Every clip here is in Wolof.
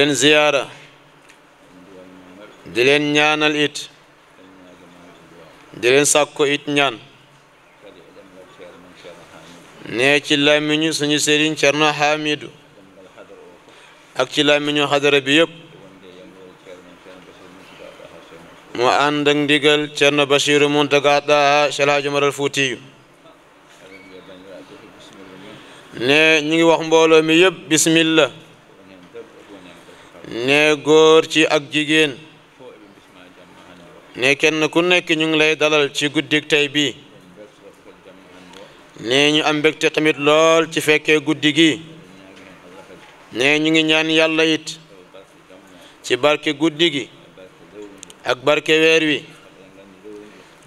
leen ziyaara di ñaanal it di leen sàkko it ñaan nee ci làmmiñu suñu sëriñ Cerno Haamidu ak ci làmmiñu xadara bi yëpp mu ànd ak ndigal Cerno Bachiru Muntaga Daha Sel Hadji Omar al Fuutiyu ngi wax mbooloo mi yëpp bismillah ne góor ci ak jigéen ne kenn ku nekk ñu ngi lay dalal ci guddik tey bii ne ñu am mbegte tamit lool ci fekkee guddi gi ne ñu ngi ñaan yàlla yit ci barke guddi gi ak barke weer wi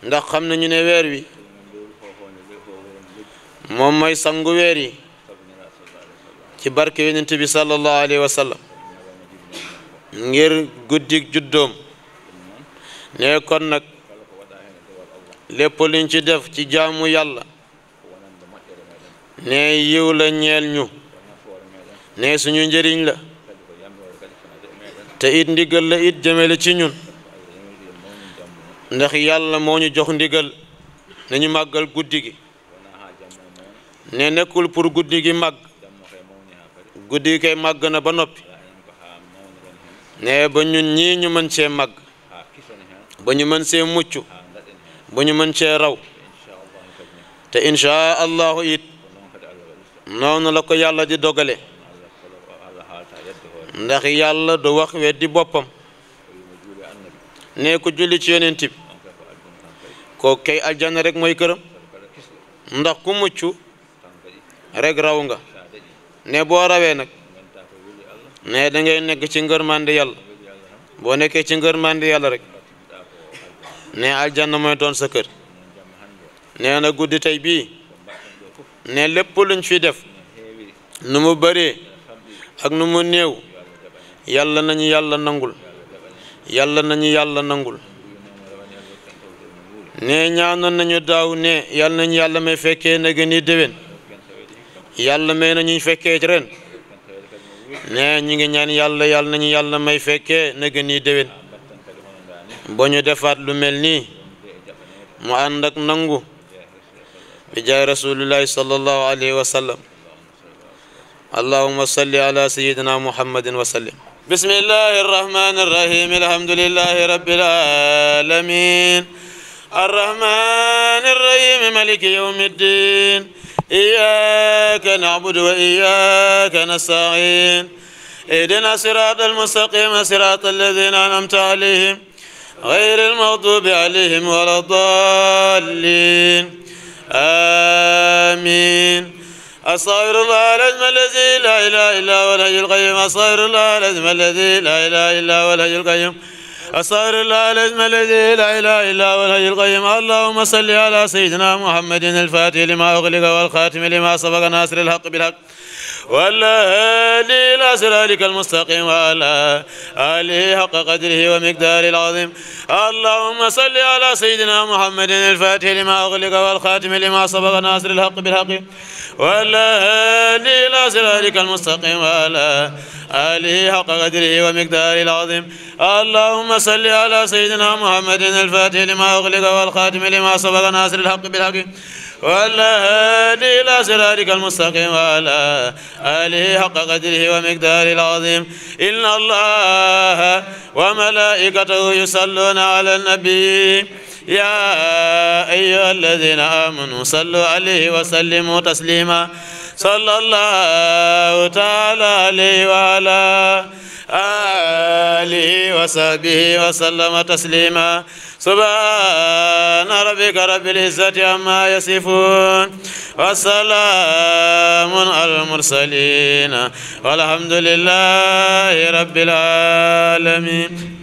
ndax xam na ñu ne weer wi moom mooy sangu yi ci barke yonent bi sallallahu alayhi wa ngir guddik juddoom ne kon nag lépp luñ ci def ci jaamu yàlla ne yiw la ñeel ñu ne suñu njëriñ la te it ndigal la it jëmele ci ñun ndax yàlla moo ñu jox ndigal nañu màggal guddi gi ne nekkul pour guddi gi màgg guddi gi kay màgg na ba noppi ne ba ñun ñii ñu mën cee màgg ba ñu mën cee mucc ba ñu mën cee raw te inchaa allahu it noonu la ko yàlla di dogale ndax yàlla du wax di boppam ne ko julli ci yonent bi ko kay aljanna rek mooy këram ndax ku mucc rek raw nga ne boo rawee nag ne da ngay nekk ci ngërmande yàlla boo nekkee ci ngërmande yàlla rek ne aljanna mooy doon sa kër nee na guddi tey bii ne lépp luñ fi def nu mu bëree ak nu mu néew yàlla nañu yàlla nangul yàlla nañu yàlla nangul ne ñaanoon nañu daaw ne yàlla nañu yàlla may fekkee na gën i déwén yàlla may nañu fekkee ren بجاه رسول الله صلى الله عليه وسلم اللهم صل على سيدنا محمد وسلم بسم الله الرحمن الرحيم الحمد لله رب العالمين الرحمن الرحيم ملك يوم الدين إياك نعبد وإياك نستعين اهدنا صراط المستقيم صراط الذين أنعمت عليهم غير المغضوب عليهم ولا الضالين آمين أصغر الله العظيم الذي لا إله إلا هو الحي القيوم أصغر الله العظيم الذي لا إله إلا هو الحي القيوم أصار الله الاسم الذي لا إله إلا هو الحي القيم اللهم صل على سيدنا محمد الفاتح لما أغلق والخاتم لما سبق ناصر الحق بالحق ولا إلى صراطك المستقيم وعلى آله حق قدره ومقداره العظيم اللهم صل على سيدنا محمد الفاتح لما أغلق والخاتم لما سبق ناصر الحق بالحق ولا إلى صراطك المستقيم وعلى آله حق قدره ومقداره العظيم اللهم صل على سيدنا محمد الفاتح لما أغلق والخاتم لما سبق ناصر الحق بالحق والهادي إلى صراطك المستقيم وعلى آله حق قدره ومقداره العظيم إن الله وملائكته يصلون على النبي يا أيها الذين آمنوا صلوا عليه وسلموا تسليما صلى الله تعالى عليه وعلى آله وصحبه وسلم تسليما سبحان ربك رب العزة عما يصفون والسلام على المرسلين والحمد لله رب العالمين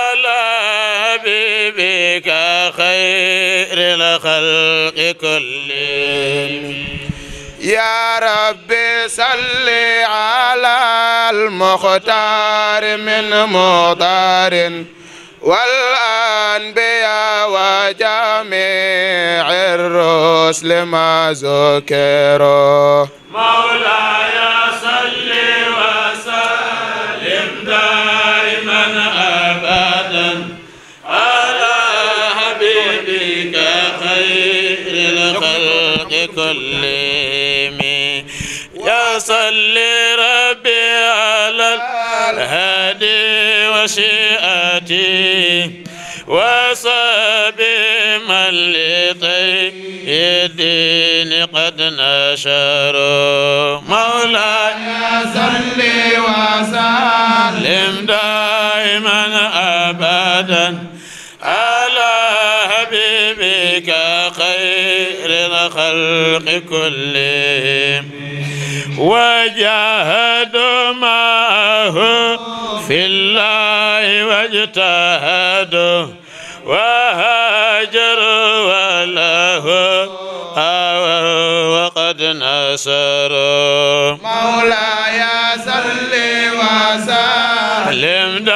خلق كل يا رب صل على المختار من مضار والأنبياء وجميع الرسل ما ذكروا مولاي كل يا صل ربي على الهادي وشيئتي وصاب من لطي الدين قد نشر مولاي صل وسلم دائما ابدا على حبيبك خير خلق كلهم وجاهدوا معه في الله واجتهدوا وهاجروا وله وقد نصروا مولاي صل وسلم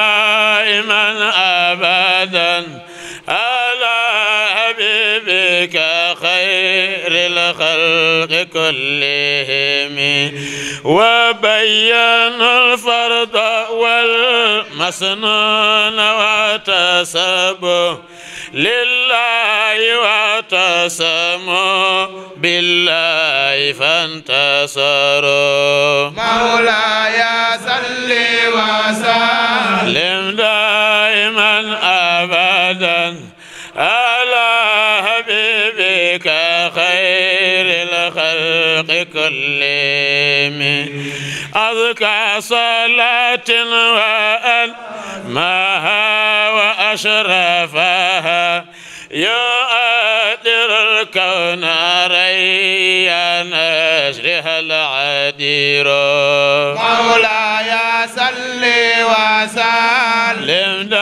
الخلق كلهم وبين الفرض والمسنون واعتصبوا لله واعتصموا بالله فانتصروا مولاي صل وسلم دائما ابدا الخلق أذكى صلاة وألمها وأشرفها يؤثر الكون ريا نشرها العدير مولاي صل وسلم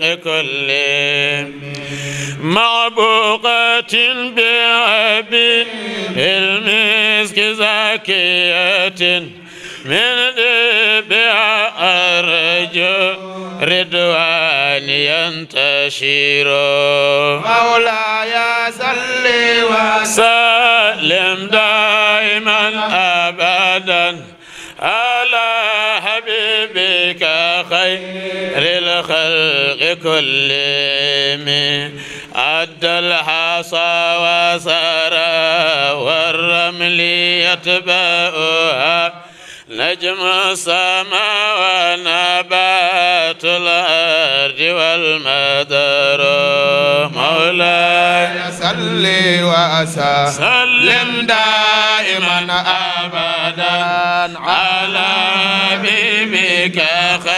الخلق كله معبوقة بعبي المسك زكية من لبي أرجو ردوان ينتشر مولاي صل وسلم دائما أبدا على حبيبك خير الخلق كلهم أدى الحصى وسرى والرمل يتبعها نجم السماء ونبات الأرض والمدر مولاي صلي وسلم دائما أبدا على حبيبك خير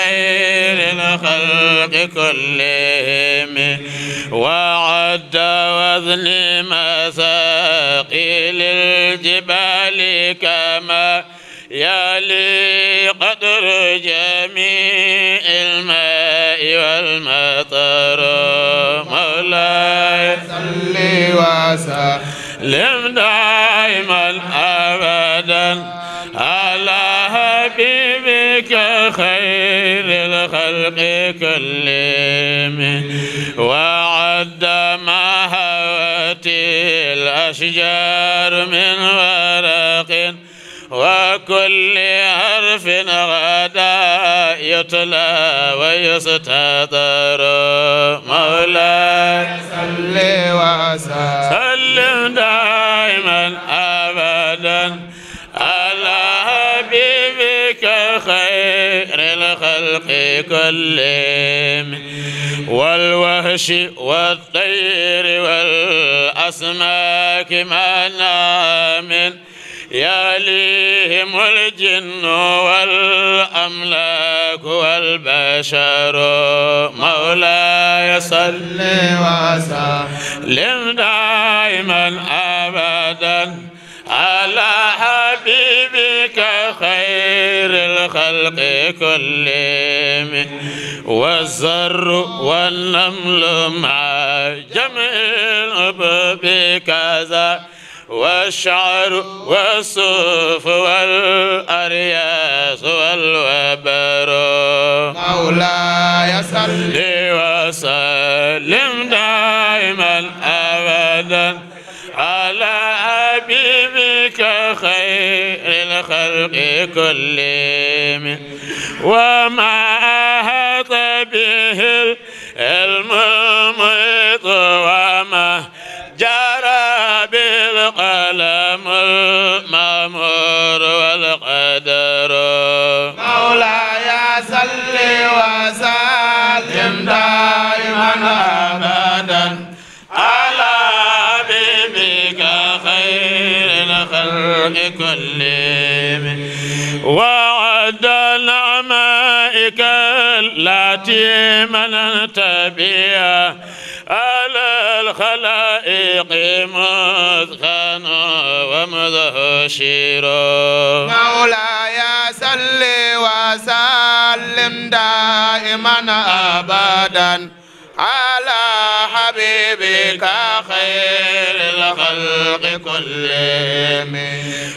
الخلق كلهم وعد وزن مساقيل الجبال كما يلي قدر جميع الماء والمطر مولاي صل وسلم دائما ابدا خير الخلق كلهم وعد ما هوت الأشجار من ورق وكل حرف غدا يتلى ويستطر مولاي صل وسلم دائما أبدا خلق كلهم والوهش والطير والأسماك ما نامن يليهم الجن والأملاك والبشر مولاي صل وسلم دائما أبدا على خير الخلق كلهم والزر والنمل مع جمع بكذا كذا والشعر والصوف والأرياس والوبر مولاي صل وسلم دائما الخلق كلهم وما أحط به الممط وما جرى بالقلم المأمور والقدر مولاي صل وسلم دائما أبدا على حبيبك خير الخلق كلهم وعد العمائك التي مننت بها على الخلائق مذخنا ومذهشرا مولاي صل وسلم دائما ابدا على حبيبك خير الخلق كلهم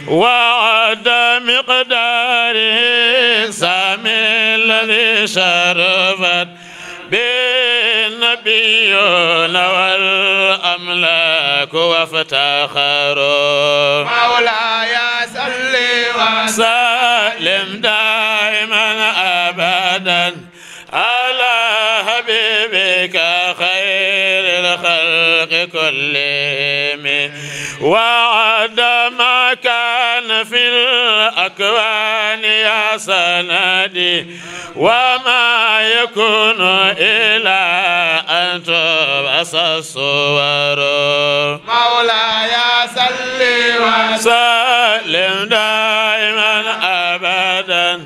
وعد مقدار الكريم سامي الذي شرفت بالنبيون والأملاك وافتخروا مولاي صل وسلم دائما أبدا على حبيبك خير الخلق كلهم وعد ما كان في الأكوان يا سندي وما يكون إلا أن تبعث الصور مولاي سلم وسلم دائما أبدا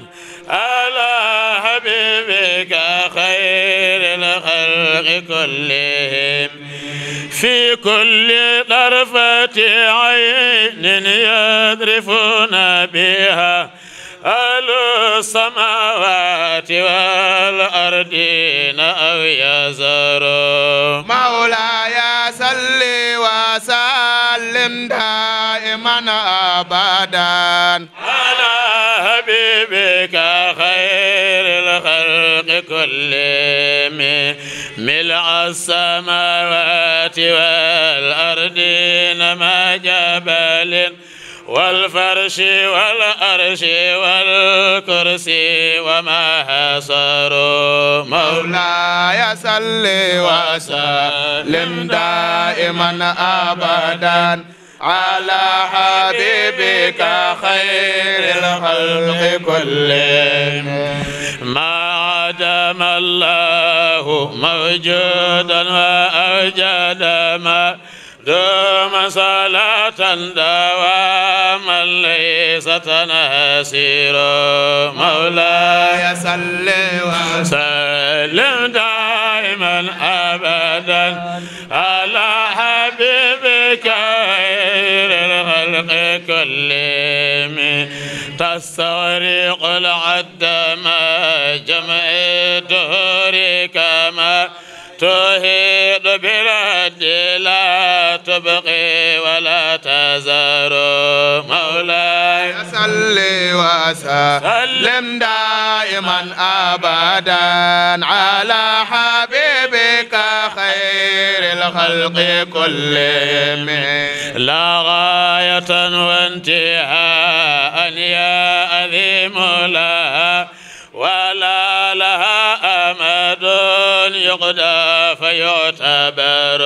على حبيبك خير الخلق كلهم في كل طرفة عين يذرفون بها السماوات والأرض أو يزروا مولاي صل وسلم دائما أبدا على حبيبك خير الخلق كلهم ملع السماوات والأرض ما جبل والفرش والأرش والكرسي وما حصر مولاي صل وسلم دائما أبدا على حبيبك خير الخلق كلهم ما عدم الله موجودا وأوجد ما دوم صلاة دوام من ليس تناسيرا مولاي صل وسلم دائما ابدا على حبيبك خير الخلق كلهم تستغرق العد ما جمع دهرك ما تهيد بالعد لا تبقي زارو مولاي صلي وسلم دائما أبدا على حبيبك خير الخلق كلهم لا غاية وانتهاء يا أذيم لها ولا لها أمد يقدى فيعتبر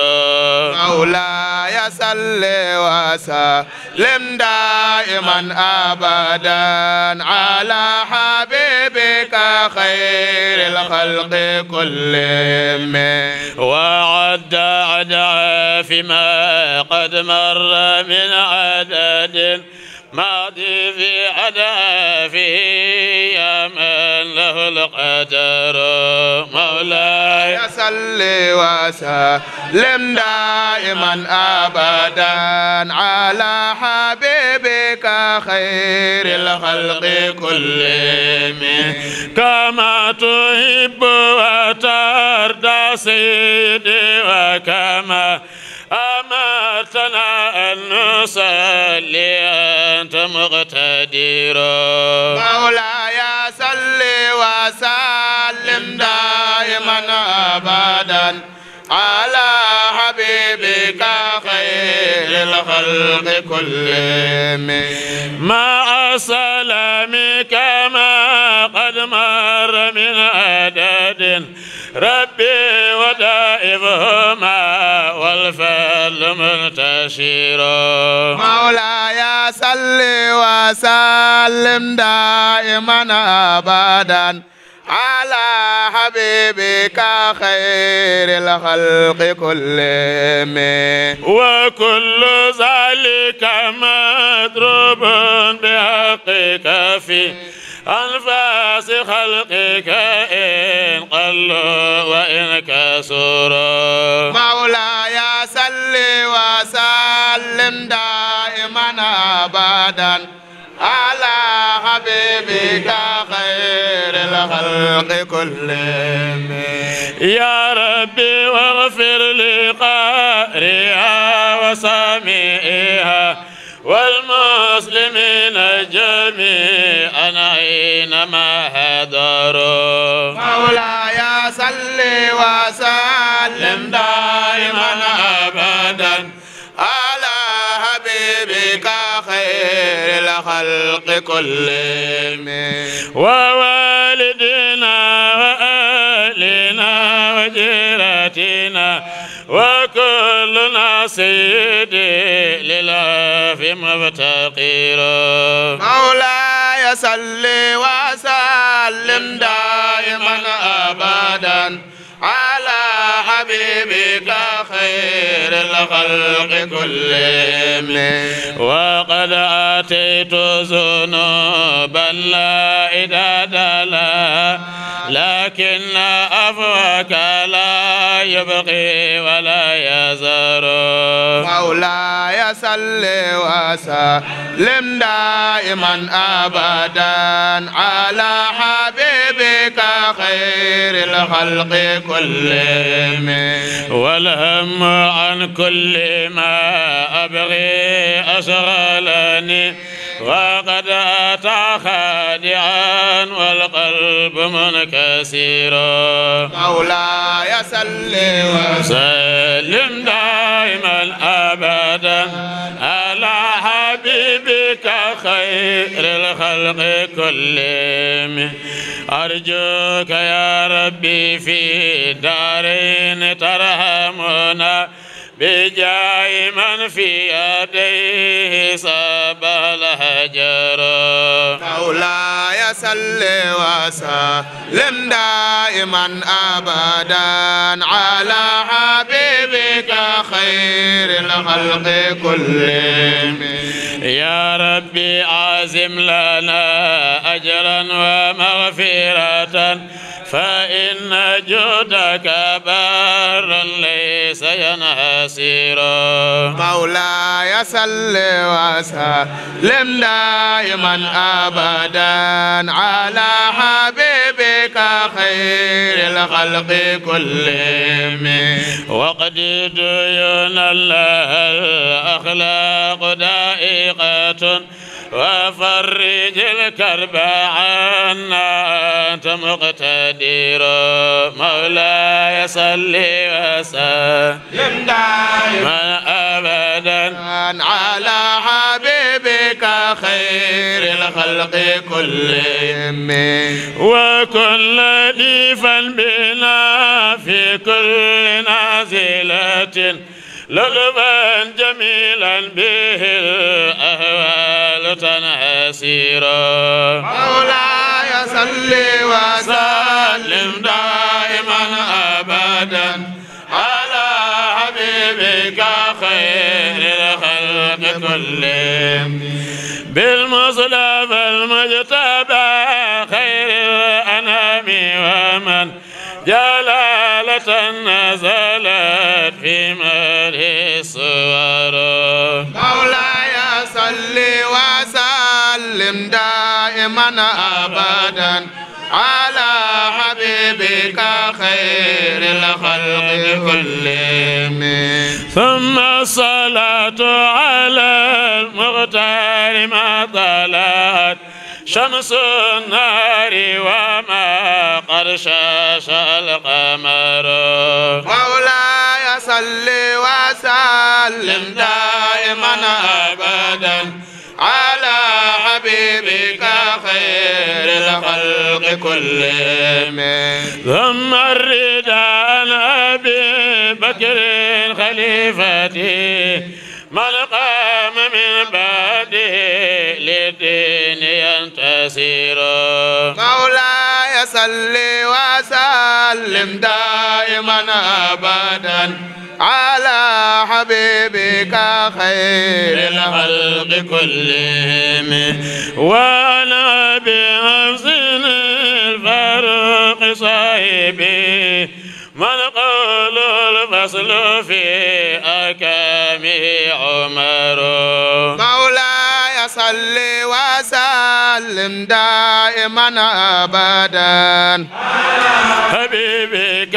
مولاي صل وسلم دائما أبدا على حبيبك خير الخلق كلهم وعد عن فيما قد مر من عدد ما في عدا يا من له القدر مولاي صل وسلم دائما ابدا على حبيبك خير الخلق كلهم كما تحب وترضى سيدي وكما امرتنا ان نصلي أنت مقتدير مولاي صل وسلم دائما أبدا على حبيبك خير الخلق كلهم مع سلامك ما قد مر من عدد ربي ودائبهما والفعل منتشر مولاي صلي وسلم دائما أبدا على حبيبك خير الخلق كلهم وكل ذلك مضروب بحقك في أنفاس خلقك إن قلوا وإن كسروا مولاي صل وسلم دائما أبدا على حبيبك خير الخلق كلهم يا ربي واغفر لقارئها وسامئها والمسلمين جميعا اينما هدروا مولاي صل وسلم دائما الخلق كلهم ووالدنا وآلنا وجيرتنا وكلنا سيدي لله في مفتقير مولاي صل وسلم دائما للخلق كلهم وقد آتيت ذنوبا لا إداد لا لكن أفوك لا يبقي ولا يزر مولاي صل وسلم دائما أبدا على حبيبك بك خير الخلق كلهم والهم عن كل ما أبغي أشغلني وقد أتى خادعا والقلب منكسرا مولاي صل وسلم دائما أبدا على حبيبك خير الخلق كلهم أرجوك يا ربي في دارين ترحمنا بجاه من في يديه صاب الهجر مولاي صل وسلم دائما أبدا على حبيبي خير الخلق كلهم يا ربي عازم لنا أجرا ومغفرة فإن جودك بار ليس ينهسير مولاي صل وسلم دائما أبدا على حبيبك خير الخلق كلهم وقد ديون الله الأخلاق دائقة وفرج الكرب عنا أنت مقتدر مولاي صل وسلم دائما أبدا على حبيبك خير الخلق كلهم وكل لطيفا بنا في كل نازلة لؤلؤا جميلا به الأهوال تنعسيرا مولاي صل وسلم دائما أبدا على حبيبك خير الخلق كلهم بالمصطفى المجتبى خير الأنام ومن جلالة نزلت في مكان الصور مولاي صل وسلم دائما أبدا على حبيبك خير الخلق كلهم ثم الصلاة على المغتال ما طلعت شمس النار وما قرشاش القمر مولاي صل وسلم دائما أبدا على حبيبك خير الخلق كلهم ثم الرداء أبي بكر خليفتي من قام من بعده للدين ينتصر مولاي صل وسلم دائما أبدا على حبيبك خير الخلق كلهم وانا بحسن الفرق صاحبي قول الفصل في أكام عمر مولاي صل وسلم دائما أبدا على حبيبك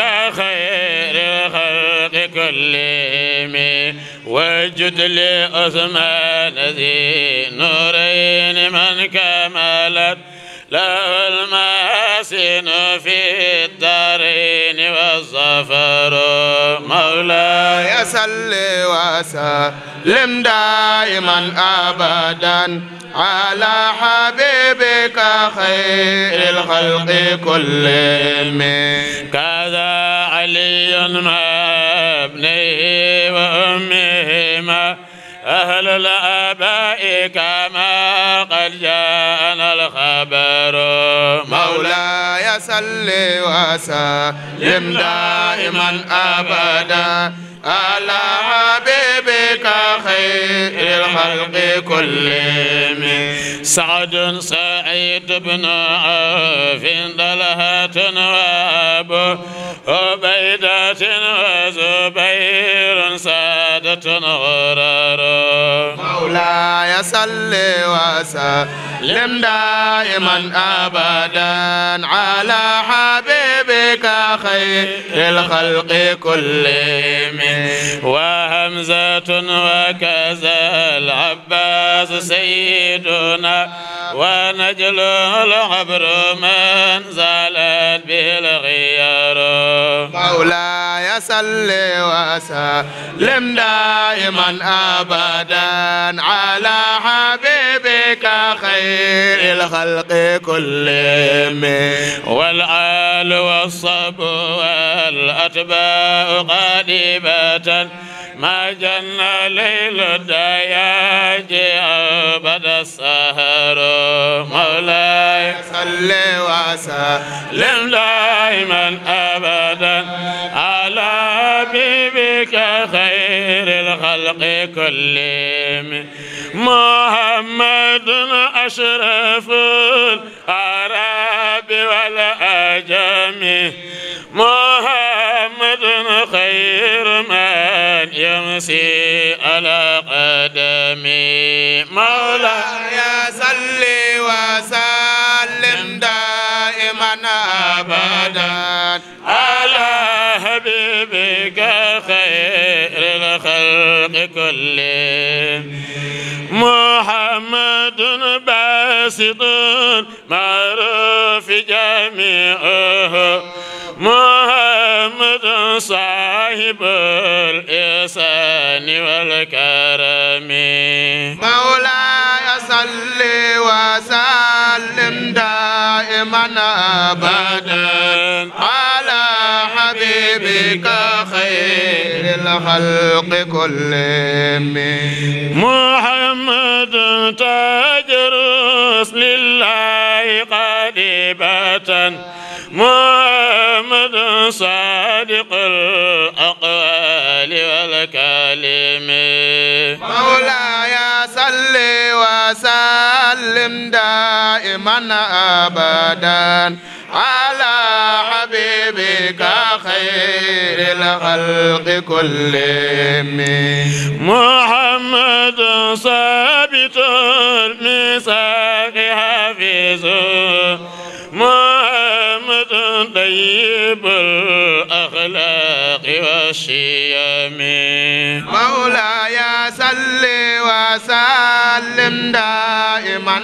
تسليمي وجد لي أثمان ذي نورين من كملت له المحاسن في الدارين والظفر مولاي صل وسلم دائما ابدا على حبيبك خير الخلق كلهم كذا علي ابنه وامه أهل الآباء كما قد جاءنا الخبر مولاي سل وسلم دائما أبدا على حبيبك خير الخلق كلهم سعد سعيد بن عوف دلهة وأبو عبيدة وزبير سادة غرام مولاي صل وسلم دائما ابدا على حبيبك خير الخلق كلهم وهمزة وكذا العباس سيدنا ونجل العبر من زالت بالغيار مولاي صل وسلم دائما ابدا على حبيبك خير الخلق كلهم والآل والصب والأتباع قريبة ما جن ليل الدياج أبدا السهر مولاي صل وسلم دائما أبدا على حبيبك خير خير الخلق كلهم محمد أشرف العرب والأجم محمد خير من يمسي على قدمي مولاي كل محمد باسط معروف جميعه محمد صاحب الإحسان والكرم مولاي صل وسلم دائما أبدا على حبيبك الخلق كلهم محمد تاج رسل الله قريبة محمد صادق الأقوال والكلم مولاي صل وسلم دائما أبدا على حبيبك خير الخلق كلهم محمد ثابت الميثاق حفيظ محمد طيب الأخلاق والشيم مولاي صل وسلم دائما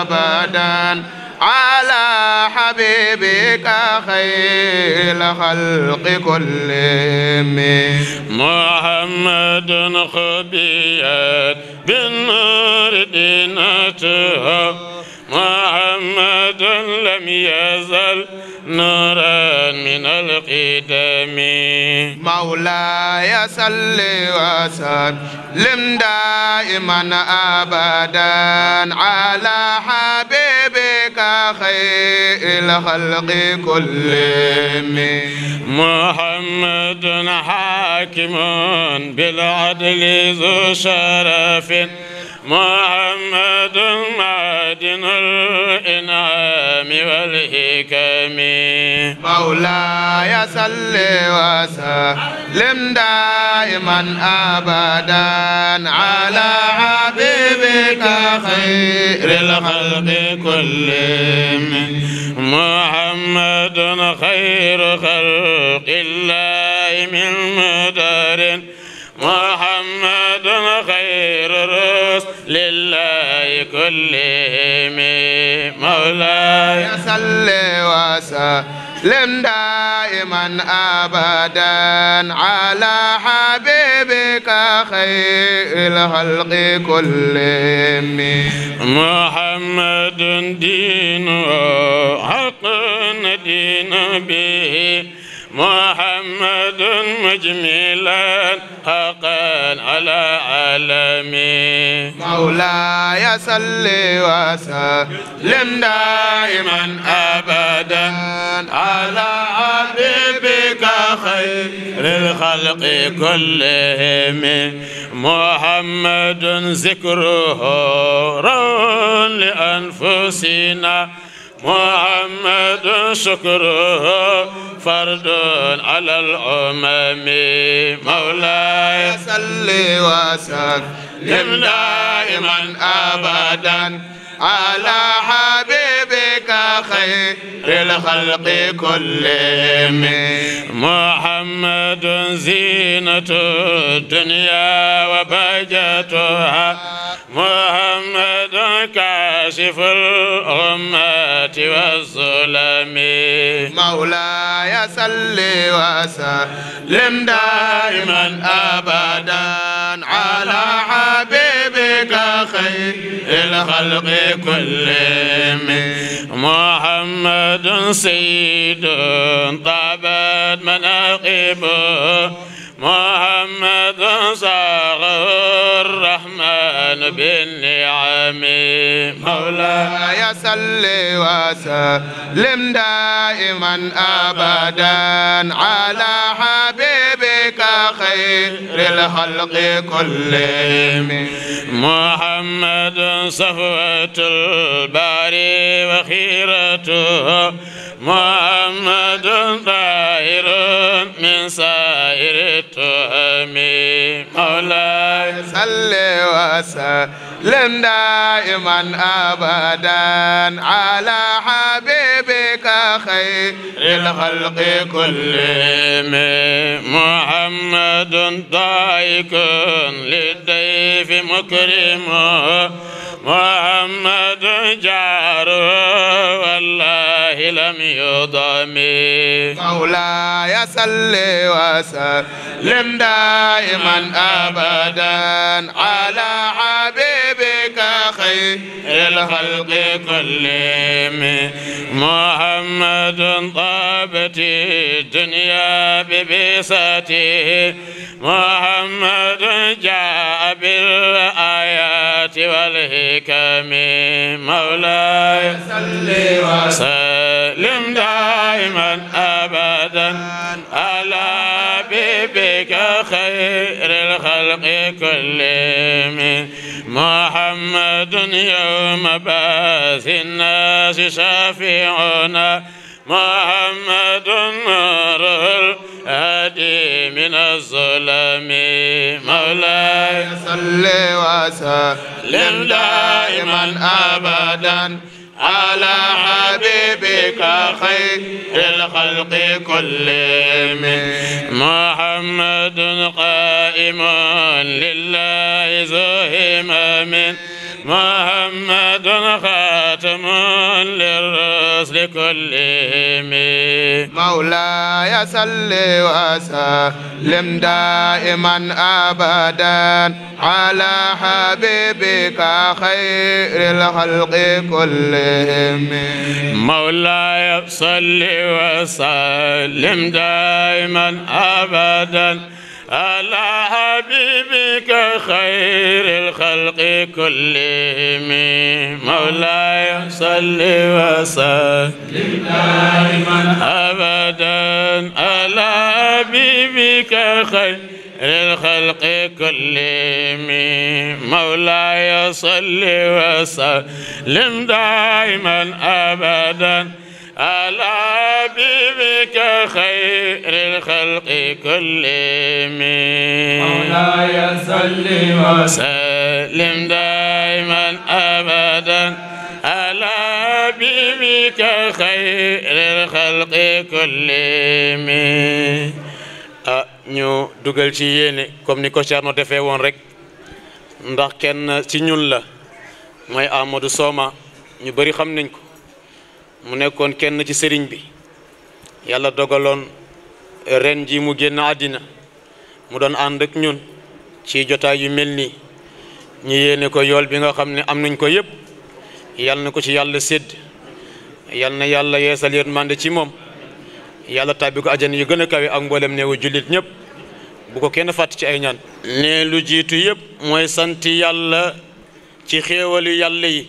أبدا على حبيبك خير خلق كلهم محمد خبيات بالنور دينته محمد لم يزل نورا من القدم مولاي صل وسلم دائما ابدا على حبيبك خير الخلق كلهم محمد حاكم بالعدل ذو شرف محمد معدن الإنعام والحكم مولاي صل وسلم دائما أبدا على حبيبك خير الخلق كلهم محمد خير خلق الله من مدار محمد خير الرسل لله كلهم مولاي صل وسلم دائما ابدا على حبيبك خير الخلق كلهم محمد دين حق دين به محمد مجملا حقا على عالمي مولاي صل وسلم دائما ابدا على حبيبك خير الخلق كلهم محمد ذكره رون لانفسنا محمد شكره فرد على الأمم مولاي صل وسلم دائما أبدا على حبيبك خير الخلق كلهم محمد زينة الدنيا وبهجتها محمد كاشف الأمة والظلم مولاي صل وسلم دائما أبدا خلق خير الخلق كلهم محمد سيد طابت مناقبه محمد صاغ الرحمن بالنعم مولاي صل وسلم دائما ابدا على حبيبك خير الخلق كلهم محمد صفوة الباري وخيرته محمد طاهر من سائر التهم مولاي صل وسلم لن دائما أبدا على حبيبك خير الخلق كلهم محمد ضايق للضيف مكرم محمد جار والله لم يضم مولاي صل وسلم دائما أبدا على حبيبك بك خير الخلق كلهم محمد طابت الدنيا ببساته محمد جاء بالآيات والحكم مولاي صل وسلم دائما أبدا على بك خير الخلق كلهم محمد يوم بعث الناس شافعنا محمد نور الهادي من الظلم مولاي صل وسلم دائما ابدا على حبيبك خير الخلق كلهم محمد قائم لله ذو همم محمد خاتم للرسل كلهم مولاي صل وسلم دائما ابدا على حبيبك خير الخلق كلهم مولاي صل وسلم دائما ابدا على حبيبك خير الخلق كلهم مولاي صل وسلم دائما أبدا على حبيبك خير للخلق كلهم مولاي صل وسلم دائما أبدا على حبيبك خير الخلق كلهم مولاي صل وسلم دائما ابدا على حبيبك خير الخلق كلهم ñu dugal ci yéene comme ni ko Thierno defee woon rek ndax kenn ci ñun la mooy Amadou Soma ñu bëri xam nañ ko mu nekkoon kenn ci sëriñ bi yàlla dogaloon ren ji mu génn àddina mu doon ànd ak ñun ci jotaay yu mel nii ñu yéene ko yool bi nga xam ne am nañ ko yëpp yal na ko ci yàlla sédd yal na yàlla yeesal mànd ci moom yàlla tàbbi ko ajana yu gën a kawe ak mboolem neewu jullit ñëpp bu ko kenn fàtt ci ay ñaan ne lu jiitu yëpp mooy sant yàlla ci xéewalu yàlla yi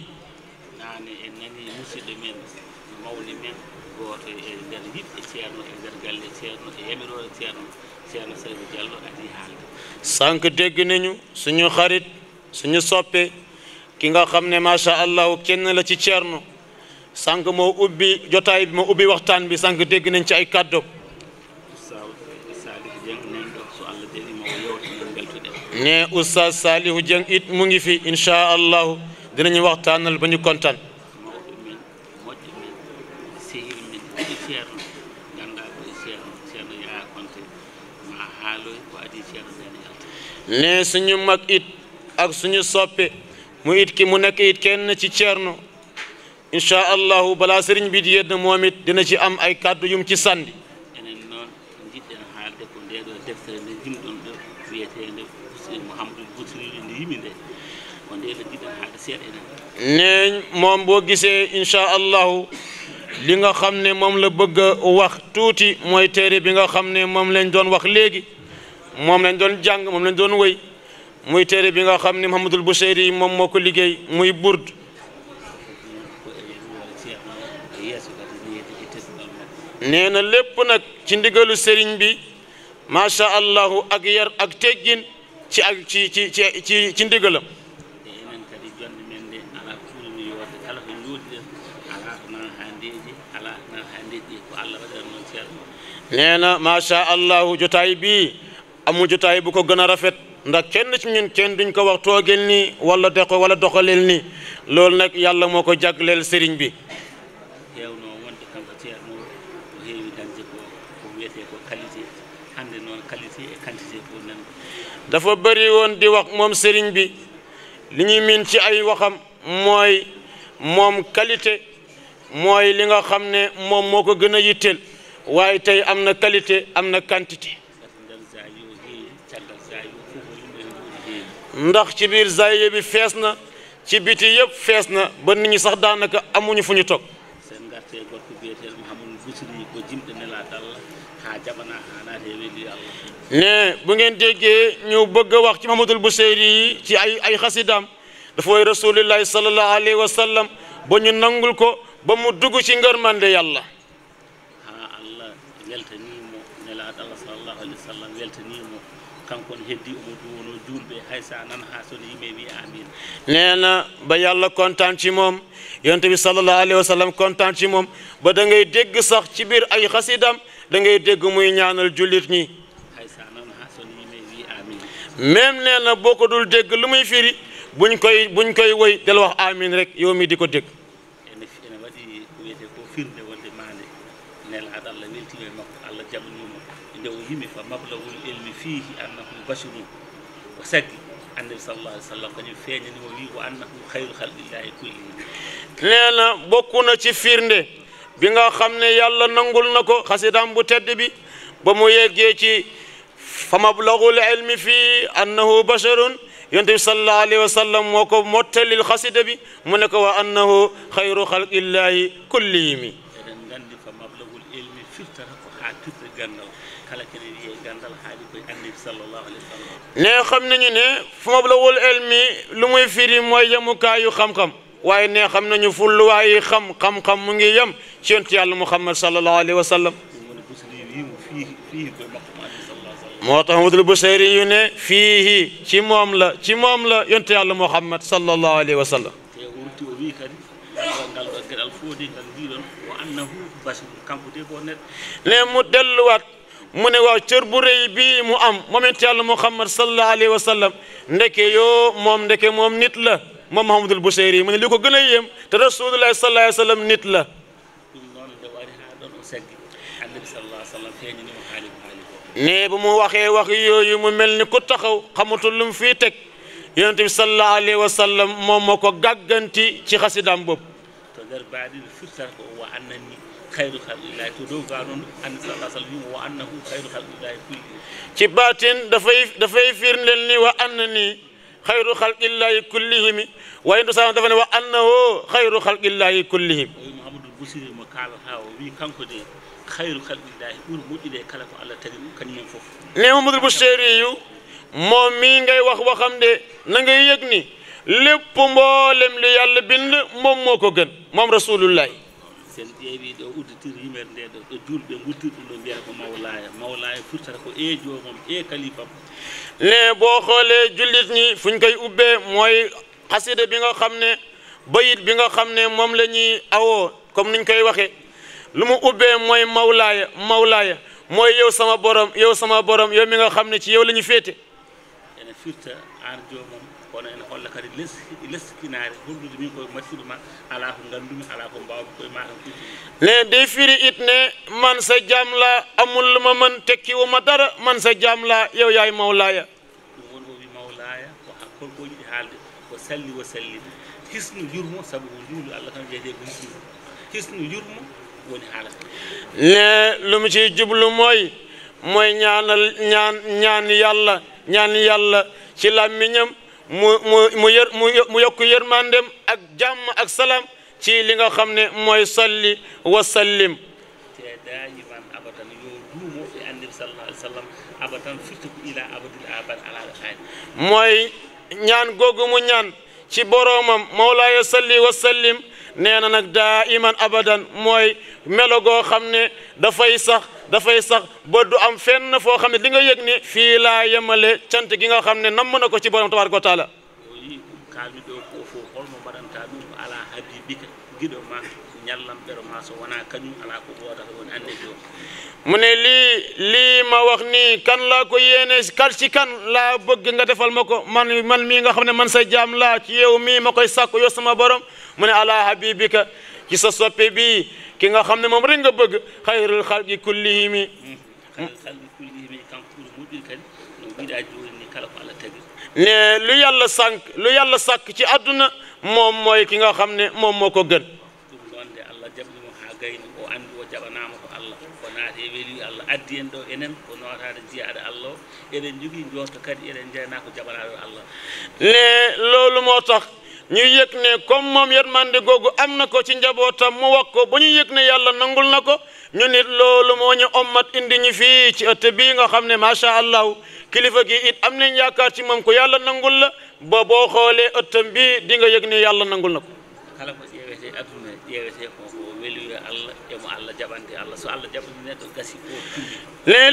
sànq dégg nañu suñu xarit suñu soppe ki nga xam ne macha allah kenn la ci Thierno sànq moo ubbi jotaay bi moo ubbi waxtaan bi sànq dégg nañ ci ay kàddoom. ne Oustaz Salihu Dieng it mu ngi fi incha allahu dinañu waxtaanal ba ñu kontaan. ne suñu mag it ak suñu soppe mu it ki mu nekk it kenn ci Ceerno incha balaa sëriñ bi di yedd moom it dina ci am ay kàddu yum ci sànni neeñ moom boo gisee incha li nga xam ne moom la bëgg a wax tuuti mooy téere bi nga xam ne moom lañ doon wax léegi moom lañ doon jàng moom lañ doon wéy muy téere bi nga xam ni Mouhamadul Buseyri yi moom moo ko liggéey muy burd nee na lépp nag ci ndigalu sëriñ bi macha allahu ak yar ak teggin ci ak ci ci ci ci ndigalam nee na macha allahu jotaay bi amul jotaay bu ko gën a rafet ndax kenn ci ñun kenn duñ ko wax toogeel nii wala deqo wala doxaleel nii loolu nag yàlla moo ko jagleel sëriñ bi dafa bëri woon di wax moom sëriñ bi li ñuy miin ci ay waxam mooy moom qualité mooy li nga xam ne moom moo ko gën a yitteel waaye tey am na qualité am na quantité ndax ci biir zaye bi fees na ci biti yëpp fees na ba nit ñi sax daanaka amuñu fu ñu toog ne bu ngeen déggee ñu bëgg a wax ci Mahamadul Buseyri yi ci ay ay xasidaam dafa way rasulillahi sallallahu alayhi wa sallam ba ñu nangul ko ba mu dugg ci ngërmande yàlla ha allah weltanimo nelaɗo allah sallallahu alayhi wa sallam weltanimo kanko ne heddi nee na ba yàlla kontaan ci moom yonent bi sallallahu alayhi wa kontaan ci moom ba da ngay dégg sax ci biir ay xasidam da ngay dégg muy ñaanal jullit ñi même nee na boo ko dul dégg lu muy firi buñ koy buñ koy woy del wax amin rek yow mi di ko dégg nde o yimi fa mablawul ilmi fiihi annabi sallallahu alayhi wa sallam kañum feeñani mo wi ko annahu hayru halqillahi kulli nee na bokk na ci firnde bi nga xam ne yàlla nangul na ko xasidaam bu tedd bi ba mu yeggee ci fa mablagul ilmi fii annahu basharun yonte bi sallallahu alayhi wa sallam moo ko mottalil xasida bi mu ne ko wa annahu xayru xalqillahi kullihimi eɗen nganndi fa mablagul ilmi firtata ko haa pirta ganndal kala kene wiye ganndal haa nee xam nañu ne fu ma la wul elmi lu muy firi mooy yemukaayu xam-xam waaye nee xam nañu fu lu waaye xam xam-xam mu ngi yem ci yonent yàlla muhammad sallallahu alayhi wa sallam moo tax Muhammadul Busayri yu ne fii ci moom la ci moom la yonent yàlla muhammad sallallahu alayhi wa sallam ne mu delluwaat من هو تربوري بي مؤم مومنت يالله محمد صلى الله عليه وسلم نك يو موم نك موم نيت لا موم محمد البصيري من لوكو غنا ييم ت رسول الله صلى الله عليه وسلم نيت لا ني بمو واخي واخ يوي مو ملني كو تخاو خاموتو لوم في صلى الله عليه وسلم موم مكو غاغانتي شي خاسي تدر بعد الفسر وانني خير خلق الله تدو قانون أن صلى الله عليه وسلم وأنه خير خلق الله كله كباتن دفاي دفاي لني وأنني خير خلق الله كلهم وإن صلى الله وأنه خير خلق الله كلهم محمد البصير مكال هاو وي كانكو دي خير خلق الله ɓuri مودي e kala ko allah tagi ɗum kañumen fof ne mamadou boucheri yu mo mi ngay wax waxam de na ngay yëg ni lépp mboolem li yàlla bind moom moo sen ƴeewi ɗo udditir yimere nde ɗo ɗo julɓe guttirɗum ɗo mbiyata ko mawlaya mawlaya furtata ko e jomum e kalifam ne boo xoolee jullit ñi fuñ koy ubbee mooy xasida bi nga xam ne bayit bi nga xam ne moom la ñuy awoo comme niñ koy waxee lu mu ubbee mooy mawlaaya mawlaaya mooy yow sama borom yow sama borom yow mi nga xam ne ci yow la ñu féete ene firta ar jomum kono ene holla kadi less leskinaare hollude min koye maccude ma alaa ko nganndumi alaa ko mbaawmi koye ma tan kuccumi nen dey firi itne man sa jamla amulluma man tekkiwoma dara man sa jamla yew yaye mawlaya ɗum woni ko sabu ko njuulu allah tan wiyete ko hisnu hisnu yurmo woni ne lumi jublu mooy mooy ñaanal ñaan ñaan yàlla ñaan yàlla mu mu mu yër mu yokk yërmandem ak jàmm ak salaam ci li nga xam ne mooy salli wasallim sallim mooy ñaan googu mu ñaan ci boroomam mawlaaya salli wa nee na nag daa iman abadan mooy melo goo xam ne dafay sax dafay sax ba du am fenn foo xam ne di nga yëg ne fii laa yemale cant gi nga xam ne namm na ko ci borom tabaaraka wa taala mu ne lii lii ma wax nii kan laa ko yéene kal ci kan laa bëgg nga defal ma ko man man mii nga xam ne man sa jaam laa ci yow mii ma koy sàkku yow sama borom mu ne ala habibika ci sa soppe bii ki nga xam ne moom rek nga bëgg xayrul xalqi kullihimi ne lu yàlla sànk lu yàlla sàkk ci àdduna moom mooy ki nga xam ne moom moo ko gën o anndi o jaɓanaama ko allah ko naati e weeli allah addi en ɗo enen ko nootaade jiyaade allah o eɗen jogii njooto kadi ko jaɓanaaɗo ñu yëg ne comme moom yërmande googu am na ko ci njabootam mu wax ko ba ñu yëg ne yàlla nangul na ko ñu nit loolu moo ñu ommat indi ñu fii ci ëtt bii nga xam ne macha allah kilifa gi it am nañ yaakaar ci moom ko yàlla nangul la ba boo xoolee ëttam bii di nga yëg ne yàlla nangul na ko. kala ko ƴeewete aduna ƴeewete ko ko weliyo allah emo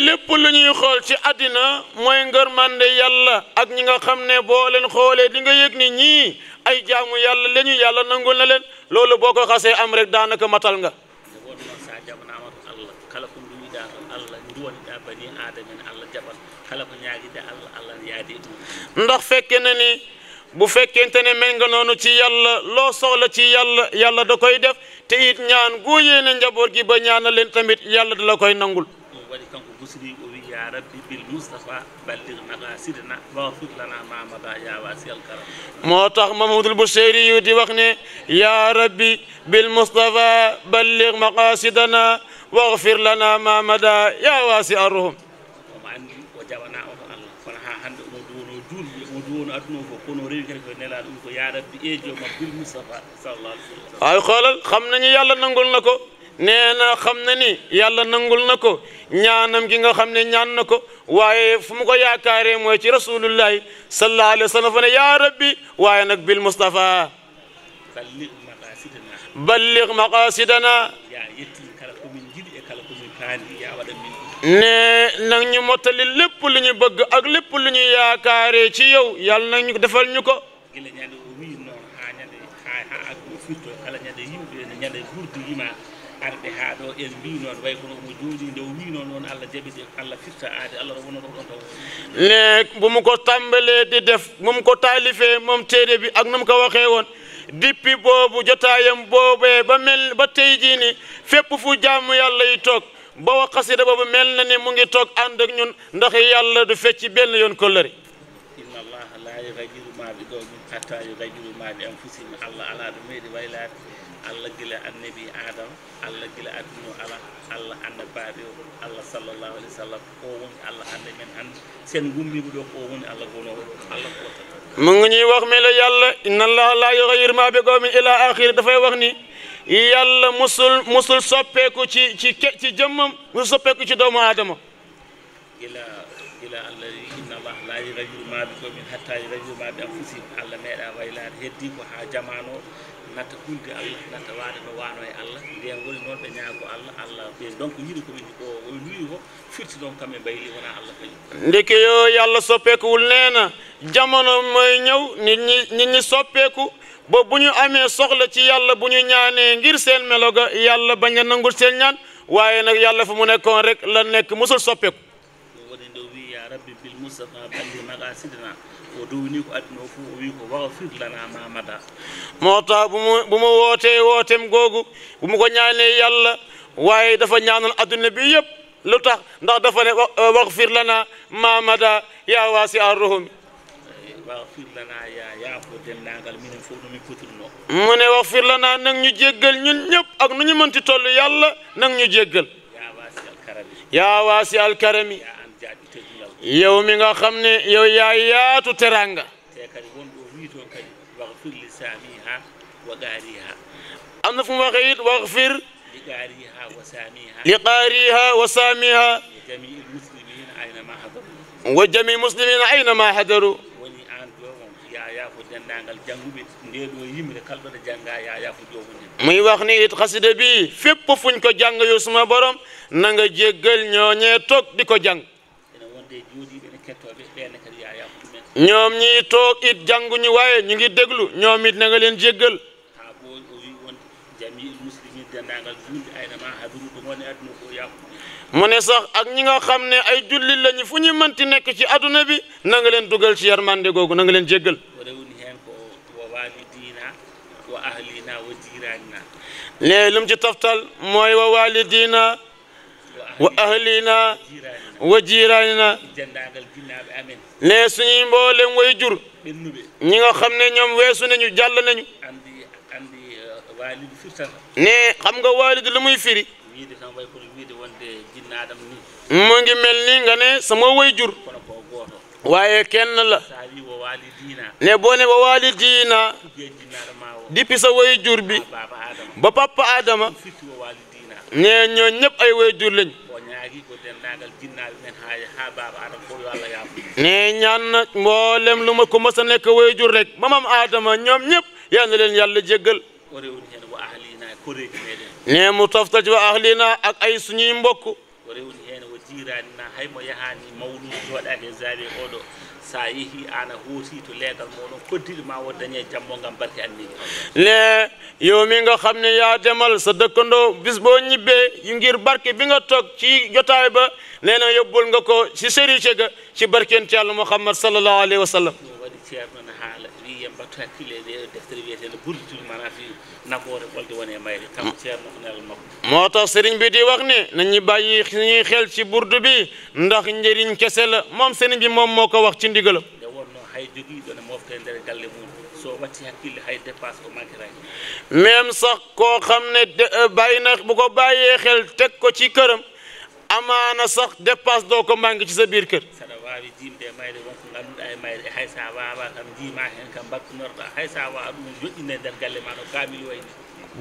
lépp lu ñuy xool ci àddina mooy ngërmande yàlla ak ñi nga xam ne boo leen xoolee di nga yëg ni ñii ay jaamu yàlla lañu yàlla nangul na leen loolu boo ko xasee am rek daanaka matal nga ndax fekke na ni bu fekkente ne mel nga noonu ci yàlla loo soxla ci yàlla yàlla da koy def te it ñaan gu na njaboot gi ba ñaana leen tamit yàlla da la koy nangul يا ربي بالمصطفى بلغنا غاسرنا واغفر لنا ما مضى يا واسع الكرم moo tax Mamadul Buseyri yu di wax ne yaa rabbi bil Mustafa balligh maqaasidana waghfir lana ma mada yaa waasi arruhum omo anndi o jawanaako allah kono haa hannde omo duwono duulɓe omo duwono aduna ko kono rewi kadi koye nelaɗo ɗum ko yaa rabbi e joomam bil Mustafa sallallahu alih wa sallam ay xoolal xam nañu yàlla nangul na ko neena xamna ni yàlla nangul nako ñaanam gi nga xamne ñaan nako waye waaye fu mu ko yaakaare moy ci rasulullah sallallahu alaihi wasallam fa ne rabbi waye nak bil mustafa balligh maqasidana ne nag ñu mottali lépp lu ñu bëgg ak lépp lu ñu yaakaaree ci yow yàlla nag ñu defal ñu ko gila ñande o wi noon ha ha ko firto kala arɓe haa ɗo es mbi noon way kono omo juuji nde o wi noon noon allah jaɓide allah firta aade allah no wonoto ɗon taw ne momo ko tambeleede def momo ko taalife mom teede bi ak nom ko waxee woon dippi boobu jotaayam boobee ba mel ba tey jii ni fépp fu jaamu yàlla yi toog ba wax xasida boobu mel na ni mu ngi toog ànd ak ñun ndax yàlla du fecc benn yoon kollëri inna allaha la yughayyiru ma bi qawmin hatta yughayyiru ma bi anfusihim allah ala ɗo meeɗi waylaade allah gila annabi adama allah gila adduno ala allah anda baaɓe o allah sallllahu alih w sallam o woni allah anda men hande sen gummiɓe ɗo ko woni allah gonoɓe allah kota mangoñi waxmele yallah innallaha la yoxayir maɓe gomin ila axir dafay wax ni yallah musul musul soppeku ci ci ci jëmmam musul soppeku ci doomu adama ila ila allah innallah la yoxayir maɓe gomin hatta yoxayir maɓe a fusim allah meeɗa waylade heddi ko ha jamano latta hunde allah latta waade no waano e allah ndiyam woni noon jamono moye ñaw nit ñi nit ñi soppeeku ba bu ñu amee soxla ci yàlla bu ñu ñaanee ngir seen meloga yàlla bañ a nangul seen ñaan waaye nag yàlla fa mu nekkoon rek la nekk musul soppeeku o duwni ko addino fof o wi ko wahfir lana ma mada mota bumo woote wootem googu bumo ko ñaane yàlla waaye dafa ñaanal adduna bi yëpp lu tax ndax dafa ne wahfir euh, lana ma mada ya waasi a rohumi wahfir lana mu ne wahfir lana nag ñu jéggal ñun ñëpp ak nu ñu mënti toll yàlla nag ñu jéggal ya waasi alkarami yow mi nga xam ne yow yaa yaatu teranga te kadi wonɗo wa gaariha am na fu mu waxee it li gaariha wa saamiha li qaariha wa saamiha wa jami muslimina ayna ma hadaru woni an ɗo yayafo denndangal jannguɓe nde ɗo yimre kala ɗoɗo jannga yayafo jomumen muy wax ni it xasida bi fépp fuñ ko jàng yow suma borom na nga jéggal ñooñee toog di ko jàng ñoom ñii toog it jànguñu waaye ñu ngi déglu ñoom it na nga leen jéggal mu ne sax ak ñi nga xam ne ay jullit lañu fu ñu mënti nekk ci aduna bi na leen dugal ci yarmande googu na leen jéggal léegi lu ci taftal mooy wa walidina wa ahlina wo jiiraanina ne suñuy mboolem way jur ñi nga xam ne ñoom weesu nañu jàll nañu uh, ne xam nga waalidi lu muy firi mu ngi mel ni nga ne sama way jur waaye kenn la ne boo ne wa waalidiina dippi sa way jur bi ba papa Adama ne ñoo ñëpp ay way jur lañu nee ñaan mboolem lu ma ko mës a nekk wayjur rek ba maam Adama ñoom ñëpp yal na leen yàlla jéggal. nee mu toftal ci wa ahlina ak ay suñuy mbokk. sa yeehi an a hooti to leegal moɗon koddiɗo ma wo dañe jammo gam barke annigue ne yo min nga xam ne yaa demal sa dëkkandoo bis boo ñibbee yu ngir barke bi nga toog ci jotaay ba nee na yóbbul nga ko si sérice ga ci barkenti yàlla mouhammad sallallahu alayhi wa sallam waɗi ceerno no haala wiye mbattu moo tax sëriñ bi di wax ne nañu bàyyi ñuy xel ci burdu bi ndax njëriñ kese la moom sëriñ bi moom moo ko wax ci ndigalam même sax koo xam ne euh, bàyyi na bu ko bàyyee xel teg ko ci këram amaana sax dépasse doo ko manqué ci sa biir kër wawi jimɓe mayre wonko ganduɗa e mayre hay sa wawa kam jima hen kam battunorɗa hay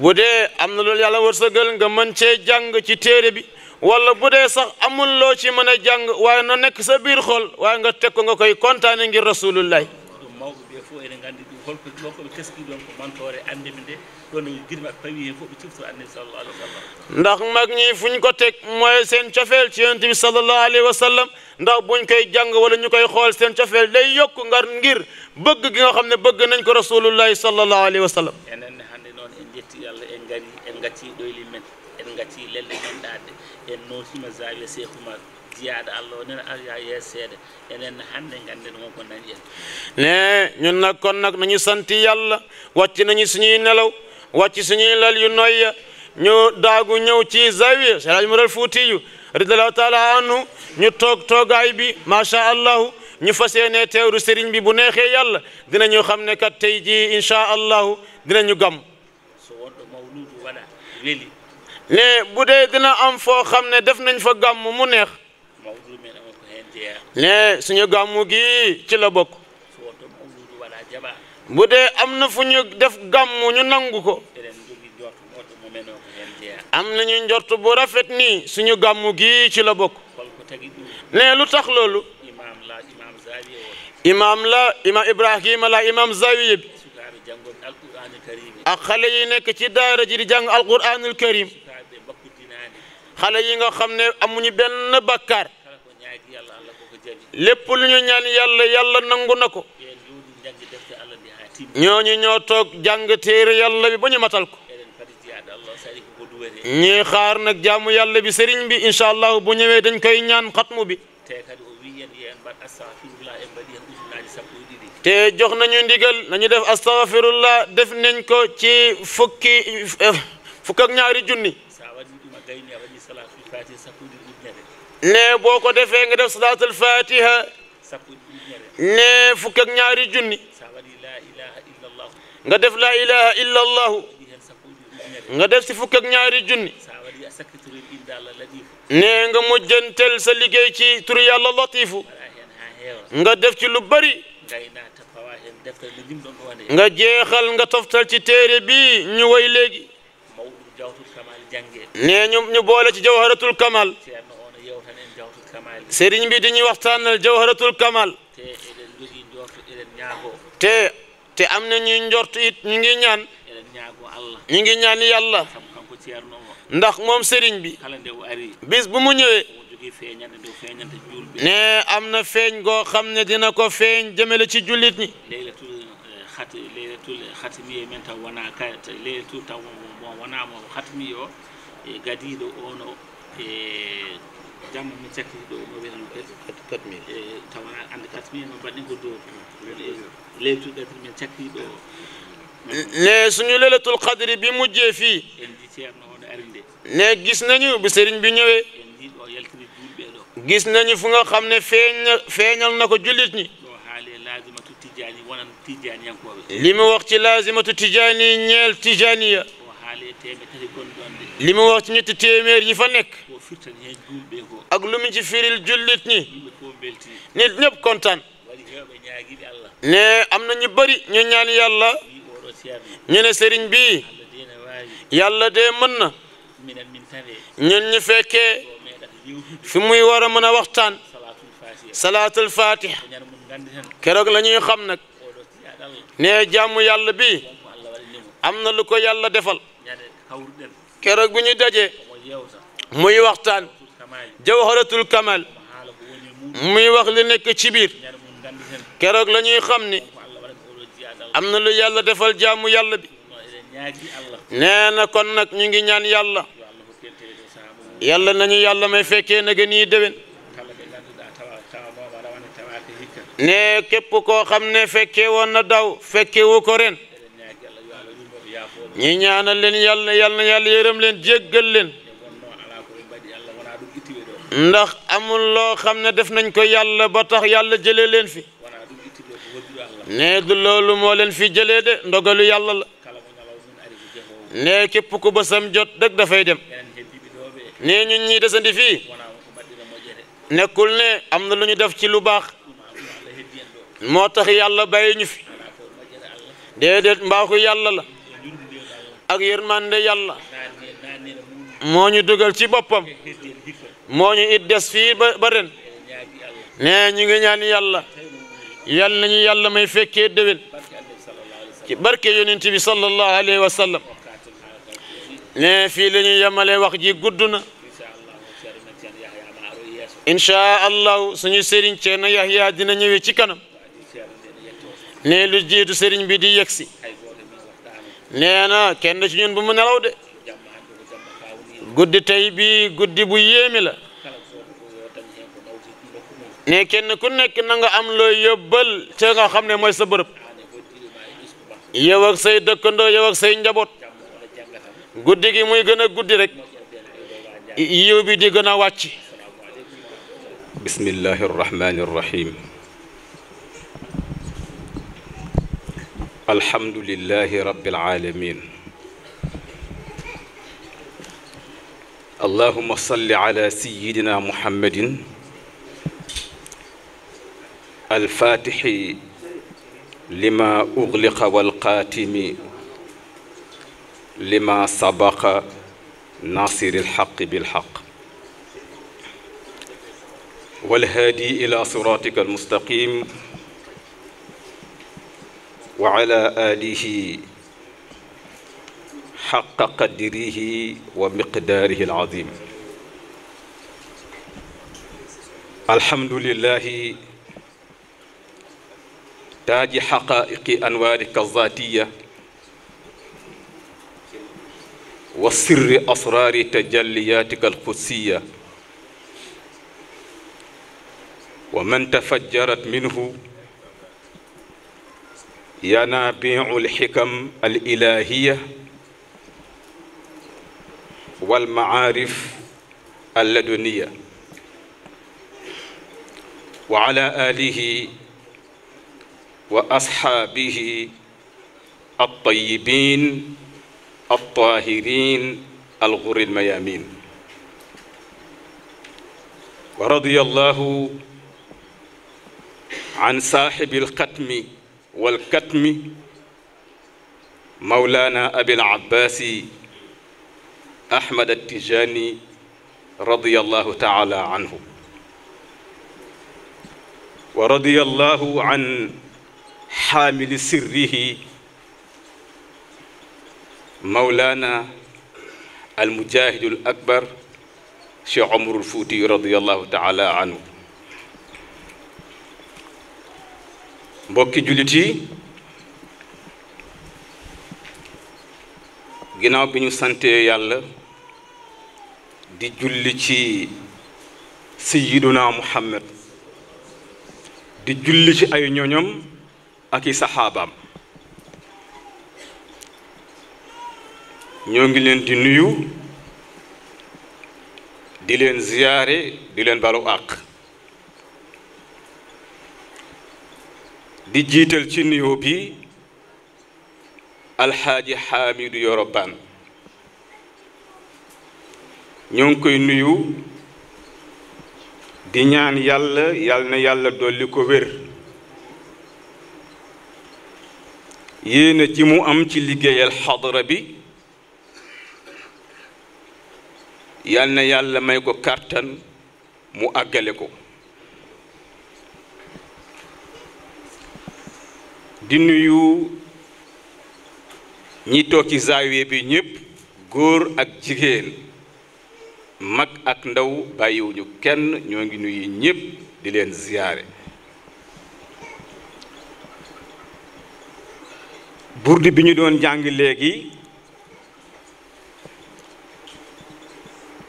bu dee am na loolu yàlla wërsëgal nga mën cee jàng ci téere bi wala bu dee sax amul loo ci mën a jàng waaye na nekk sa biir xol waaye nga teg ko nga koy kontaane ngir rasulullah mawɓe ɓe fof ene nganndi ɗum holko holkoɓe teskii ndax mag ñi fuñ ko teg mooy seen cofeel ci yonent bi sallallahu alayhi wa ndax buñ koy jàng wala ñu koy xool seen cofeel day yokk ngar ngir bëgg gi nga xam ne bëgg nañ ko rasulullahi sallallahu alayhi wa sallam enen gacciɗoyle men en gacci lelde men ɗaɗɗe en nootima zawiya cheikh oumar jiyaɗo allah o nen arya yeeseede enen hannde ngannden wonko nani en ne ñun nag kon nag nañu santi yàlla wàcci nañu suñuy nelaw wàcci suñuy lal yu noyya ñu daagu ñëw ci zawiya seraj mural fuutiyu radiallahu taala anhu ñu toog toogaay bi macha allahu ñu fas yéene teewru sëriñ bi bu neexee yàlla dinañu xam ne kat tey jii incha allahu dinañu gam weli ne bu dee dina am foo xam ne def nañ fa gàmm mu neex ne suñu gàmmu gi ci la bokk bu dee am na fu ñu def gàmm ñu nangu ko am nañu njort bu rafet nii suñu gàmmu gi ci la bokk ne lu tax loolu imam la imam ibrahima la imam zawiya bi ak xale yi nekk ci daara ji di jàng alquranul karim xale yi nga xam ne amuñu benn bakkaar lépp lu ñu ñan yàlla yàlla nangu na ko ñooñu ñoo toog jàng téere yàlla bi ba matal ko ñii xaar nag jaamu yàlla bi sëriñ bi incha allah bu ñëwee dañ koy ñaan xatmu bi te jox nañu ndigal nañu def astaghfirullah def nañ ko ci fukki eh, fukk ak ñaari junni ne boo ko defee nga def salaatul fatiha ne fukk ak ñaari junni nga def la ilaha illa nga def si fukk ak ñaari junni ne nga mujjantel sa liggéey ci turu yàlla latifu nga def ci lu bari nga jeexal nga toftal ci téere bi ñu woy léegi nee ñu ñu boole ci jawharatul kamal sëriñ bi dañuy waxtaanal jawharatul kamal te te am na ñuy njort it ñu ngi ñaan ñu ngi ñaan yàlla ndax moom sëriñ bi bis bu mu ñëwee ne am na feeñ goo xam ne dina ko feeñ jëmale ci jullit ñi. laylatul eh, xati laylatul xatmi menta wona ka laylatul taw mo wonamo xatmi o e eh, gadiɗo ono e eh, jamma mi cakkitiɗo no wiyatano kadi katmi e tawana andi katmi ko dow leytul kadiri min cakkitiɗo ne suñu lelatul kadiri bi mujjee fii gis nañu bu sëriñ bi ñëwee gis nañu fu nga xam ne feeñ feeñal na ko jullit ñi li mu wax ci laazimatu tijaani ñeel tijaaniya li mu wax ci ñetti téeméer ñi fa nekk ak lu mu ci firil jullit ñi nit ñëpp kontaan ne am nañu ñu bëri ñu ñaan yàlla ñu ne sëriñ bi yàlla de mën na ñun ñu fekkee fi muy war a mën a waxtaan salaatul fatiha keroog la ñuy xam nag nee jàmm yàlla bi am na lu ko yàlla defal keroog bu ñu dajee muy waxtaan jawharatul kamal muy wax li nekk ci biir keroog la ñuy xam ni am na lu yàlla defal jàmm yàlla bi nee na kon nag ñu ngi ñaan yàlla yalla nañu yàlla may fekkee na nii yi déwén ne képp koo xam ne fekkee woon na daw fekke wu ko ren ñi ñaanal leen yàlla yàlla na yàlla yërëm leen jéggal leen ndax amul loo xam ne def nañ ko yàlla ba tax yàlla jëlee leen fi ne du loolu moo leen fi jëlee de ndogalu yàlla la ne képp ku bësam jot dëgg dafay dem nee ñun ñii desandi fii nekkul ne am na lu ñu def ci lu baax moo tax yàlla bàyyi ñu fi déedéet mbaaxu yàlla la ak yërmande yàlla moo ñu dugal ci boppam moo ñu it des fii ba ba ren nee ñu ngi ñaan yàlla yal nañu yàlla may fekkee déwén ci barke yonent bi sallallahu alayhi wa sallam ne fii lañuy ñuy wax ji gudd na incha allahu suñu sëriñ Ceerno Yahya dina ñëwee ci kanam ne lu jiitu sëriñ bi di yegsi nee na kenn ci ñun bu mu nelaw de guddi tey bi guddi bu yéeme la ne kenn ku nekk na nga am loo yóbbal ca nga xam ne mooy sa bërëb yow ak say dëkkandoo yow ak say njaboot guddi gi muy gëna guddi rek yiw bi di gëna wacc bismillahir rahmanir rahim الحمد لله رب العالمين اللهم صل على سيدنا محمد الفاتح لما أغلق والقاتم لما سبق ناصر الحق بالحق والهادي إلى صراطك المستقيم وعلى آله حق قدره ومقداره العظيم الحمد لله تاج حقائق أنوارك الذاتية وسر أسرار تجلياتك القدسية ومن تفجرت منه ينابيع الحكم الإلهية والمعارف اللدنية وعلى آله وأصحابه الطيبين الطاهرين الغر الميامين ورضي الله عن صاحب الختم والكتم مولانا أبي العباس أحمد التجاني رضي الله تعالى عنه ورضي الله عن حامل سره مولانا المجاهد الأكبر شيخ عمر الفوتي رضي الله تعالى عنه mbokki jullit yi ginnaaw bi ñu santee yàlla di julli ci sayyiduna muhammad di julli ci ay ñoñom ak i saxaabaam ñoo ngi leen di nuyu di leen ziyaare di leen balu di jiital ci nuyoo bi alxaaji xaamidu yorobaan ñoo ngi koy nuyu di ñaan yàlla yàlla na yàlla dolli ko wér yéena ji mu am ci liggéeyal xadara bi yal na yàlla may ko kàttan mu àggale ko di nuyu ñi toog ci zaawiye bi ñëpp góor ak jigéen mag ak ndaw bàyyiwuñu kenn ñoo ngi nuyu ñëpp di leen ziyaare burdi bi ñu doon jàng léegi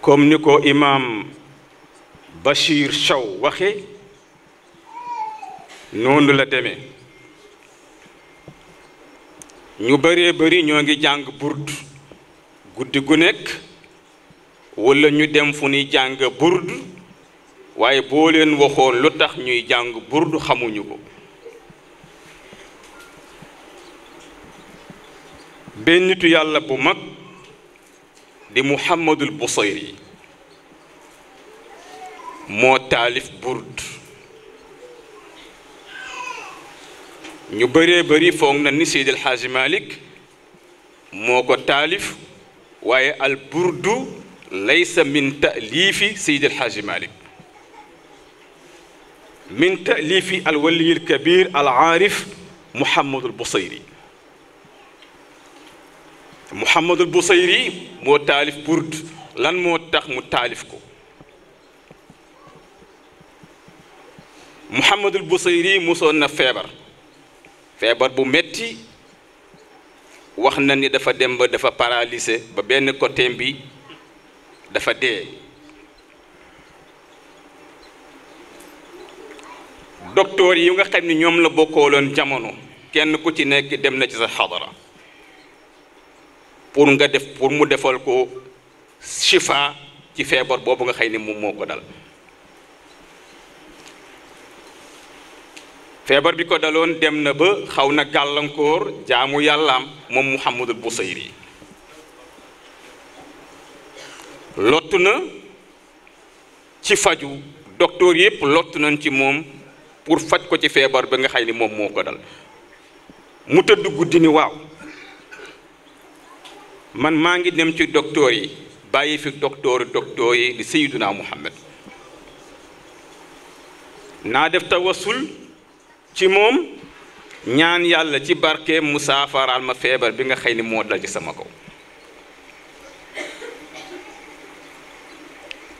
comme ni ko imaam Bachir Chaw waxe noonu la demee ñu baree bëri ñoo ngi jàng burd guddi gu nekk walla ñu dem fu ñuy jàng burd waaye boo leen waxoon lu tax ñuy jàng burd xamuñu ko benn nitu yàlla bu mag لمحمد البصيري moo taalif burd ñu bëree bëri foog na ni Seydil Xaaji Malik moo ko taalif waaye al burdu laysa min taalifi Seydil Xaaji Malik min taalifi al waliyil kabir al aarif Muhammadul Busayri محمد البصيري مو تالف برد لن مو تخ مو تالفكو محمد البصيري موسونا فيبر فيبر بو متي واخنا ني دافا ديمبا دافا باراليسي با بن كوتيم بي دافا دي دكتور ييغا خامني نيوم لا بوكولون جامونو كين كوتي نيك ديمنا سي حضره pour nga def pour mu defal ko shifa ci feebar boobu nga xëy ni moom moo ko dal feebar bi ko daloon dem na ba xaw na gàllankoor jaamu yàllaam moom Muhammadul Busayri lottu na ci faju docteur yëpp lottu nañ ci moom pour faj ko ci feebar bi nga xëy ni moom moo ko dal mu tëdd guddi ni waaw man maa ngi dem ci doktoor yi bàyyi fi docteur docteur yi di Seydina Muhammad naa def tawasul ci moom ñaan yàlla ci barke mu saafaraal ma feebar bi nga xëy ni moo dal ci sama kaw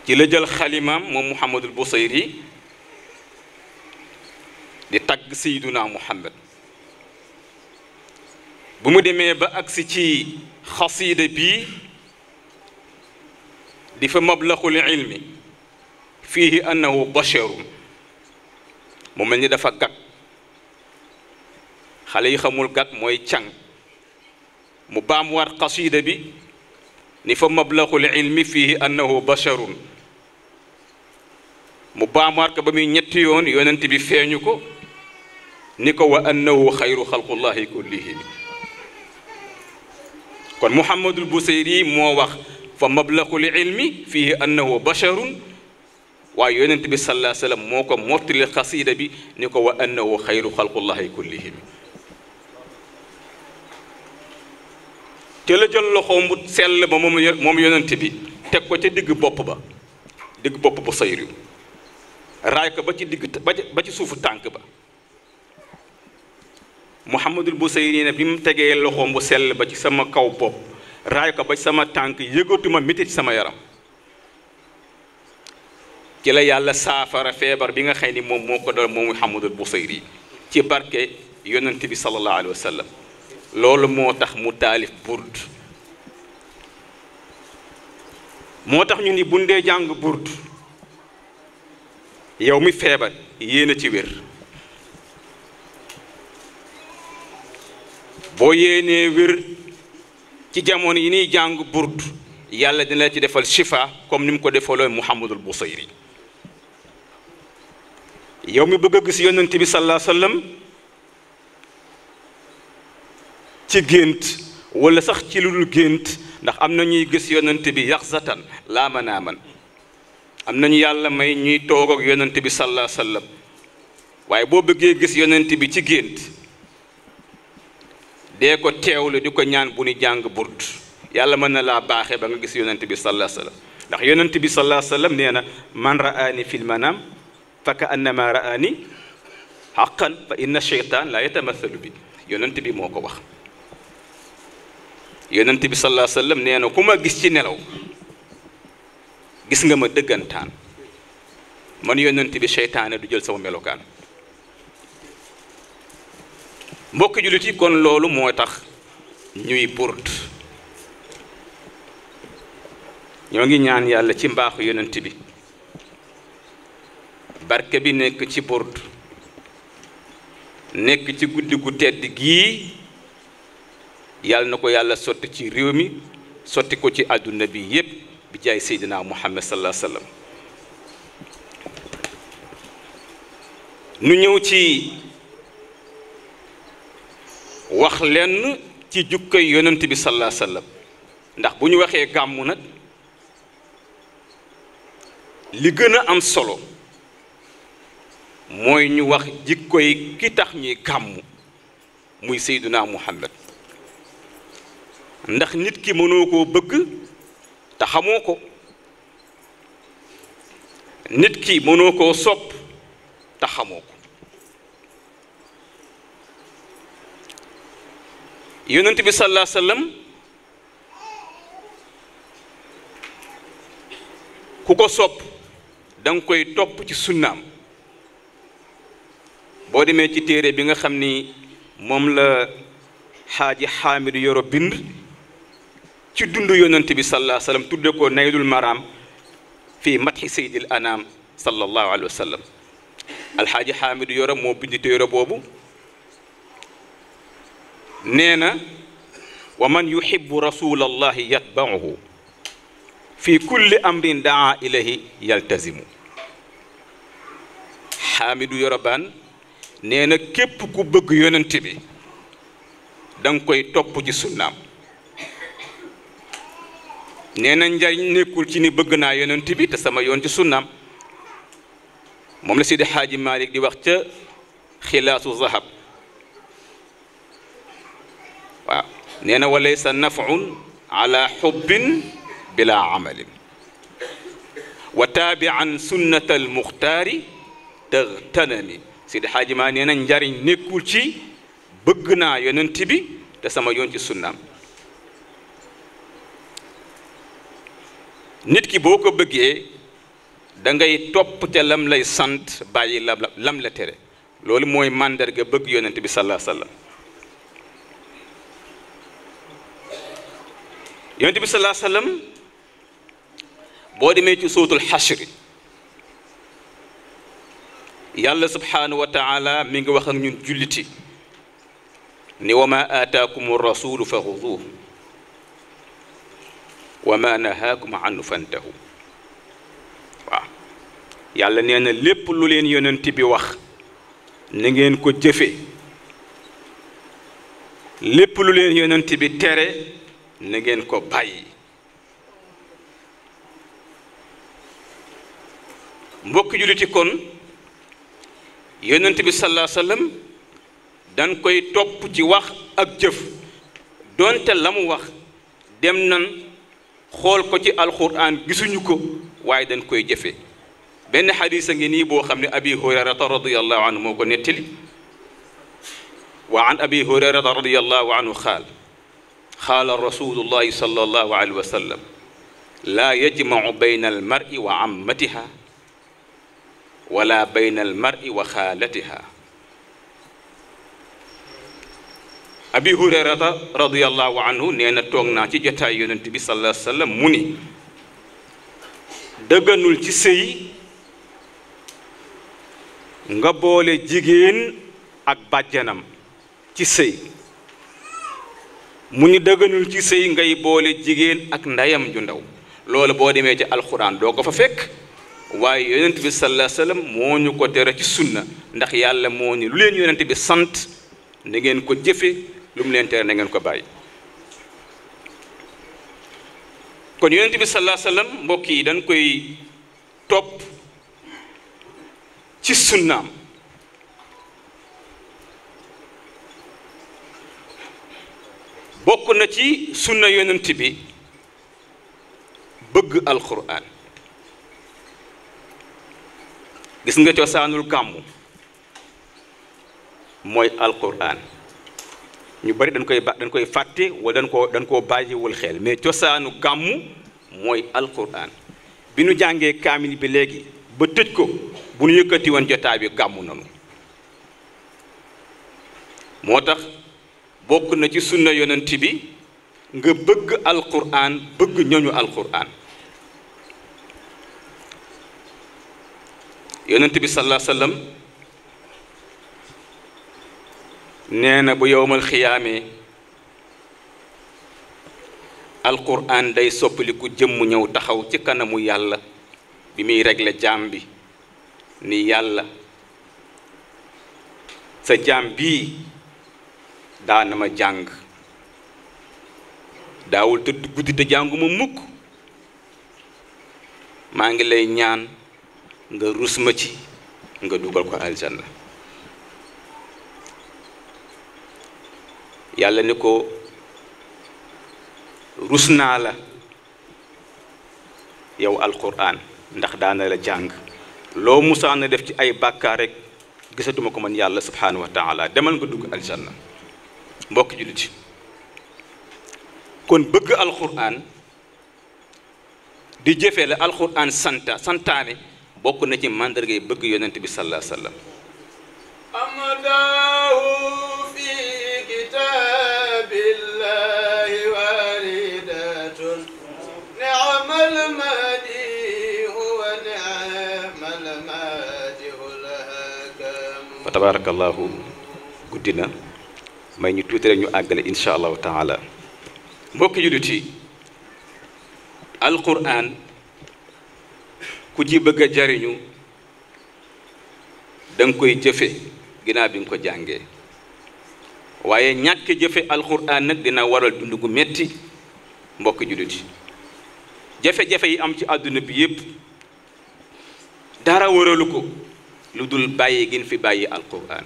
ci la jël xalimaam moom Muhammadul Busayri di tagg Seydina Muhammad bu mu demee ba agsi ci خصيدة بي دفع مبلغ العلم فيه أنه بشر ممن يدفع قاك خلي يخمل قاك موي تشان مبام وار قصيدة بي دفع مبلغ العلم فيه أنه بشر مبام وار كبمي نتيون يوننتي بفعنكو نكو وأنه خير خلق الله كلهم كون محمد البصيري موخ فمبلغ العلم فيه انه بشر ويونت صلى الله عليه وسلم موكو موتر القصيده بي نيكو وانه خير خلق الله كلهم تيلا جال لوخو مو سيل با موم يونت تيكو تي ديغ بوب با ديغ بوب با سيريو رايكو با تي ديغ با تي سوفو تانك با Mouhamadul Busayri ne bi mu tegee loxoom bu sell ba ci sama kaw bopp raay ko ba sama tànk yëgatuma metit sama yaram ki la yàlla saafara feebar bi nga xëy ni moom moo ko dal moom Mouhamadul Busayri ci barke yonent bi sallallahu alayhi wa loolu moo tax mu taalif burd moo tax ñu ni bundee jàng burd yow mi feebar yéen ci wér boyene wir ci jamono yi ni jàng burd yàlla dina ci defal shifa comme nim ko defalo muhammad al busairi yow mi beug gis yonnati bi sallallahu alayhi wasallam ci gént wala sax ci lu gént ndax amna ñuy gis yonnati bi yaxzatan la manaman amna ñu yàlla may ñuy togo ak yonnati bi sallallahu alayhi wasallam waye bo beugé gis yonnati bi ci gént dee ko teewlu di ko ñaan bu ñu jàng burd yàlla mën na laa ba nga gis yonent bi sallallahu alayhi wa ndax yonent bi sallallahu alayhi wa sallam man raani fil manam fa ka raani xaqan fa inna cheytaan laa yatamathalu bi yonent bi moo wax yonent bi sallallahu alayhi wa sallam nee gis ci nelaw gis nga ma dëggantaan man yonent bi cheytaane du jël sama melokaan mbokki jullit yi kon loolu moo tax ñuy burt ñoo ngi ñaan yàlla ci mbaaxu yonent bi barke bi nekk ci burt nekk ci guddi gu tedd gii yàlla na ko yàlla sotti ci réew mi sotti ko ci àdduna bi yépp bi jaay seydinaa muhammad sallallahu alayhi wasallam nu ñëw ci wax lenn ci jukkay yonent bi sallallahu alayhi ndax bu ñu waxee gàmmu nag li gën a am solo mooy ñu wax jikkoy ki tax ñuy gàmmu muy Seyduna Muhammad ndax nit ki mënoo koo bëgg te xamoo ko nit ki mënoo koo sopp te xamoo ko يونتي بي صلى الله عليه وسلم كوكو سوب دانكوي توب سي سنام بو ديمي سي تيري بيغا خامني موم لا حاجي حامد يورو بند سي دوندو يونتي بي صلى الله عليه وسلم تودكو نايد المرام في مدح سيد الانام صلى الله عليه وسلم الحاج حامد يورو مو بند تيورو بوبو nee na wa man yuhibbu rasulallahi yatbauhu fi kulli amrin daa ilayhi yaltazimu xaamidu yorobaan nee na képp ku bëgg yonent bi da nga koy topp ci sunnaam nee na njariñ nekkul ci ni bëgg naa yonent bi te sama yoon ci sunnaam moom la Sidi Xaaji Malik di wax ca xilaasu zahab waaw nee na walaysa nafun ala xubbin bila amalin wa taabian sunnata almuxtaari tëxtanami si di xaaji maa nee na njariñ nekkul ci bëgg naa yonent bi te sama yoon ci sunnaam nit ki boo ko bëggee da ngay topp te lam lay sant bàyyi lam la tere loolu mooy màndarga bëgg yonent bi salaa sallam يونس بن صلى الله عليه وسلم بودي ميتي صوت الحشر يالله سبحانه وتعالى ميغي واخ نيون جوليتي ني وما اتاكم الرسول فخذوه وما نهاكم عنه فانتهوا وا يالله نينا ليپ لولين يونتي بي واخ نيغين كو جيفي ليپ لولين يونتي بي تيري نجن كو باي مبوك جلتي كون يننتبي صلى الله عليه وسلم دان كوي توب جي واخ اك جف دون تلم واخ دم خول كو جي القرآن جسو نيكو واي دان كوي جفه بين حديث غني خمني ابي هريره رضي الله عنه مكو نتلي وعن ابي هريره رضي الله عنه خال قال رسول الله صلى الله عليه وسلم لا يجمع بين المرء وعمتها ولا بين المرء وخالتها ابي هريره رضي الله عنه na توغنا naa جتا jotaay yonent bi sallallahu alayhi wa sallam mu ni dëgganul nga boole jigéen ak bàjjanam ci sëy mu ñu dëgganul ci sëy ngay boole jigéen ak ndeyam ju ndaw loolu boo demee ci alxuraan doo ko fa fekk waaye yonent bi sallallahu moo ñu ko tere ci sunna ndax yàlla moo ñu lu leen yonent bi sant na ngeen ko jëfe lu mu leen tere na ngeen ko bàyyi kon yonent bi sallallahu mbokk yi dañ koy topp ci sunnaam bokk na ci sunna yonent bi bëgg alquran gis nga cosaanul gàmmu mooy alquran ñu bari dañ koy koy fàtte wala dañ koo dañ koo bàjjewul xel mais cosaanu gàmmu mooy alquran bi nu jàngee kaamil bi léegi ba tëj ko bu nu yëkkati woon jotaay bi gàmmu nanu moo tax bokk na ci sunna yonent bi nga bëgg alquran bëgg ñooñu alquran yonent bi sallallahu nee na bu yowmal xiyaamee alquran day soppaliku jëm mu ñëw taxaw ci kanamu yàlla bi muy régler jaam bi ni yàlla sa jaam bii daanama jàng daawul tëdd guddi te jànguma mukk maa ngi lay ñaan nga rus ma ci nga dugal ko aljanna yàlla ni ko rus naa la yow alquran ndax daana la jàng loo musaana def ci ay bàkkaar rek gisatuma ko man yàlla subhaanahu wa taala demal nga dugg aljanna mbokki jullit yi kon bëgg alxuraan di jëfee la alxuraan santa santaane bokk na ci màndargay bëgg yonent bi sallallahu alayhi wa sallam amadaahu fi kitaabillahi waridatun ni'mal madi wa ni'mal madi laha fa tabaarakallahu guddi na may ñu tuuti rek ñu àggale incha allahu taala mbokki jullit yi alquran ku ci bëgg a jariñu da koy jëfe ginnaaw bi nga ko jàngee waaye ñàkk jëfe alquran nag dina waral dund gu metti mbokki jullit yi jafe-jafe yi am ci àdduna bi yépp dara waralu ko lu dul bàyyi gin fi bàyyi alquran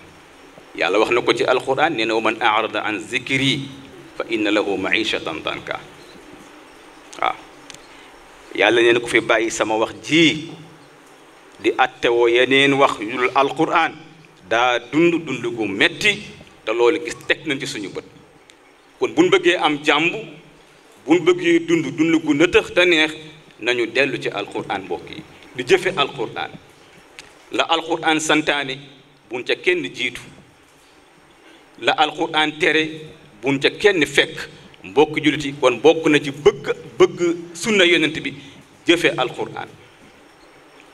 yàlla wax na ko ci alquran nee na man arada an zikri fa inna lahu maishatan danka waaw yàlla nee na ku fi bàyyi sama wax ji di attewoo yeneen wax yu dul alquran daa dund dund gu metti te loolu gis teg nañ ci suñu bët kon buñ bëggee am jàmb buñ bëggee dund dund gu nëtëx te neex nañu dellu ci alquran mbokk yi di jëfe alquran la alquran santaane buñ ca kenn jiitu la alquran tere buñ ca kenn fekk mbokk jullit bokk na ci bëgg bëgg sunna yonent bi jëfe alquran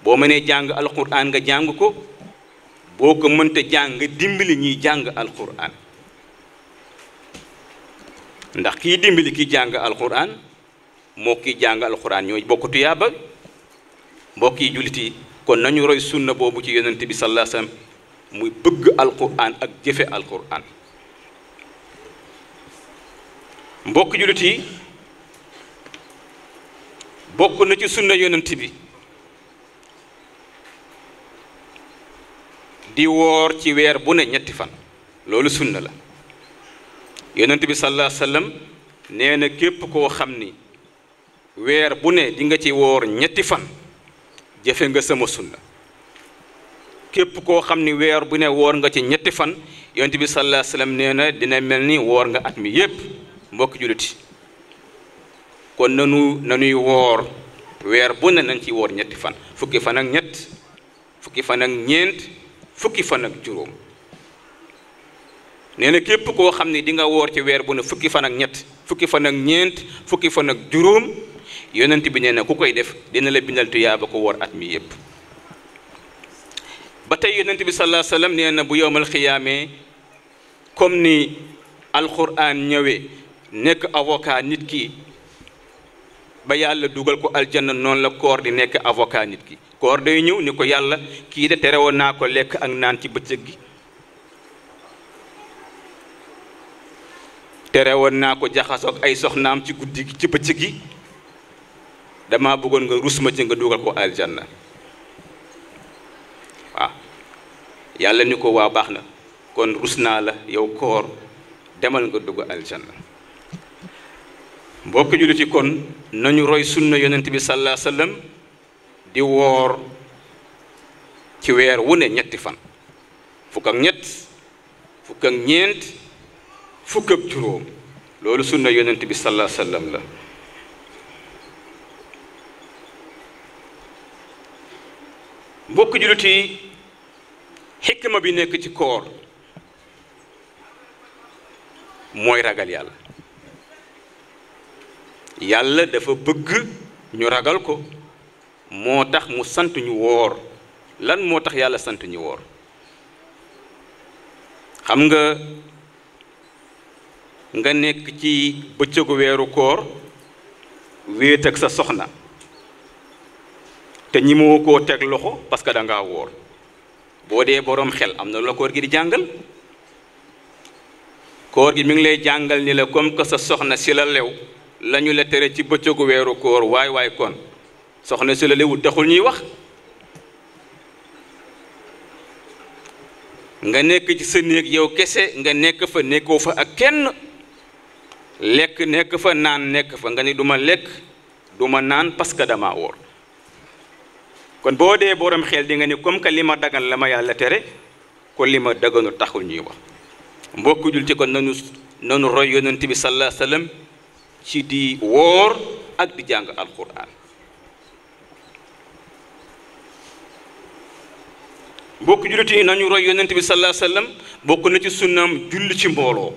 boo mënee jàng alquran nga jàng ko boo ko mënta jàng dimbali ñuy jàng alquran ndax kiy dimbali kiy jàng alquran moo kiy jàng alquran ñooy bokk tuyaaba mbokk yi jullit yi kon nañu roy sunna boobu ci yonent bi sallallahu muy bëgg alquran ak jëfe alquran mbokk julit yi bokk na ci sunna yonent bi di woor ci weer bu ne ñetti fan loolu sunna la yonent bi sal allah sallam nee na képp koo xam ni weer bu ne di nga ci woor ñetti fan jafe nga sama sunna képp koo xam ni weer bu ne woor nga ci ñetti fan yonent bi sal allah sallam nee na dina mel ni woor nga at mi yépp mbokki julliti kon nanu nanuy woor weer bu ne nañ ci woor ñetti fan fukki fan ak ñett fukki fan ak ñeent fukki fan ak juróom nee képp koo xam ne di woor ci weer bu ne fukki fan ak ñett fukki fan ak ñeent fukki fan ak juróom yonent bi nee na ku koy def dina la bindal tuyaaba ko woor at mi yépp ba tey yonent bi sallallahu alayhi wasallam bu yowmal xiyaamee comme ni alquran ñëwee nekk avocat nit ki ba yàlla dugal ko aljana noon la koor di nekk avocat nit ki koor day ñëw ni ko yàlla kii de tere woon naa ko lekk ak naan ci bëccëg gi terewoon naa ko jaxasoog ay soxnaam ci guddi gi ci bëccëg gi dama bëggoon nga rus ma ci nga dugal ko aljanna waaw yàlla ni ko waa baax na kon rus naa la yow koor demal nga dugg aljanna mbokk jullit yi kon nañu roy sunna yonent bi sallallahu di woor ci weer wu ne ñetti fan fukk ak ñett fukk ak ñeent fukk ak juróom loolu sunna yonent bi sallallahu alayhi la mbokk jullit yi xikma bi nekk ci koor mooy ragal yàlla yàlla dafa bëgg ñu ragal ko moo tax mu sant ñu woor lan moo tax yàlla sant ñu woor xam nga nga nekk ci bëccëgu weeru koor wéet ak sa soxna te ñi moo koo teg loxo parce que da woor boo dee boroom xel am na la koor gi di jàngal koor gi mu ngi lay jàngal ni la comme que sa soxna si la lew lañu la tere ci bëccëgu weeru koor waay waay kon soxna si la léwul taxul ñuy wax nga nekk ci sa néeg yow kese nga nekk fa nekkoo fa ak kenn lekk nekk fa naan nekk fa nga ne duma lekk duma naan parce que dama wóor kon boo dee borom xel di nga ni comme que li ma dagan la ma yàlla tere kon li ma daganu taxul ñuy wax mbokku jul ci kon nanu nanu roy yonent bi sallallahu ci di woor ak di jàng alquran bokk jullit yi nañu roy yonent bi sallallahu alayhi wasallam bokk na ci sunnaam julli ci mbooloo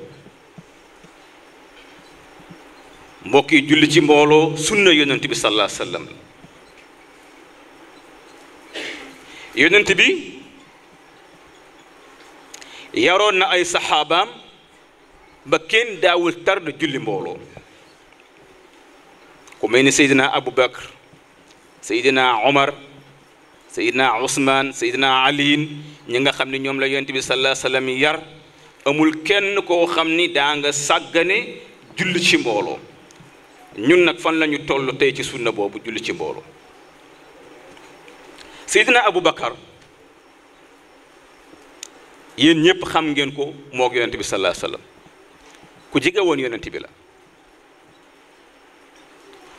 mbokk julli ci mbooloo sunna yonent bi sallallahu alayhi wasallam yonent bi yaroon na ay saxaabaam ba kenn daawul tar julli mbooloo ku mel ni Seydina Abu Bakr Seydina Omar Seydina Ousmane Seydina Aliin ñi nga xam ne ñoom la yonent bi sallallahu alayhi yar amul kenn koo xam ni daa nga sàggane julli ci mbooloo ñun nag fan lañu ñu tey ci sunna boobu julli ci mbooloo Seydina Abu Bakar yéen ñëpp xam ngeen ko moo ak yonent bi sallallahu alayhi ku jege woon yonent bi la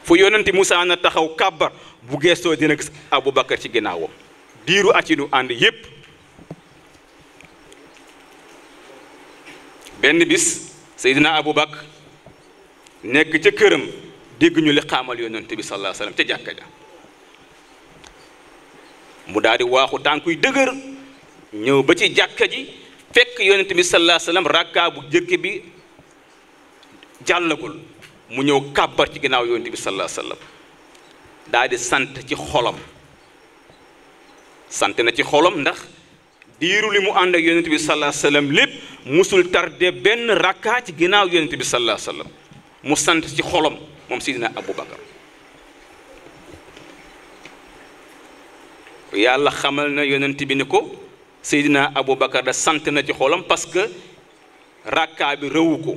fu yonanti Moussa na taxaw kàbbar bu geestoo dina gis Aboubacar ci ginnaawam diiru acinu ànd yépp benn bis Seydina Aboubacar nekk ca këram dégg ñu li xaamal yonanti bi sallallahu alayhi ca jàkka ja mu daldi waaxu tànk yu dëgër ñëw ba ci jàkka ji fekk yonent bi sallallahu alayhi wasallam jëkk bi jàllagul mu ñëw kàbbar ci ginnaaw yonent bi sallallahu alayhi wasallam sant ci xolam sant na ci xolam ndax diiru li mu ànd ak yonent bi sallallahu alayhi wasallam lépp musul tardé benn rakkaa ci ginnaaw yonent bi sallallahu alayhi mu sant ci xolam moom Seydina Abu Bakar yàlla xamal na yonent bi ni ko Seydina Abu Bakar da sant na ci xolam parce que rakkaa bi rëwu ko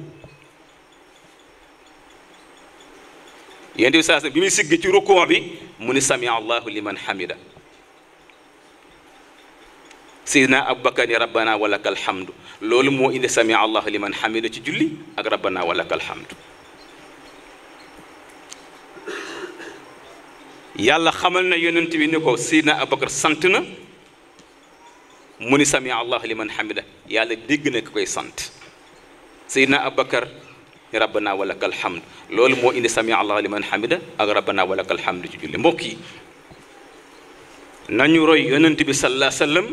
yonent bi saa bi muy sigg ci rukoo bi mu ni sami allahu liman hamida sidna abubakar ni rabbana wa laka alhamdu loolu moo indi sami allahu liman hamida ci julli ak rabbana wa laka alhamdu yàlla xamal na yonent bi ni ko sidna abubakar sant na mu ni sami allahu liman hamida yàlla dégg na ki koy sant sidna abubakar rabbana walakal hamd loolu moo indi sami allah liman hamida ak rabbana walakal hamd ci julli mbokk yi nañu roy yonent bi sallallahu alayhi wasallam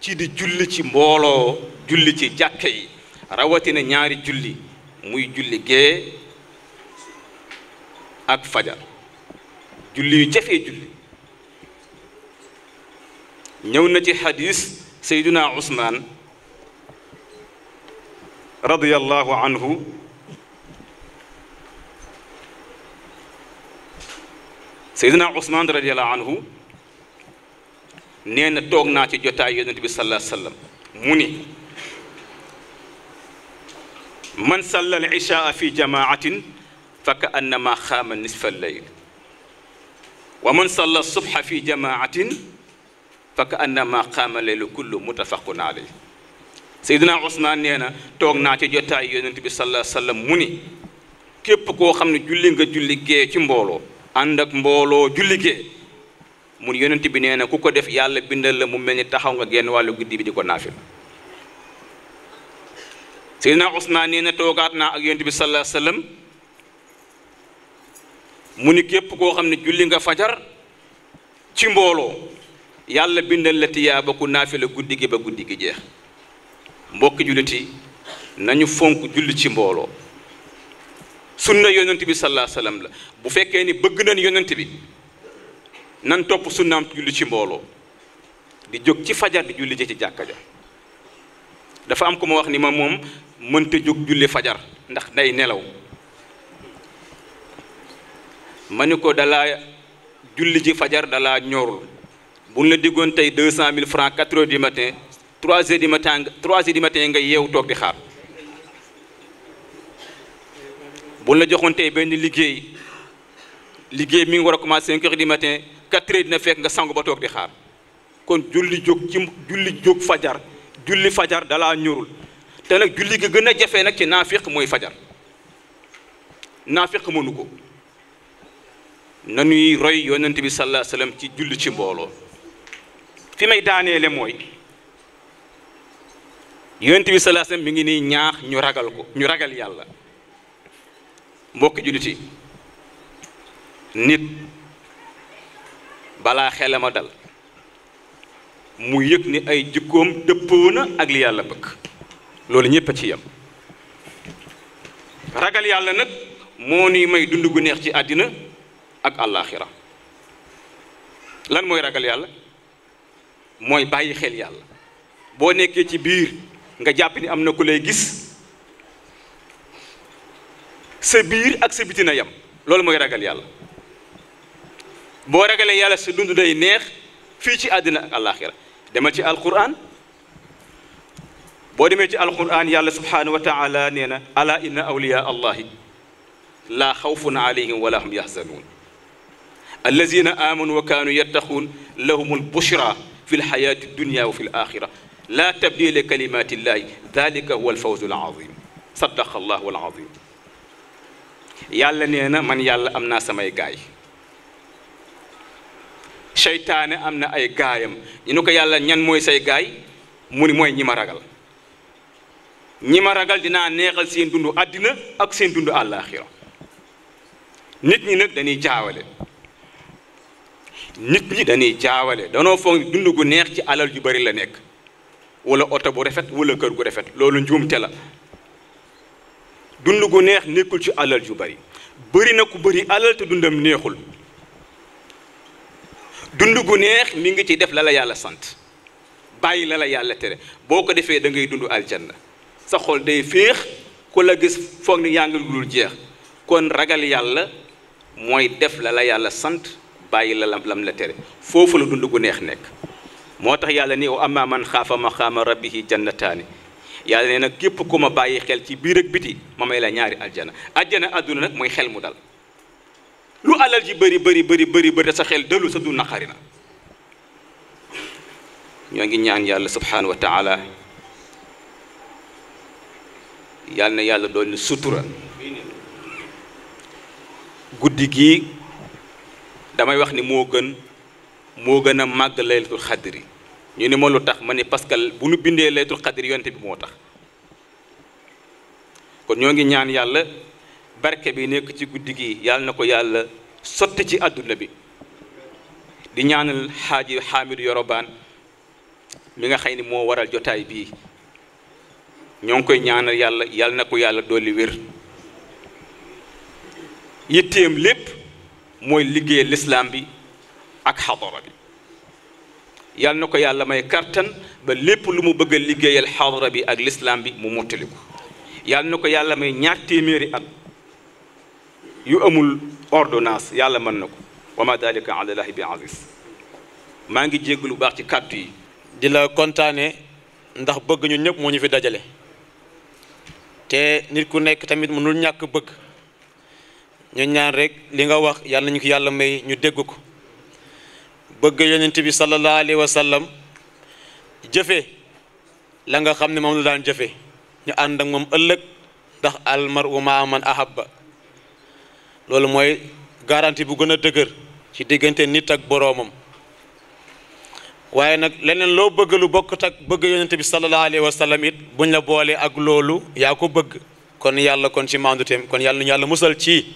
ci di julli ci mbooloo julli ci jàkka yi rawatina ñaari julli muy julli gee ak fajar julli yu jafee julli ñëw na ci hadis sayduna usmaan رضي الله عنه سيدنا عثمان رضي الله عنه نين توغنا تي جوتا يونت صلى الله عليه وسلم موني من صلى العشاء في جماعه فكانما خام نصف الليل ومن صلى الصبح في جماعه فكانما قام الليل كله متفق عليه Seydina Ousmane nee na toog naa ci jotaay yonent bi sallallahu alayhi mu ni képp koo xam ne julli nga julli gee ci mbooloo ànd ak mbooloo julli gee mun yonent bi nee na ku ko def yàlla bindal la mu mel ni taxaw nga genn wàllu guddi bi di ko naafil Seydina Ousmane nee na toogaat naa ak yonent bi sallallahu alayhi wa mu ni képp koo xam ne julli nga fajar ci mbooloo yàlla bindal la tiyaaba ku naafila guddi gi ba guddi gi jeex mbokki jullit yi nañu fonk julli ci mbooloo sunna yonent bi sallallahu alayhi la bu fekkee ni bëgg nañ yonent bi nan topp sunnaam julli ci mbooloo di jóg ci fajar di julli ji ci jàkka ja dafa am ko ma wax ni ma moom mënta jóg julli fajar ndax day nelaw ma ni ko dalaa julli ji fajar dalaa ñorul bu ñu la diggoon tey deux cent mille francs quatre heures du matin trois heures du matin trois heures du matin nga yeewu toog di xaar bu la joxoon tey benn liggéey liggéey mi ngi war a commencé cinq heures du matin quatre heures dina fekk nga sangu ba toog di xaar kon julli jóg ci fajar julli fajar dalaa ñurul te nag julli gi gën a jafe nag ci naafiq mooy fajar naafiq mënu ko nanuy roy yonent bi sallallahu alayhi ci julli ci mbooloo fi may daaneele mooy yonent bi sallallahu mi ngi nii ñaax ñu ragal ko ñu ragal yàlla mbokki jullit yi nit balaa xelam a dal mu yëg ni ay jikkoom dëppoo na ak li yàlla bëgg loolu ñëpp a ci yem ragal yàlla nag moo ni may dund gu neex ci àddina ak àllaaxira lan mooy ragal yàlla mooy bàyyi xel yàlla boo nekkee ci biir nga jàpp ni am na ku lay gis sa bir ak sa bitina yam lolou moy ragal yàlla bo ragale yàlla sa dundu day neex fi ci adina ak alakhirah demal ci alquran bo demé ci alquran yàlla subhanahu wa taala nee ala inna awliya allahi la khawfun alayhim wala hum yahzanun allazina amanu wa kaanu yattaquun lahum albushra fi alxayaati dunia wa fi لا تبديل لكلمات الله ذلك هو الفوز العظيم صدق الله العظيم يالا نينا من يالا امنا سماي غاي شيطان امنا اي غايم نوكا يالا نيان موي ساي غاي موني موي نيما راغال نيما راغال دينا نيهال سين دوندو ادنا اك سين دوندو الاخره نيت ني نك داني جاوالي نيت ني داني جاوالي دانو فون دوندو غو نيه سي علال جو بري لا نيك wala oto bu rafet wala kër gu rafet loolu njuumte la dund gu neex nekkul ci alal ju bari bëri na ku bëri alal te dundam neexul dund gu neex mi ngi ci def la la yàlla sant bàyyi la la yàlla tere boo ko defee da ngay dund aljanna sa xol day féex ku la gis foog ni yaa jeex kon ragal yàlla mooy def la yàlla sant bàyyi la lam la tere foofu la dund gu neex nekk motax yàlla ni amma man khafa maqaama rabbih jannataani yàlla ne nag képp ku ma xel ci bir ak biti mamay la ñaari aljana aljana aduna nak moy xel mu dal lu alal ji beuri beuri beuri beuri beuri sa xel delu sa du naqari na ñoo ngi ñaan yàlla subhanahu wa taala yàlla ne yàlla doon sutura guddigi damay wax ni mo gën moo gën a màgg laylatul xadri ñu ni ma lu tax ma ni parce que bu ñu bindee laylatul xadri yonte bi moo tax kon ñoo ngi ñaan yàlla barke bi nekk ci guddi gi yàlla na ko yàlla sotti ci àdduna bi di ñaanal xaaji xaamidu yorobaan mi nga xëy ni moo waral jotaay bii ñoo ngi koy ñaanal yàlla yàlla na ko yàlla dolli wér yitteem lépp mooy liggéey lislaam bi ak xadara bi yal na ko yàlla may kartan ba lépp lu mu bëgg liggéeyal xadara bi ak lislaam bi mu mottali ko yal na ko yàlla may ñaar téeméeri at yu amul ordonnance yàlla mën na ko wa ma dalika ala bi aziz maa ngi jégg lu baax ci kàddu yi di kontaane ndax bëgg ñun ñëpp moo ñu fi dajale te nit ku nekk tamit mënul ñàkk bëgg ñu ñaan rek li nga wax yàlla nañu ko yàlla may ñu dégg ko bëgg yonent bi sallallahu alayhi wa sallam jëfe la nga xam ne moom la daan jëfe ñu ànd ak moom ëllëg ndax almaru maa man ahabba loolu mooy garanti bu gën a dëgër ci diggante nit ak boroomam waaye nag leneen loo bëgg lu bokkut ak bëgg yonent bi sallallahu alayhi wa sallam it buñ la boole ak loolu yaa ko bëgg kon yàlla kon ci maanduteem kon yàlla ñu yàlla musal ci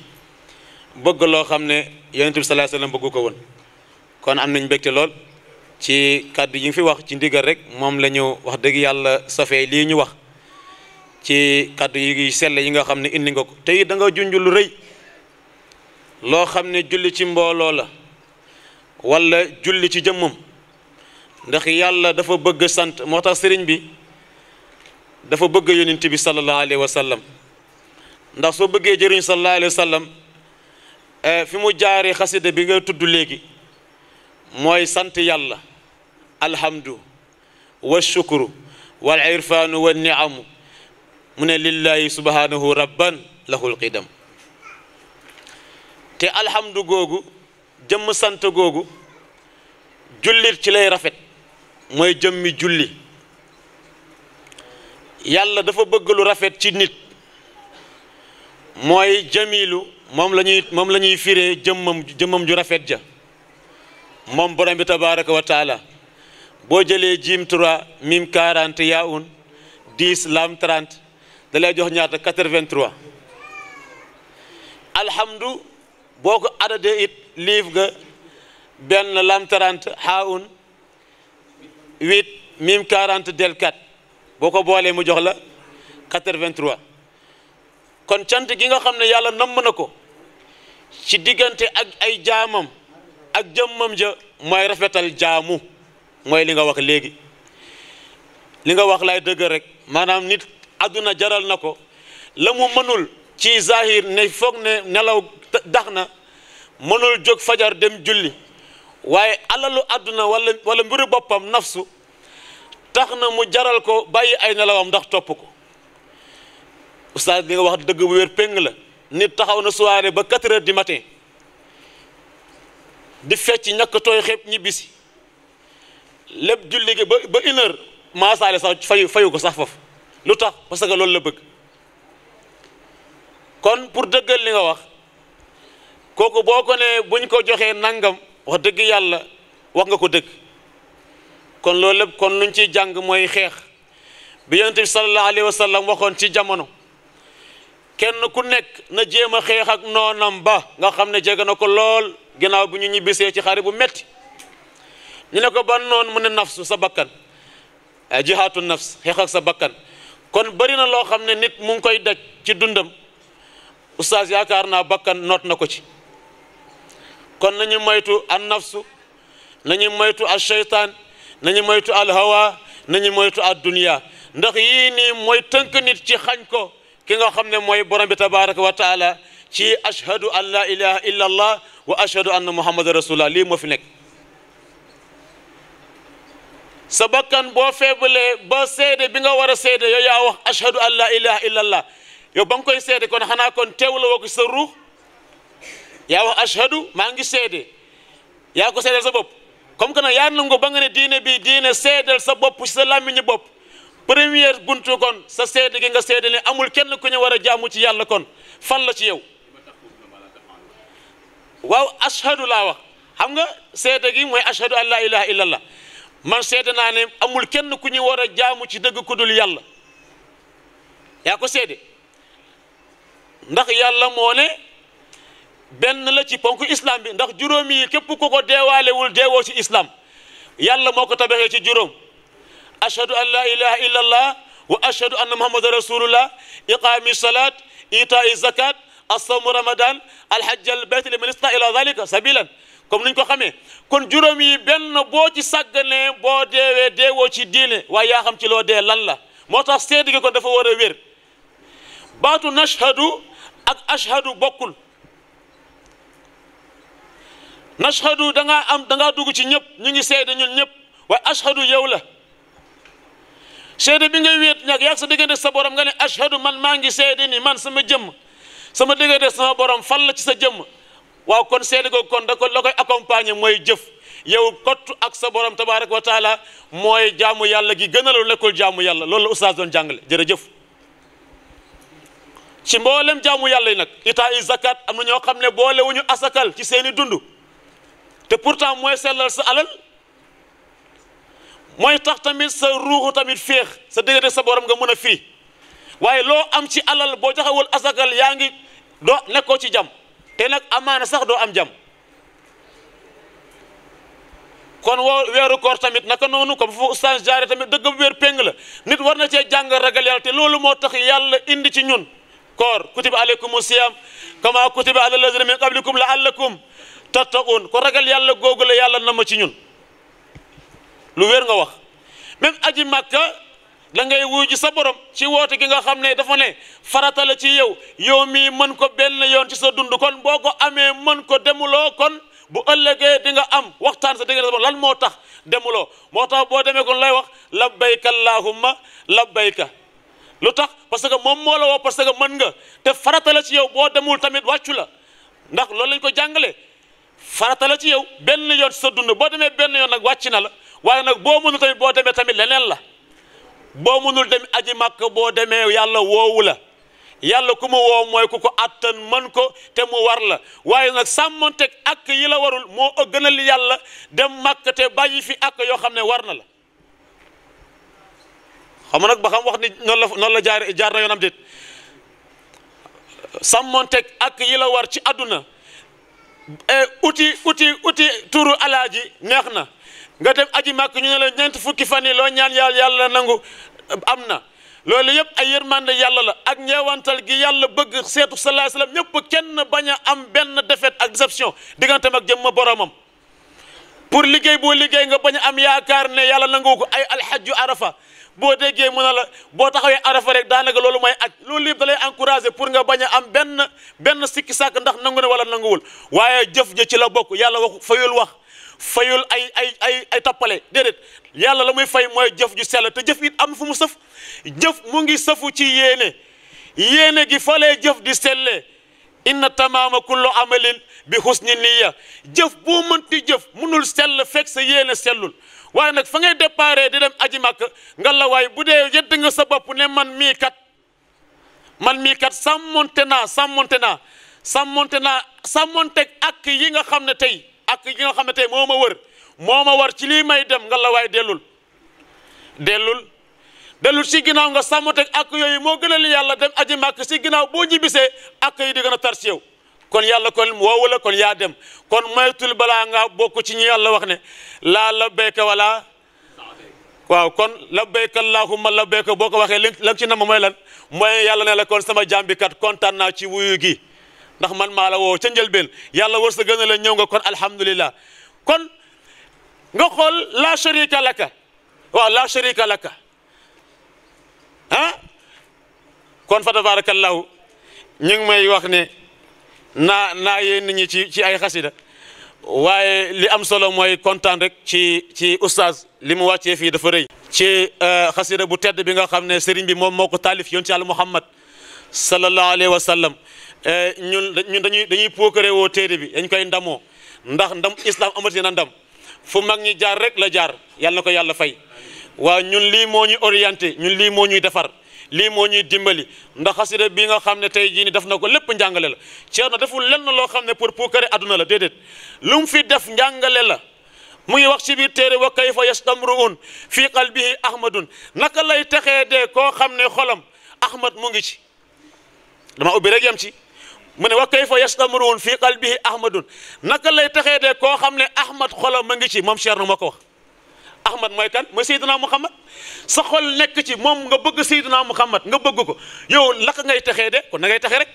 bëgg loo xam ne yonent bi sallallahu alayhi wa bëggu ko woon kon am nañ mbégte lool ci kàddu yi nga fi wax ci ndigal rek moom la ñu wax dëgg yàlla safee lii ñu wax ci kàddu yi sell yi nga xam ne indi nga ko te it da nga lu rëy loo xam ne julli ci mbooloo la wala julli ci jëmmam ndax yàlla dafa bëgg sant moo tax sëriñ bi dafa bëgg yonent bi sallallahu alayhi wa sallam ndax soo bëggee jëriñ sallallahu alayhi wa sallam eh, fi mu jaari xasida bi nga tudd léegi mooy sant yàlla alhamdu wa shukru wal irfaanu wa niamu mu ne lillahi subhanahu rabban lahul qidam te alhamdu googu jëmm sant googu jullit ci lay rafet mooy jëmmi julli yàlla dafa bëgg lu rafet ci nit mooy jamilu moom la moom la ñuy firee jëmmam jëmmam ju rafet ja moom borom bi tabaraka wa boo jëlee jiim 3 mim 40 yaa un 10 lam 30 da jox ñaata 83 alhamdu boo ko adadee it liif ga benn lam 30 haa un 8 mim 40 del 4 boo ko boolee mu jox la 83 kon cant gi nga xam ne yàlla namm na ko ci diggante ak ay jaamam ak jëmmam ja mooy rafetal jaamu mooy li nga wax léegi li nga wax lay dëgg rek maanaam nit àdduna jaral na ko la mu mënul ci zahir ne foog ne nelaw dax na mënul jóg fajar dem julli waaye alalu àdduna wala wala mbiru boppam nafsu tax na mu jaral ko bàyyi ay nelawam ndax topp ko oustaz li nga wax dëgg bu wér péng la nit taxaw na soirée ba 4 heures matin di fecc ñàkk tooy xepp ñibbisi lépp julli gi ba ba une heure sax fayu fayu ko sax foofu lu tax parce que loolu la bëgg kon pour dëggal li nga wax kooku boo ko nee buñ ko joxee nangam wax dëgg yàlla wax nga ko dëgg kon loolu lépp kon luñ ciy jàng mooy xeex bi yonent bi sallallahu alayhi wa sallam waxoon ci jamono kenn ku nekk na jéem a xeex noonam ba nga xam ne jege na ko lool ginaaw bu ñu ñibbisee ci xare bu metti ñu ne ko ban noon mu ne nafsu sa bakkan eh, jihaatu nafs xeexak sa bakkan kon bari na loo xam ne nit mu koy daj ci dundam oustaz yaakaar na bakkan noot na ko ci kon nañu moytu an nafsu nañu a al sheytaan nañu moytu al hawa nañu moytu ad dunia ndax yii nii mooy tënk nit ci xañ ko ki nga xam ne mooy borom bi tabaraka wa taala ci ashhadu an la ilaha illa allah wa ashhadu anna muhammadan rasulullah lii moo fi nekk sa bakkan boo feebalee ba seede bi nga war a seede yow wax ashhadu an la ilaha illa allah yow ba nga koy seede kon xanaa kon teewla woo ko sa ruux yaa wax ashhadu maa ngi seede yaa ko seedeel sa bopp comme que nag yaa nangu ba nga ne diine bi diine seedeel sa bopp ci sa làmmiñu bopp première buntu kon sa seede gi nga seede ne amul kenn ku ñu war a jaamu ci yàlla kon fan la ci yow waaw ashhadu laa wax xam nga seede gi mooy ashhadu an laa ilaha illallah man seede naa ne amul kenn ku ñu war a jaamu ci dëgg ku yàlla yaa ko seede ndax yàlla moo ne benn la ci ponk islam bi ndax juróom yi képp ku ko deewaalewul deewoo ci islam yàlla moo ko tabaxee ci juróom أشهد أن لا إله إلا الله وأشهد أن محمد رسول الله إقام الصلاة إيتاء الزكاة الصوم رمضان الحج البيت لمن استطاع إلى ذلك سبيلا كم نكو خمي كون جرمي بن بوتي سجن بودي ودي وشي دين ويا خم تلو دي لالا موتا سيدك كون دفو ورى وير باتو نشهد أك أشهد بكل نشهد دنا أم دنا دوغو تي نيب نيغي سيد نيب واي اشهد يولا seede bi ngay wéet nag yaag sa diggante sa borom nga ne ashhadu man maa ngi seede ni man sama jëmm sama diggante sama borom fal la ci sa jëmm waaw kon seede googu kon da ko la koy accompagner mooy jëf yow kott ak sa borom tabaraka wa mooy jaamu yàlla gi gën a la lekkul jaamu yàlla loolu la oustaz doon jàngale jërëjëf ci mboolem jaamu yàlla yi nag itaa i zakat am na ñoo xam ne boole wu ñu asakal ci seeni i dund te pourtant mooy sellal sa alal moy tax tamit sa ruhu tamit féex sa diggante sa borom nga meuna fi waye lo am ci alal bo taxawul asagal yaangi do doo nekkoo ci jam te nak amana sax do am jam kon woo weeru koor tamit naka nonu comme fu ustaas jaré tamit deug bu weer péng la nit war na ci jàng ragal yàlla te lolu mo tax yàlla indi ci ñun koor kutiba alaykum siyam kama kutiba ala lazina min qablikum laallakum tattaqun ko ragal yàlla gogul yàlla nam ci ñun lu wér nga wax même aji màkka da ngay wuyu ji sa borom ci woote gi nga xam ne dafa ne farata ci yow yow mii mën ko benn yoon ci sa dund kon boo ko amee mën ko demuloo kon bu ëllëgee di nga am waxtaan sa dégg lan moo tax demuloo moo tax boo demee kon lay wax labbayka allahumma labbayka lu tax parce que moom moo la woo parce que mën nga te farata la ci yow boo demul tamit wàccu la ndax loolu lañ ko jàngale farata la ci yow benn yoon ci sa dund boo demee benn yoon nag wàcc na la waaye nag boo mënul tamit boo demee tamit leneen la boo mënul dem aji màkk boo demee yàlla woowu la yàlla ku mu woo mooy ku ko attan mën ko te mu war la waaye nag sàmmanteeg ak yi la warul moo li yàlla dem màkk te bàyyi fi ak yoo xam ne war na la xam nag ba xam wax ni noonu la noonu la jaar jaar na yoonam déet sàmmanteeg ak yi la war ci àdduna eh, uti uti uti turu alaaji neex na nga dem aji màkk ñu ne la ñeent fukki fan yi loo ñaan yàlla yàlla nangu am na loolu yëpp ay yërmande yàlla la ak ñeewantal gi yàlla bëgg seetu sallallahu alayhi wasallam ñëpp kenn bañ a am benn défaite ak déception digganteem ak jëmm boromam pour liggéey boo liggéey nga bañ am yaakaar ne yàlla nangu ko ay alxajju arafa boo déggee mu la boo taxawee arafa daanaka loolu mooy aj loolu yëpp pour nga bañ a am benn benn sikki sàkk ndax nangu ne wala nanguwul waaye jëf ja ci la bokk yàlla wax fayul wax fayul ay ay ay ay tappale déedéet yàlla la muy fay mooy jëf ju sell te jëf it am fu mu sëf jëf mu ngi sëfu ci yéene yéene gi falee jëf di selle inna tamaama kullu amalin bi husni niya jëf boo mënti jëf munul sell fekk sa yéene sellul waaye nag fa ngay déparé di dem aji màkk nga la waay bu dee yedd nga sa bopp ne man mii kat man mii kat sàmmonte naa sàmmoonte naa sàmmoonte naa sàmmonte ak yi nga xam ne tey ak yi nga xam ne tey moo ma wër moo ma war ci lii may dem nga la waay dellul dellul dellul si ginnaaw nga sàmmonteeg ak yooyu moo gënal yàlla dem aji màkk si ginaaw boo ñibbisee ak yi di a tar si kon yàlla kon woowu la kon yaa dem kon moytul balaa nga bokk ci ñu yàlla wax ne laa labbayka wala waaw kon labbayka allahumma labbayka boo ko waxee li la ci na ma mooy lan mooy yàlla ne la kon sama jaam bi kat kontaan naa ci wuyu gi ndax man maa la woo ca njëlbeen yàlla wërsëgal na la ñëw nga kon alhamdulillah kon nga xool la sharika laka waaw la sharika laka ha kon fa tabarakallahu ñu ngi may wax ne na na yéen nit ñi ci ci ay xasida waaye li am solo mooy kontaan rek ci ci oustaz li mu wàccee fii dafa rëy ci xasida bu tedd bi nga xam ne sëriñ bi moom moo ko taalif yoon ci àll muhammad sallallahu alayhi wa sallam Eh, ñun ñun dañuy dañuy pookare woo téere bi dañ koy ndamoo ndax ndam islam amati na ndam fu mag ñi jaar rek la jaar yàlla na ko yàlla fay waaw ñun lii moo ñu orienté ñun lii moo ñuy defar lii moo ñuy dimbali ndax xasida bi nga xam ne tey jii ni def na ko lépp njàngale la na deful lenn loo xam ne pour pookare adduna la déedéet lu mu fi def njàngale la mu ngi wax ci biir téere wa kayfa yastamruun fii qalbihi ahmadun naka lay texee dee koo xam ne xolam ahmad mu ngi ci dama ubbi rek yam ci من وكيف يستمرون في قلبه احمد نقل لي تخيد كو خامني احمد خول ماغي مام شيرنا مكو احمد موي كان موي سيدنا محمد سا خول نيك سي سيدنا محمد nga بوجو يو لاك غاي تخيد كو نغاي تخي رك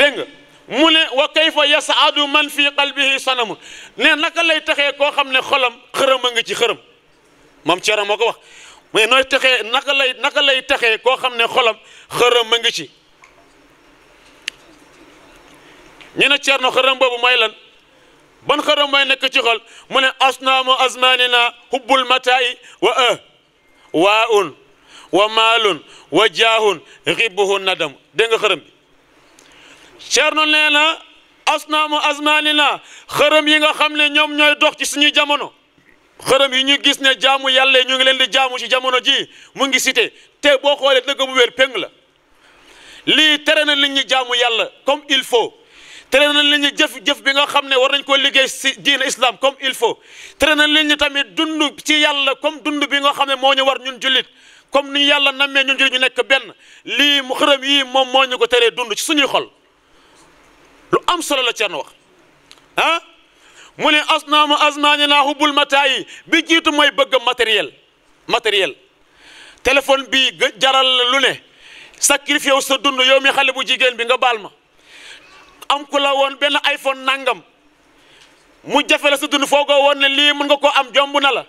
دنگ من وكيف يسعد من في قلبه صنم نقل لي تخي كو خامني خولم خرم ماغي خرم مام شيرنا مكو واخ نقل لي نقل كو خامني خولم خرم ماغي ñu ne Ceerno xërëm boobu mooy lan ban xërëm mooy nekk ci xol mu ne asnaamu azmanina hubbul mataa'i wa ah waa'un wa maalun wa jaahun ghibbuhu nadam dégg nga xërëm bi Ceerno nee na asnaamu na xërëm yi nga xam ne ñoom ñooy dox ci suñuy jamono xërëm yi ñu gis ne jaamu yàlla ñu ngi leen di jaamu ci jamono ji mu ngi cité te boo xoolee dëgg bu wér la lii tere na li ñi jaamu yàlla comme il faut tere nañ leen ñu jëf-jëf bi nga xam ne war nañ ko liggéey si diine islam comme il faut tere nañ leen ñu tamit dund ci yàlla comme dund bi nga xam ne moo ñu war ñun jullit comme ni yàlla nammee ñun jullit ñu nekk benn lii mu xërëm yii moom moo ñu ko teree dund ci suñuy xol lu am solo la ceen wax ah mu ne asnaamu asnaani naa hubbul mataayi bi jiitu mooy bëgg matériel matériel téléphone bi jaral lu ne sacrifié sa dund yow mi xale bu jigéen bi nga baal ma am ku la woon benn iPhone nangam mu jafe la sa dund foogoo woon ne lii mën nga koo am jomb na la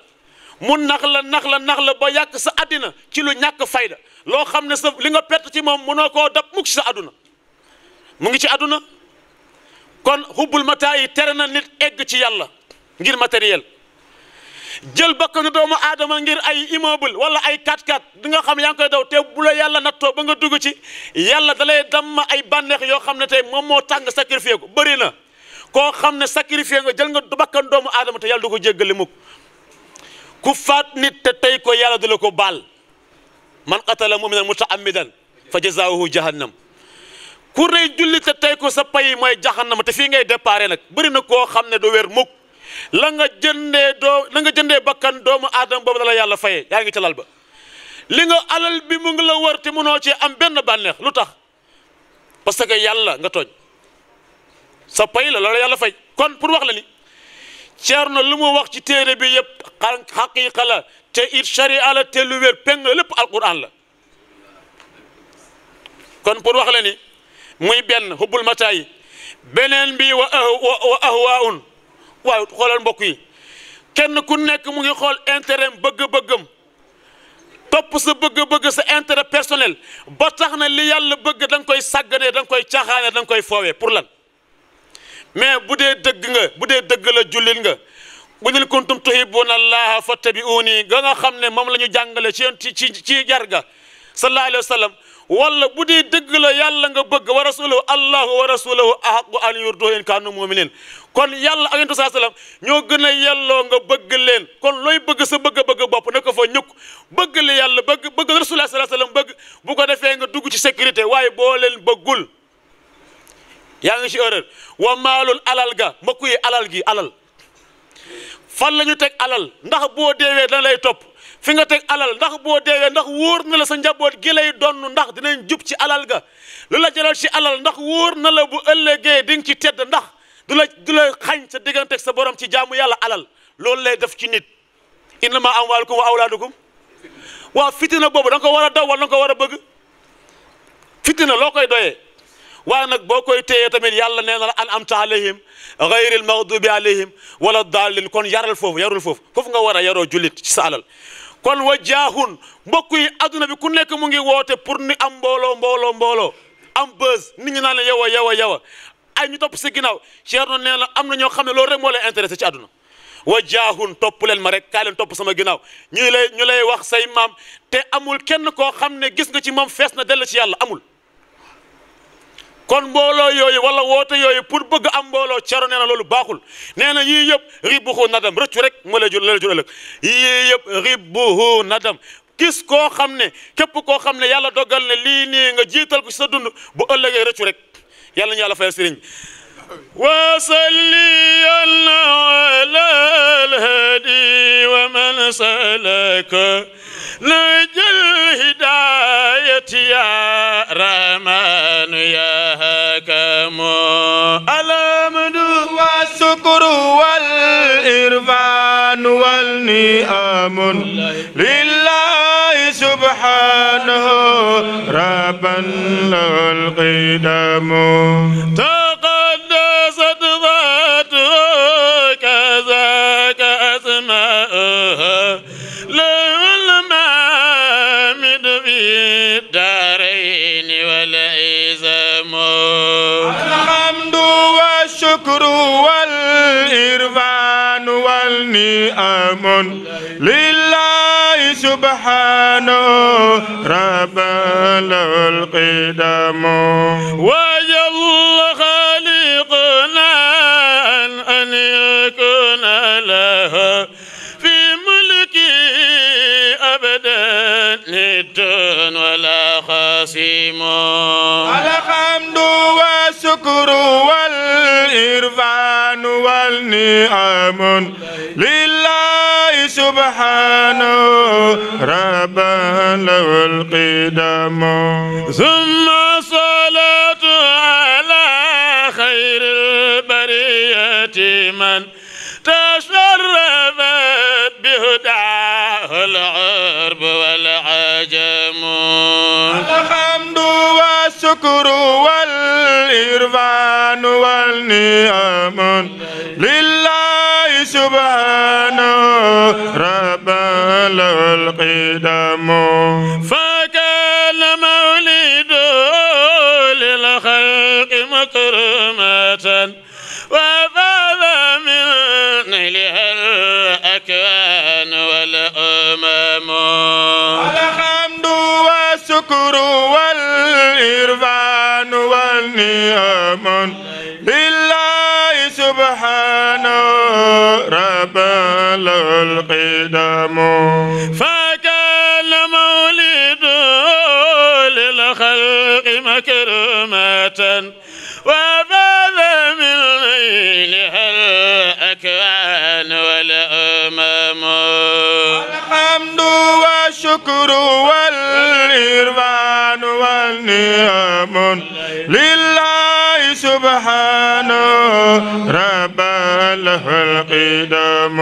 mu nax la nax la nax la ba yàq sa àddina ci lu ñàkk fayda loo xam ne sa li nga pet ci moom mënoo koo dab mukk ci sa àdduna mu ngi ci àdduna kon xubul mataa yi tere na nit egg ci yàlla ngir matériel jël bakkanu doomu aadama ngir ay immeuble wala ay 4x4 nga xam yaa ngi koy daw te bu la yàlla nattoo ba nga dugg ci yàlla dalay damm ay bànneex yoo xam ne tey moom moo tàng sacrifié ko bëri na koo xam ne sacrifié nga jël nga bakkan doomu aadama te yàlla du ko jéggale mukk ku faat nit te tey ko yàlla du ko baal man qatala muminan mutaamidan fa jazaohu jahannam ku rey julli te tey ko sa pay mooy jahannama te fii ngay déparé nag bëri na koo xam ne du wér mukk la nga jëndee doo jëndee bakkan doomu aadama boobu la yàlla faye yaa ngi ca lal ba li nga alal bi mu ngi la wër te mënoo ci am benn bànneex lu tax parce que yàlla nga tooñ sa pay la la yàlla fay kon pour wax la ni na lu mu wax ci téere bi yëpp xaqiiqa la te it sharia la te lu wér peng la lépp alquran la kon pour wax la ni muy benn hubbul mataay beneen bi wa ahwa un waaw xoolal mbokk yi kenn ku nekk mu ngi xool intérêt bëgg-bëggam topp sa bëgg-bëgg sa intérêt personnel ba tax na li yàlla bëgg da nga koy sàgganee da nga koy caaxaanee da nga koy foowee pour lan mais bu dee dëgg nga bu dee dëgg la jullit nga bu ñu kuntum tuhibbuna allaha fattabi'uni ga nga nga xam ne moom la ñu jàngale ci ci ci jar ga sallallahu alayhi wa sallam wala bu dee dëgg la yàlla nga bëgg wa rasuluhu allahu wa rasuluhu ahaqu an yurduhu in kaanu muminin kon yàlla ak yonent ñoo gën a yelloo nga bëgg leen kon looy bëgg sa bëgg-bëgg bopp na ko fa ñukk bëgg la yàlla bëgg bëgg rasulullah saa salaam bëgg bu ko defee nga dugg ci sécurité waaye boo leen bëggul yaa ngi ci erreur wa maalul alal ga mbokk yi alal gi alal fan la ñu teg alal ndax boo deewee dana lay topp fi nga teg alal ndax boo deewee ndax wóor na la sa njaboot gi lay donn ndax dinañ jub ci alal ga lu la jaral ci alal ndax wóor na la bu ëllëgee di nga ci tedd ndax du la du la xañ sa diggante ak sa borom ci jaamu yàlla alal loolu lay def ci nit innama amwaalukum wa awlaadukum waaw fitina boobu da nga ko war a daw wala da nga ko war a bëgg fitina loo koy doyee waaye nag boo koy téyee tamit yàlla nee na la an amta alayhim gayril maghdubi alayhim wala daalin kon yaral foofu yarul foofu foofu nga war a yaroo jullit ci sa alal kon wa jaahun mbokk yi adduna bi ku nekk mu ngi woote pour ni am mbooloo mbooloo mbooloo am bës nit ñi naan yow a yow a yow a ay ñu topp sa ginnaaw Thierno nee na am na ñoo xam ne loolu rek moo lay intéressé ci àdduna wa jaahun topp leen ma rek kaa leen topp sama ginnaaw ñu lay ñu lay wax say maam te amul kenn koo xam ne gis nga ci moom fees na dell ci yàlla amul kon mbooloo yooyu wala woote yooyu pour bëgg am mbooloo cero nee na loolu baaxul nee na yii yëpp ribuhu nadam rëccu rek moo lay jur la jur ëllëg yii yëpp ribuhu nadam gis koo xam ne képp koo xam ne yàlla dogal ne lii nii nga jiital ko ci sa dund bu ëllëgee rëccu rek يلا يلا فيا سيرين وصلي على الهدي ومن سلك نجل الهداية يا رمان يا هكام والنئام لله سبحانه رابا له القدام تقدست ذاته كذاك أسماؤها له المامد في الدارين والعزام الحمد والشكر والإرفاق والنعم لله سبحانه رب القدم ويا خالقنا أن يكون له أبدا للدون ولا خصيم الحمد والشكر والإرفان والنعم لله سبحانه رب له القدم ثم صلاة على خير البرية من تشرفت بهداه العرب والعجم الحمد والشكر والإرفان والنعم لله سبحانه رب القدم الأكوان والأمم الحمد والشكر والإرفان والنعم لله سبحانه رب القدم فكان مولد للخلق مكرمة وبذل عليها الأكوان والأمم الحمد والشكر والإرفان والنعم لله سبحانه رب له القدم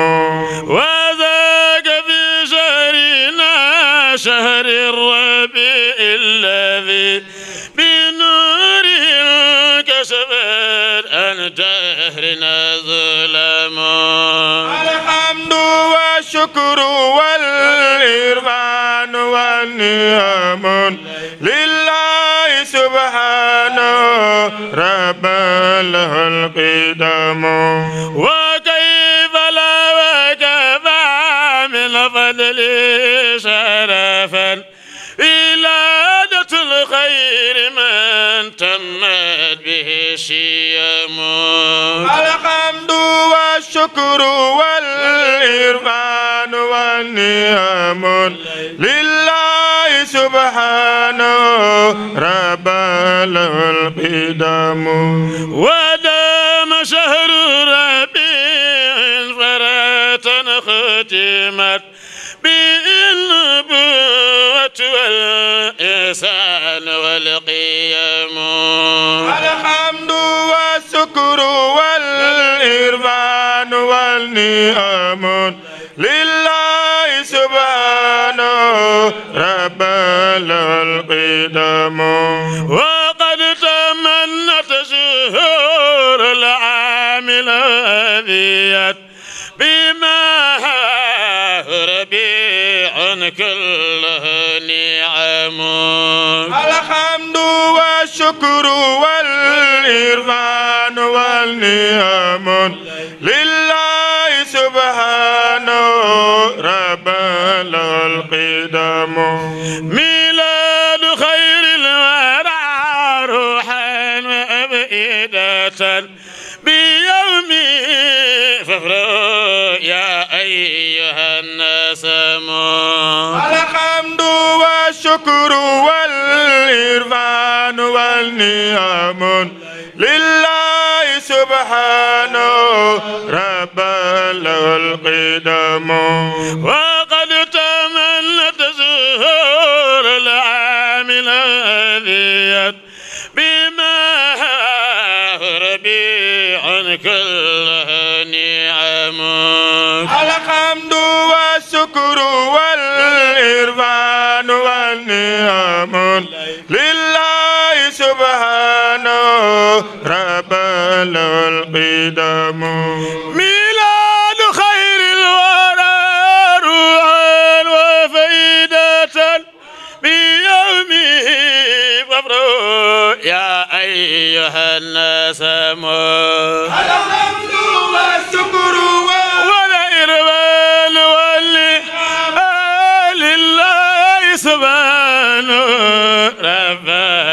وذا شهر الربيع الذي بنور انكشفت عن دهرنا ظلما الحمد والشكر والإرفان والنعم لله سبحانه رب له القدم وجاءت به شيمك الحمد والشكر والإرفان والنعم لله سبحانه رب القدم ودام شهر ربيع فرات ختمت بالنبوة والإحسان والقيم الحمد والشكر والإرفان والنعم لله سبحانه رب القدم وقد تمنت شهور العام الذي بما ربيع كله نعم الحمد والشكر والإرفان والنعم لله سبحانه رب القدم ميلاد خير الورى روحا وأبئدة ففروا يا أيها الناس الحمد والشكر والإرفان والنعم لله سبحانه رب له القدم وقد تمنت زهور العام الذي بما ربي عن كل نعمك الحمد والشكر والإرفان والنعم لله سبحانه رب القدم الأمر يا أيها الناس الحمد والشكر والإرمان والآل الله سبحانه رب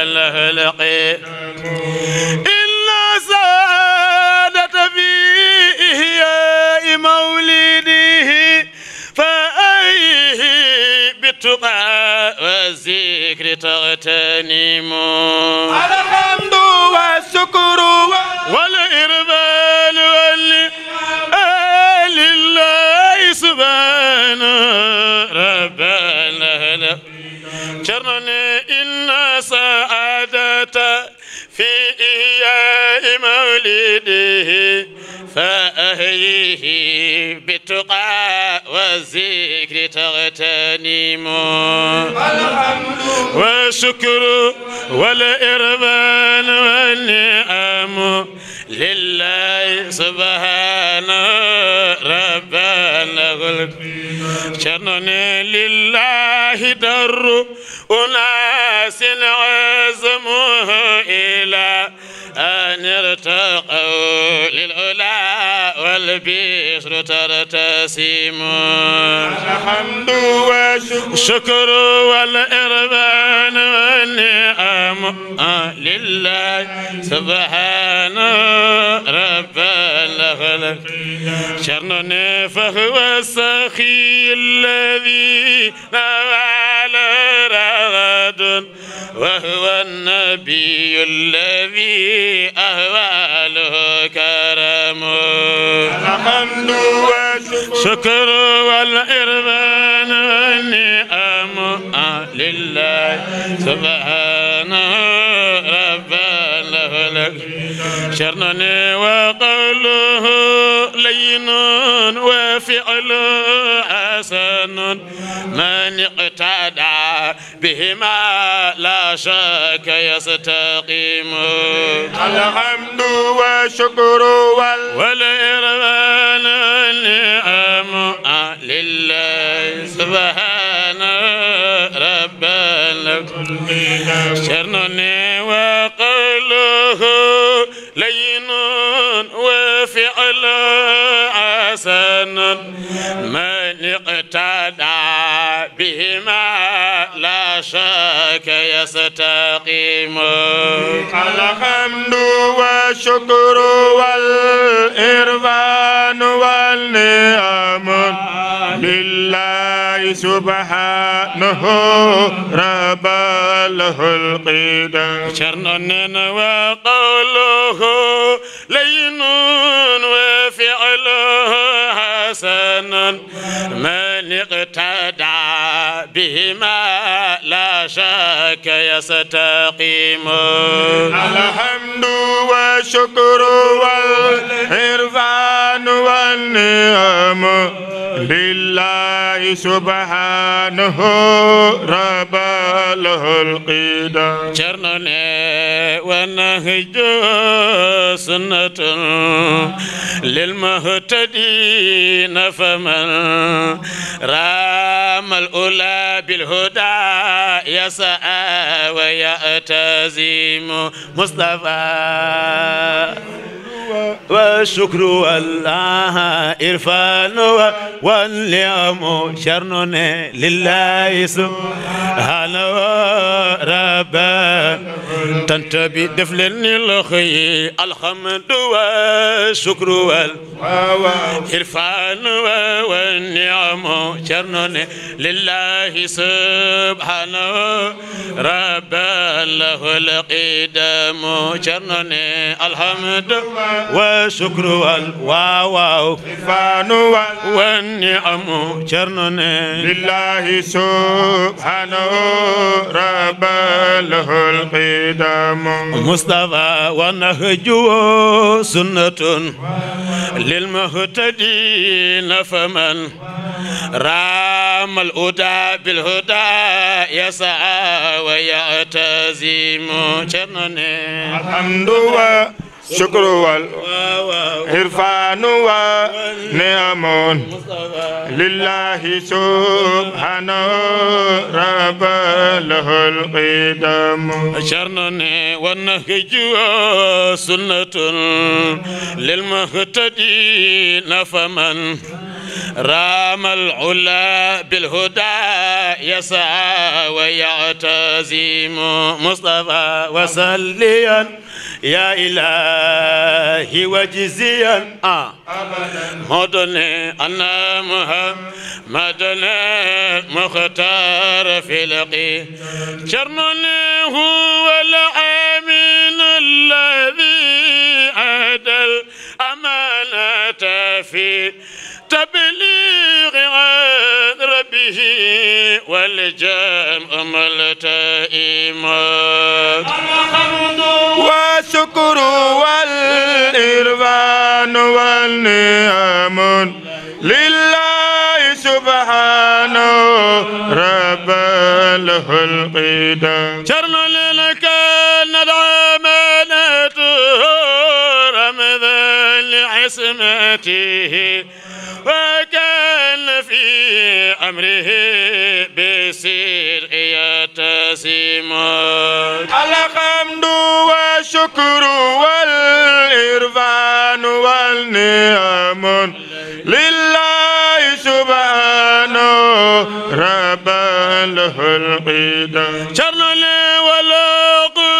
الخلق إن سعادة فيه يا مولده فأيه بالتقى والذكر تغتنم الحمد والشكر والإربال والآل الله سبحان ربنا له شرنا إن سعادة في إحياء مولده فأهيه بالتقى والذكر تغتنم والشكر والإرمان والنعم لله سبحانه ربنا غلق شنن لله دو شر أناس عزمه إلى أن ارتقوا للعلا والبشر ترتسم الحمد والشكر والإربان والنعم آه، لله سبحانه رب الخلق شرنا فهو السخي الذي نوال رغد وهو النبي الذي أهواله كرم الحمد والشكر والإرمان والنعم آه، لله سبحانه ربنا شرنا وقوله لين وفعل حسن من اقتدى بهما لا شك يستقيم الحمد والشكر وال والإرمان النعم آه، لله سبحانه ربنا لك شرنا وقله لين وفعل حسن من اقتدى بهما لا شك يستقيم الحمد والشكر والإرفان والنعم لله سبحانه رب له القيد شرن وقوله لين وفعله حسن من اقتدى بهما لا معك يستقيم الحمد والشكر والعرفان والنعم لله سبحانه رب له القيد شرنني ونهج سنة للمهتدين فمن رام الأولى بالهدى يسأل ويعتزم مصطفى والشكر والله إرفان واليوم شرن لله سبحانه ربا تنتبي دفلني الخي الحمد والشكر إرفان والنعم شرن لله سبحانه ربا له القدم شرن الحمد والشكر والواو الفان والنعم شرن لله سبحانه رب له القدم مصطفى ونهج سنة للمهتدين فمن رام الهدى بالهدى يسعى ويعتزم شرن الحمد لله شكر والعرفان ونعم لله سبحانه رب له القدم شرنني والنهج سنة للمهتدين فمن رام العلا بالهدى يسعى ويعتزم مصطفى وصليا يا إلهي وجزيا آه. أبدا أن محمد مختار في لقي شرمني هو الأمين الذي أدى الأمانة في تبليغ عن ربه والجمع إيمان والشكر والإرفان والنعم لله سبحانه رب الخلق شرنا لك ندعم نتور رمضان حسن بنعمته وكان في أمره بسير يتسم الحمد والشكر والإرفان والنعم لله سبحانه رب الخلق شر والأقوى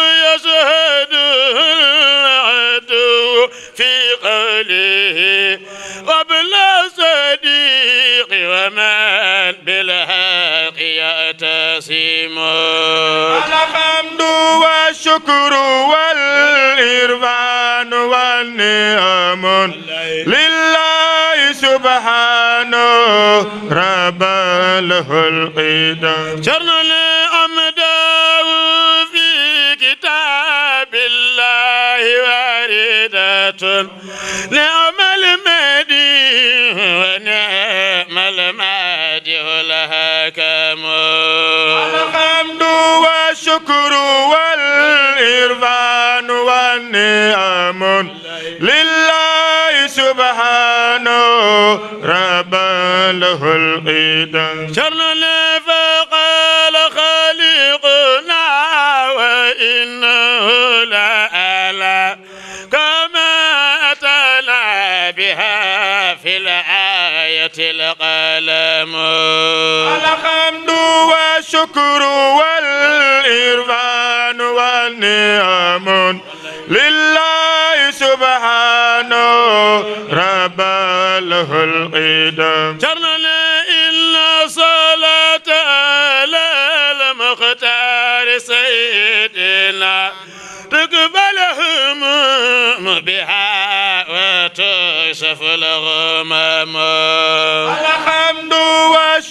في قوله وبلا صديق ومن بالحق يأتسم الحمد والشكر والإرفان والنعم لله سبحانه رب الخلق شرنا ونعم الماده لها كم الحمد والشكر والإرفان والنعم لله سبحانه رب له القيد شرنا فقال خالقنا وإنه لألا كما أتنا بها آخر آية القلم الحمد والشكر والإرفان والنعم لله سبحانه رب القدم جرنا إلا صلاة على المختار سيدنا تقبلهم بها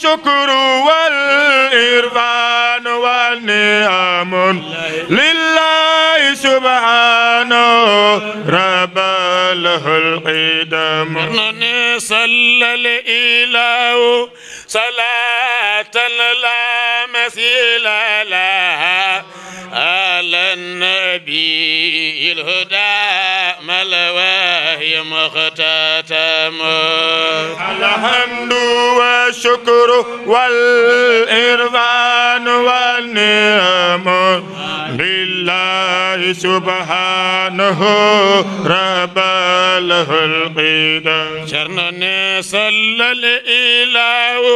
الشكر والإرفان والنعم لله سبحانه رب له القدم صلى الإله صلاة لا مثيل لها على النبي الهدى ملواه مختتم الحمد والشكر والإرضان والنعم لله سبحانه رب الخلق شرنا صلى الإله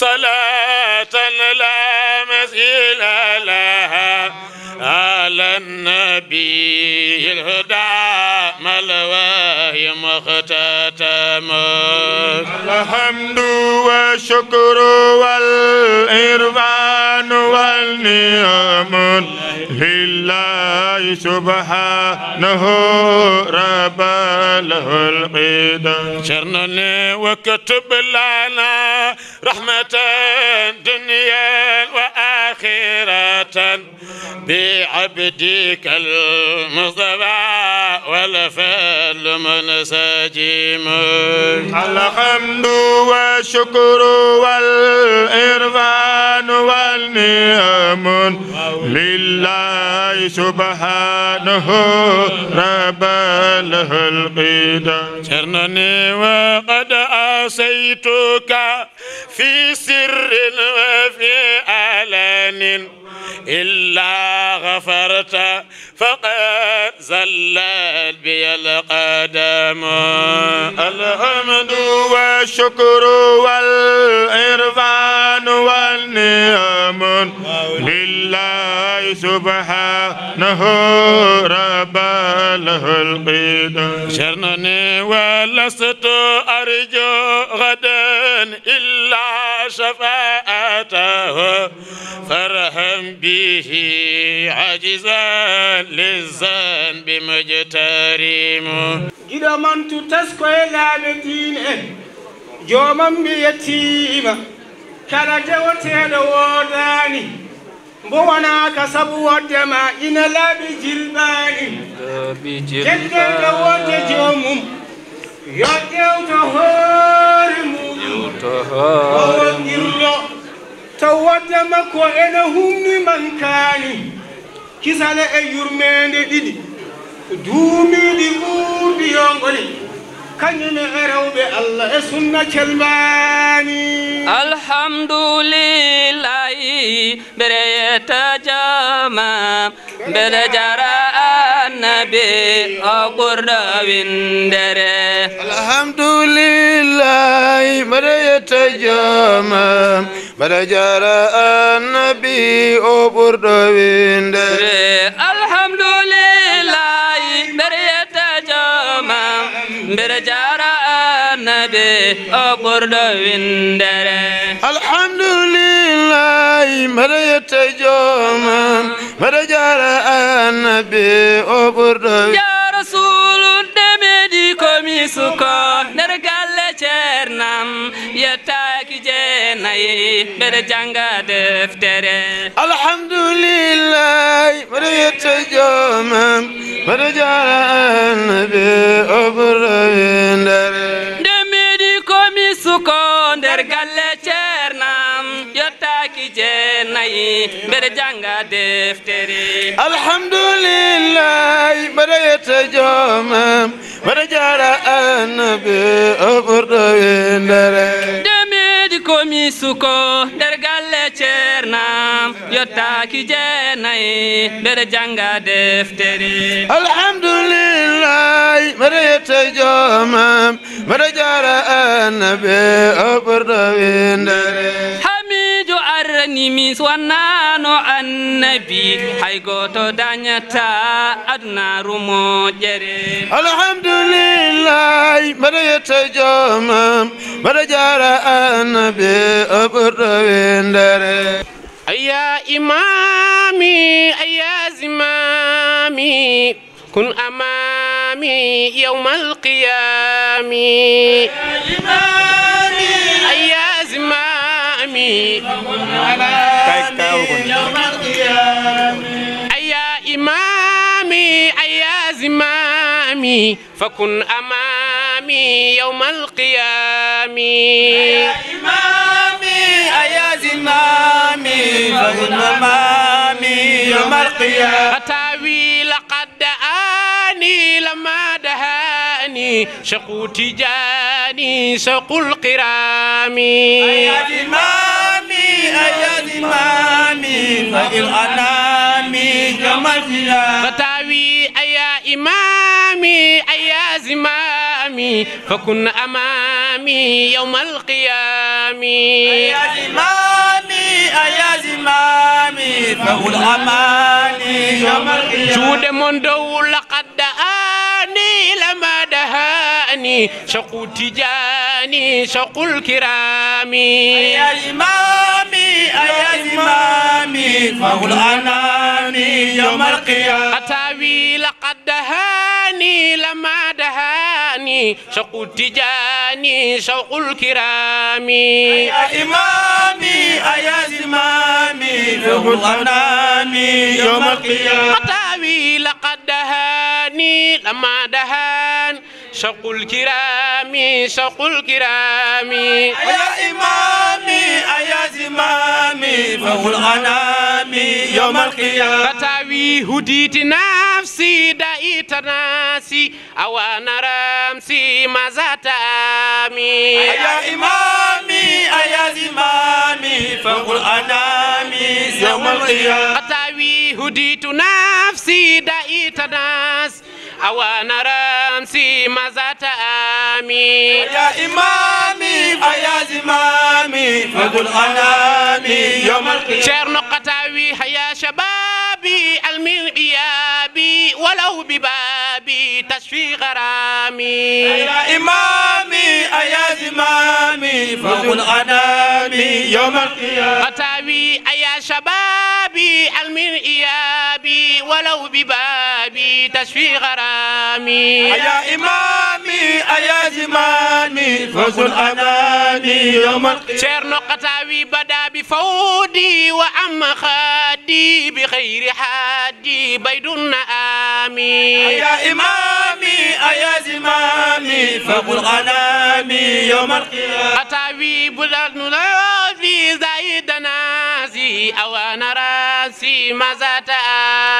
صلاة لا مثيل لها على النبي الهدى ملواه مختتم الحمد والشكر والإرفان والنعم لله سبحانه رب له القيد شرنا وكتب لنا رحمة دنيا وآخرة بعبدك المصطفى والفعل سجيم الحمد والشكر والإرفان والنعم لله سبحانه رب الخلق شرنني وقد أسيتك في سر وفي آلان إلا غفرت فقد زلت بي القدم الحمد والشكر والإرفان والنعم لله سبحانه رب القيد شرنني ولست أرجو غدا إلا شفاءته فارحم به عجزا lizan bi mojtarimu giɗo mantu taskoye laaɓe diine en joomam mi yettiima kala jewoteeɗo woodaani mbowanaaka sabu woddema ina laaɓi jilɓaaniketɗelɗo wodde joomum yo ƴewto hoore muɗumowoɗirɗo to woddemakko ene humni man kaani kisale e yurmende ɗiɗi duumiɗi ɓuuɓiyongoli الحمد لله بريت جامع برجرا النبي أقر درة الحمد لله بريت جامع برجرا النبي أقر درة الحمد لله mbir jara annabi o ɓurɗo windere alhamdulillahi mbaɗa yetta joomam mbaɗa jara annabi o ɓurɗo ya rasulu ndemeɗi komi suko nder galle ceernam yetta nay mbere jànga def tere alhamdulillah mbere yetta joomam mbere jaara annabi obrawi ndere ndemidi komi suko nder galle ceernam yottaki je nayi mbere jànga def tere alhamdulillah mbere yetta joomam mbere jaara annabi obrawi ndere komi suko nder galle ceernam yottaki jeenayi nder janga deftere alhamdulillahi mbeɗa yetta e joomam mbeɗa jara e annabe o ɓurɗo windere mi suwannano annabi hay goto dañata adunaru kun amami yawma alqiyami يوم أيا إمامي أيا زمامي فكن أمامي يوم القيام أيا إمامي أيا زمامي فكن أمامي يوم القيام أتاوي لقد دعاني لما دهاني جاني شقوا تجاني شقوا القرامي أيا مامي أيا مامي فإن أنامي كما فتاوي أيا إمامي أيا زمامي فكن أمامي يوم القيام أيا زمامي أيا زمامي فقل أماني يوم القيام جود من دول قد آمي ما دهاني شق تجاني شق الكرام أي إمامي أي إمامي فهو الأناني يوم القيامة أتاوي لقد دهاني لما دهاني شق تجاني شق الكرام أي إمامي أي إمامي فهو الأناني يوم القيامة أتاوي لقد دهاني لما دهاني شق الكرام شق الكرام يا إمامي يا زمامي فوق الغنام يوم القيامة فتاوي هديت نفسي دايت ناسي أو أنا ما ماذا تآمي يا إمامي يا زمامي فوق الغنام يوم القيامة فتاوي هديت نفسي مزات آمي يا إمامي فيا زمامي فقل أنامي يوم القيامة شعر نقطاوي هيا شبابي المن بيابي ولو ببابي ربي تشفي غرامي يا إمامي أيا زمامي فوق الأنام يوم القيامة أتاوي أيا شبابي المن إيابي ولو ببابي تشفي غرامي يا إمامي أيا زمامي فوق الأنام يوم القيامة شير نقطاوي بدا بفودي وأم خالي حدي بخير حدي بيدنا آمين يا إمامي يا زمامي فقل غنامي يوم القيامة أتاوي بلال في زايد نازي أو أنا راسي ما زات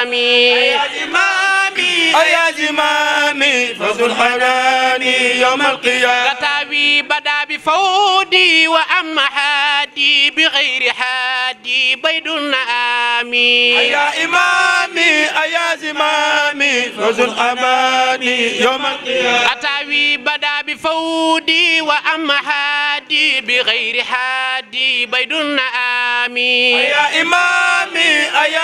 آمين يا زمامي يا زمامي فقل غنامي يوم القيامة أتاوي بدا بفودي وأما حدي بغير حدي الحاجي بيدنا آمين أيا إمامي أيا زمامي فوز الأماني يوم القيامة أتاوي بدا بفودي وأما هادي بغير هادي بيدنا آمين أيا إمامي أيا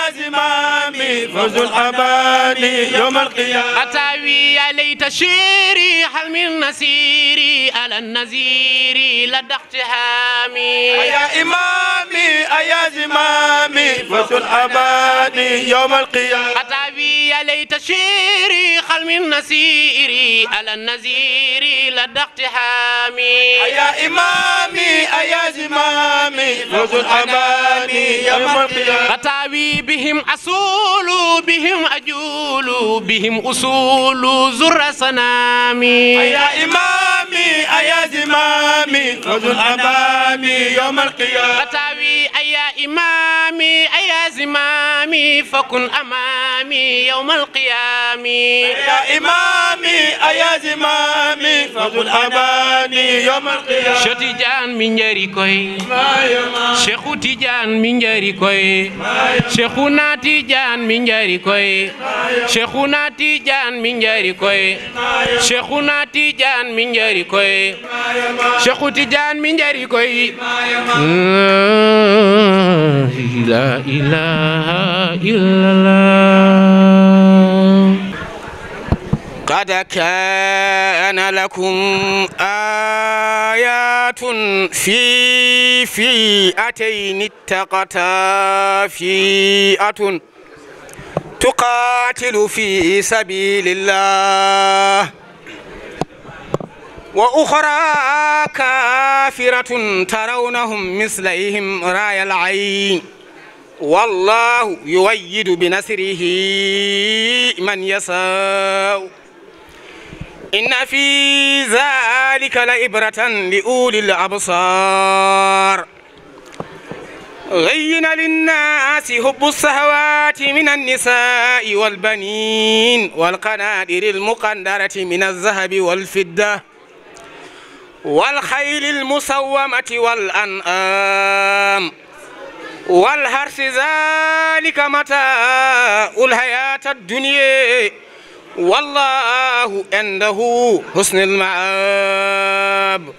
فوز الأباني يوم القيامة أتاوي يا ليت شيري حلم النسيري نسيري على النزير لدى اقتهامي أيا إمامي أيا زمامي فوز الأباني يوم القيامة أتاوي يا ليت شيري قال من نسيري على النزير لدى اقتحامي أيا إمامي أيا زمامي فوز الأمام يوم القيامة أتاوي بهم أصول بهم أجول بهم أصول زر سنامي أيا إمامي أيا زمامي فوز الأمام يوم القيامة غاوي أيا إمامي أيا زمامي فكن أمامي يوم القيام أيا إمامي أيا زمامي فكن أمامي يوم القيام شو تيجان من جاري كوي شيخو تيجان من جاري كوي شيخونا تيجان من جاري كوي شيخونا تيجان من جاري كوي شيخونا تيجان من جاري كوي شيخو تيجان من جاري كوي 嗯。لا إله إلا الله قد كان لكم آيات في فئتين اتقتا فئة تقاتل في سبيل الله وأخرى كافرة ترونهم مثليهم راي العين والله يؤيد بنصره من يساء إن في ذلك لعبرة لأولي الأبصار غين للناس حب الصهوات من النساء والبنين والقنادر المقندرة من الذهب والفضة والخيل المسومة والأنعام والحرث ذلك متاع الحياة الدنيا والله عنده حسن المعاب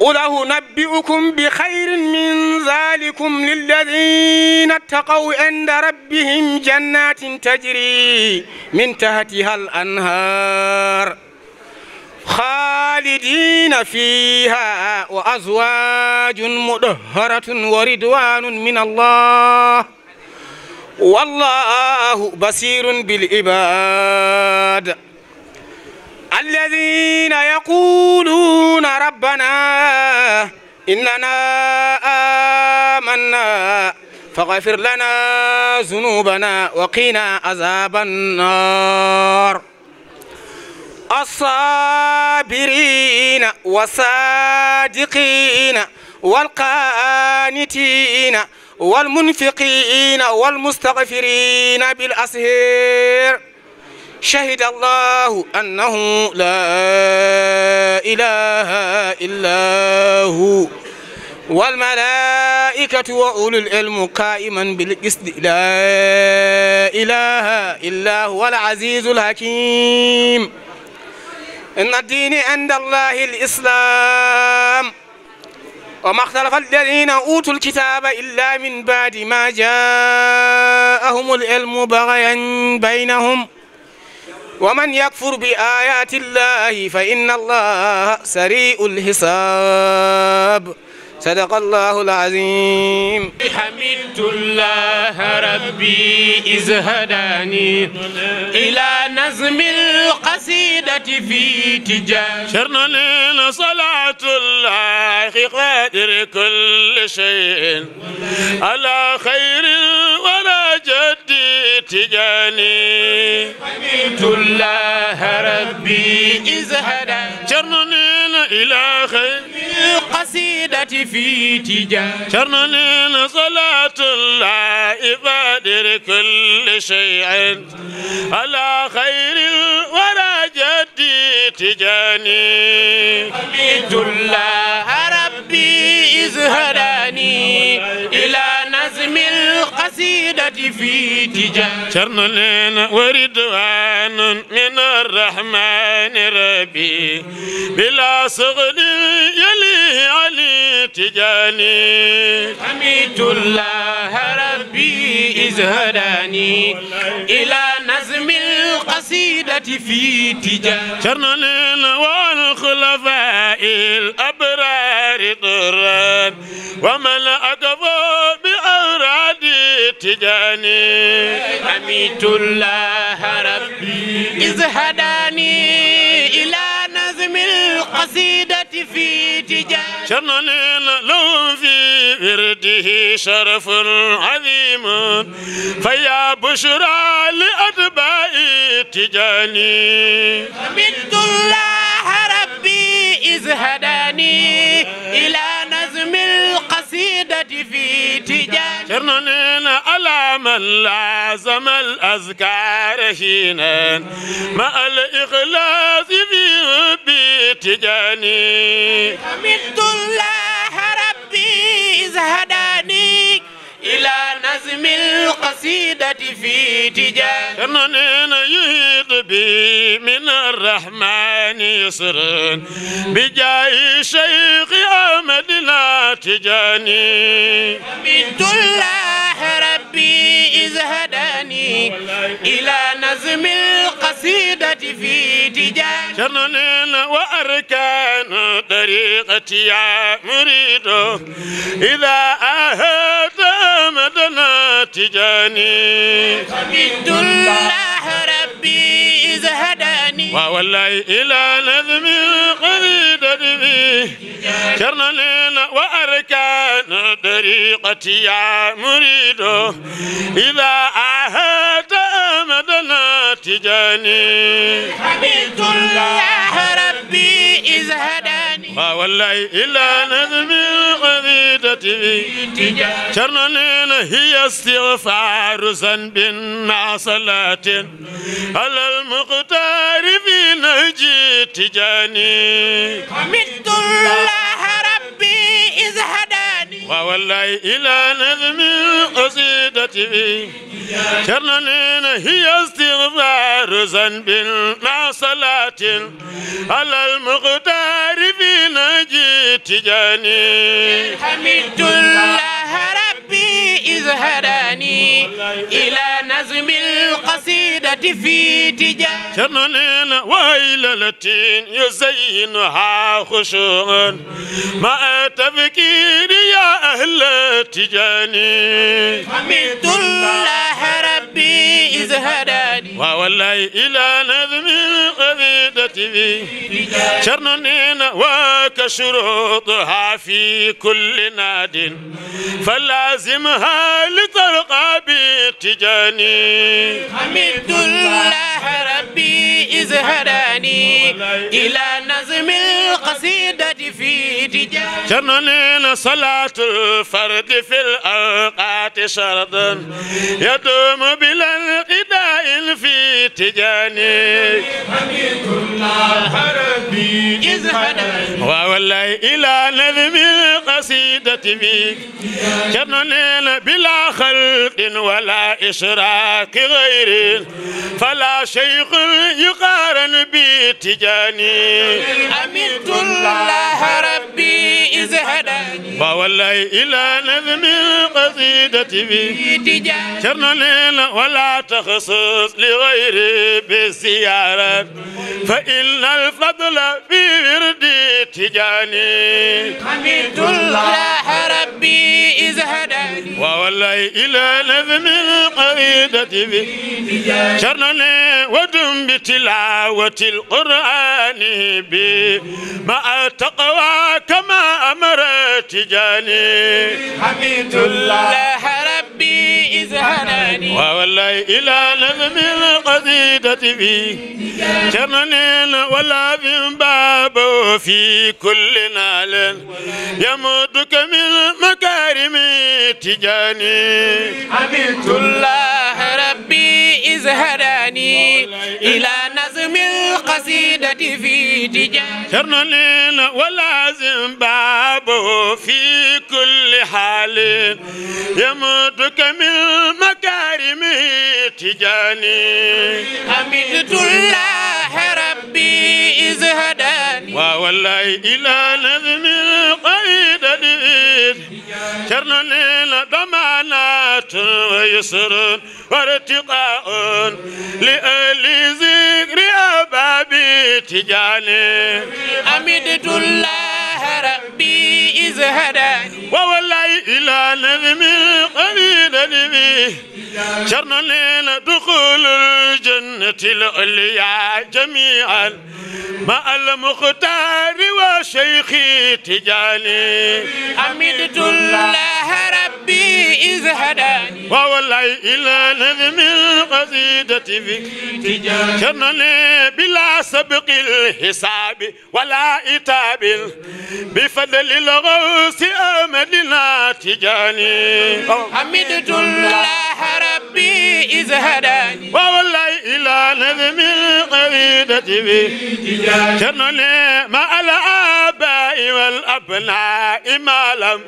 قل نبئكم بخير من ذلكم للذين اتقوا عند ربهم جنات تجري من تحتها الأنهار خالدين فيها وأزواج مدهرة ورضوان من الله والله بصير بالعباد الذين يقولون ربنا إننا آمنا فاغفر لنا ذنوبنا وقنا عذاب النار الصابرين والصادقين والقانتين والمنفقين والمستغفرين بالأسهر شهد الله أنه لا إله إلا هو والملائكة وأولو العلم قائما بالقسط لا إله إلا هو العزيز الحكيم إن الدين عند الله الإسلام وما اختلف الذين أوتوا الكتاب إلا من بعد ما جاءهم العلم بغيا بينهم ومن يكفر بآيات الله فإن الله سريء الحساب صدق الله العظيم حمدت الله ربي إذ هداني إلى نظم القصيدة في تجاه شرنا لنا صلاة الله قادر كل شيء على خير ولا جدي تجاني حمدت الله ربي إذ هداني شرنا لنا إلى خير القصيدة في في تجاه شرنا صلاة الله إبادر كل شيء على خير الورى جدي تجاني حميد الله ربي إذ هداني إلى نزم القصيدة في تجاه شرن لنا وردوان من الرحمن ربي بلا صغر يلي علي تجاني حميت الله ربي ازهداني إلى نزم القصيدة في تجاه شرن لنا والخلفاء الأبرار ضران ومن أقفى بأ تجاني حميت الله ربي إذ هداني إلى نظم القصيدة في تجاني شرنا لهم في ورده شرف عظيم فيا بشرى لأتباع تجاني حمدت الله ربي إذ هداني إلى لازم الأذكار حينا مع الإخلاص في ربي جاني حمدت الله ربي زهداني إلى نظم القصيدة في تجاني كمن يهيط بي من الرحمن يسر بجاه شيخ أمدنا تجاني حمدت الله ربي إذ هداني إلى نظم القصيدة في تجاري شرنين وأركان طريقتي يا مريد إذا أهدى مدنا تجاني قبلت الله ربي ربي إذ هداني والله إلى نظم القصيدة بي شرنا لنا وأركان طريقتي يا مريد إذا أهات أمدنا تجاني حمدت الله ربي إذ هداني ما والله إلا نظم القبيدة في شرنا هي استغفار ذنب مع صلاة على المقتار في نهجي تجاني حمدت الله ربي إذ هداني ووالله إلى نظم القصيدة شرنين هي استغفار ذنب مع صلاة على المقدار في نجي تجاني حمدت الله ربي إذ هداني إلى نظم القصيدة في تجاه شمنين ويلتين يزينها خشوعا مع تفكير يا أهل تجاني حمدت الله ربي إذ هداني ووالله إلى نظم القبيدة بي شرنين وكشروطها في كل ناد فلازمها لترقى بتجاني حمدت الله ربي إذ هداني إلى نظم القرآن القصيدة في تجاه جنن صلاة الفرد في الأوقات شرطا يدوم بلا انقضاء في تجاني ووالله إلى نظم القصيدة بك جنن بلا خلق ولا إشراك غير فلا شيخ يقارن بتجاني أمنت الله ربي إذ هداني فوالله إلى نظم القصيدة بي شرنا ليلة ولا تخصص لغير بالسيارة فإن الفضل في وردي تجاني حميد الله ربي إذ ووالله إلى نظم القصيدة في تجاه شرنا ليلة ودم بتلاوة القرآن بي ما التقوى كما أمرت جاني حميد الله ربي إذ هناني إلى نظم القصيدة في شرن ولا من باب في كل نال يمدك من مكارم تجاني حميد الله ربي إذ إلى نظم القصيدة في تجاني ولازم بابه في كل حال يمدك من مكارمه تجاني حمدت الله ربي إذ هداني والله إلى نظم القيد شرنا ليلة ضمانات ويسر وارتقاء لأهل ذكر أبابي تجاني أمدت الله ربي إذ هداني إلى نظمي قليل نبي شرنا ليلة دخول الجنة العليا جميعا مع المختار وشيخي تجاني حمدت الله ربي إذ هداني ووالله إلى نظم القصيدة تجاني شرنا لي بلا سبق الحساب ولا إتاب بفضل الغوث آمدنا تجاني حمد الله ربي إذ هداني ووالله إلى نظم القريدة بي نعم شرنني ما الآباء والأبناء ما لم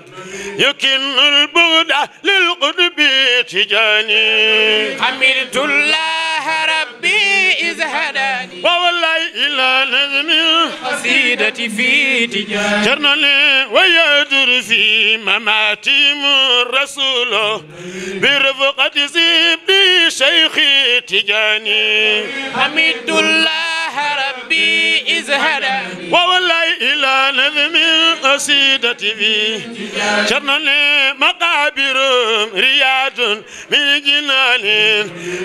يكن البعد للقرب تجاني حمدت الله ربي إذ هداني ووالله إلى نظم القصيدة في تجاني جرنالي ويدر في مماتهم رسوله برفقة زبدي شيخي تجاني حميد الله ربي ازهدا ووالله الى نظم قصيدة في شرنا مقابر رياض من جنان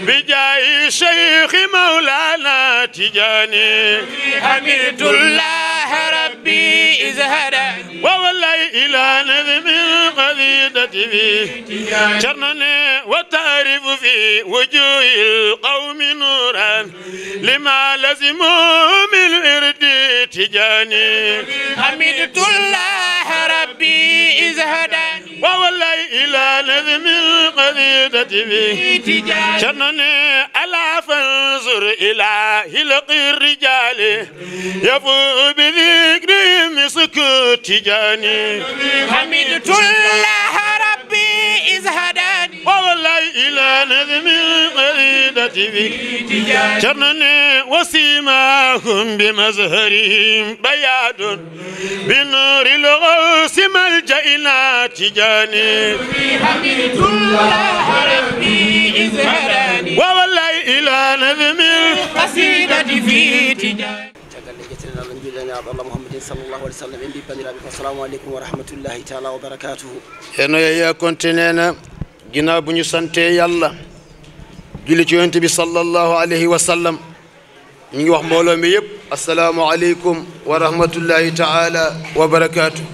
بجاه شيخ مولانا تجاني حميد الله ربي ازهدا ووالله الى نظم قصيدة في شرنا وتعرف في وجوه القوم نورا لما لزم إمام الورد تجاني حمدت الله ربي إذ هداني ووالله إلى نظم القذيدة في تجاني شنني ألا فانظر إلى هلق الرجال يفوق بذكرهم سكوت تجاني حمدت الله ربي ربي إذ هداني والله إلى نظم القريدة فيك جرنني وسيماهم بمزهرهم بياد بنور الغوص ملجئنا تجاني حمدت الله ربي إذ هداني والله إلى نظم القصيدة في تجاني سيدنا عبد الله محمد صلى الله عليه وسلم عندي بني ربي السلام عليكم ورحمة الله تعالى وبركاته هنا يا كونتينينا جنا بني سنتي يلا جلت يونت بي صلى الله عليه وسلم نيوح مولو السلام عليكم ورحمة الله تعالى وبركاته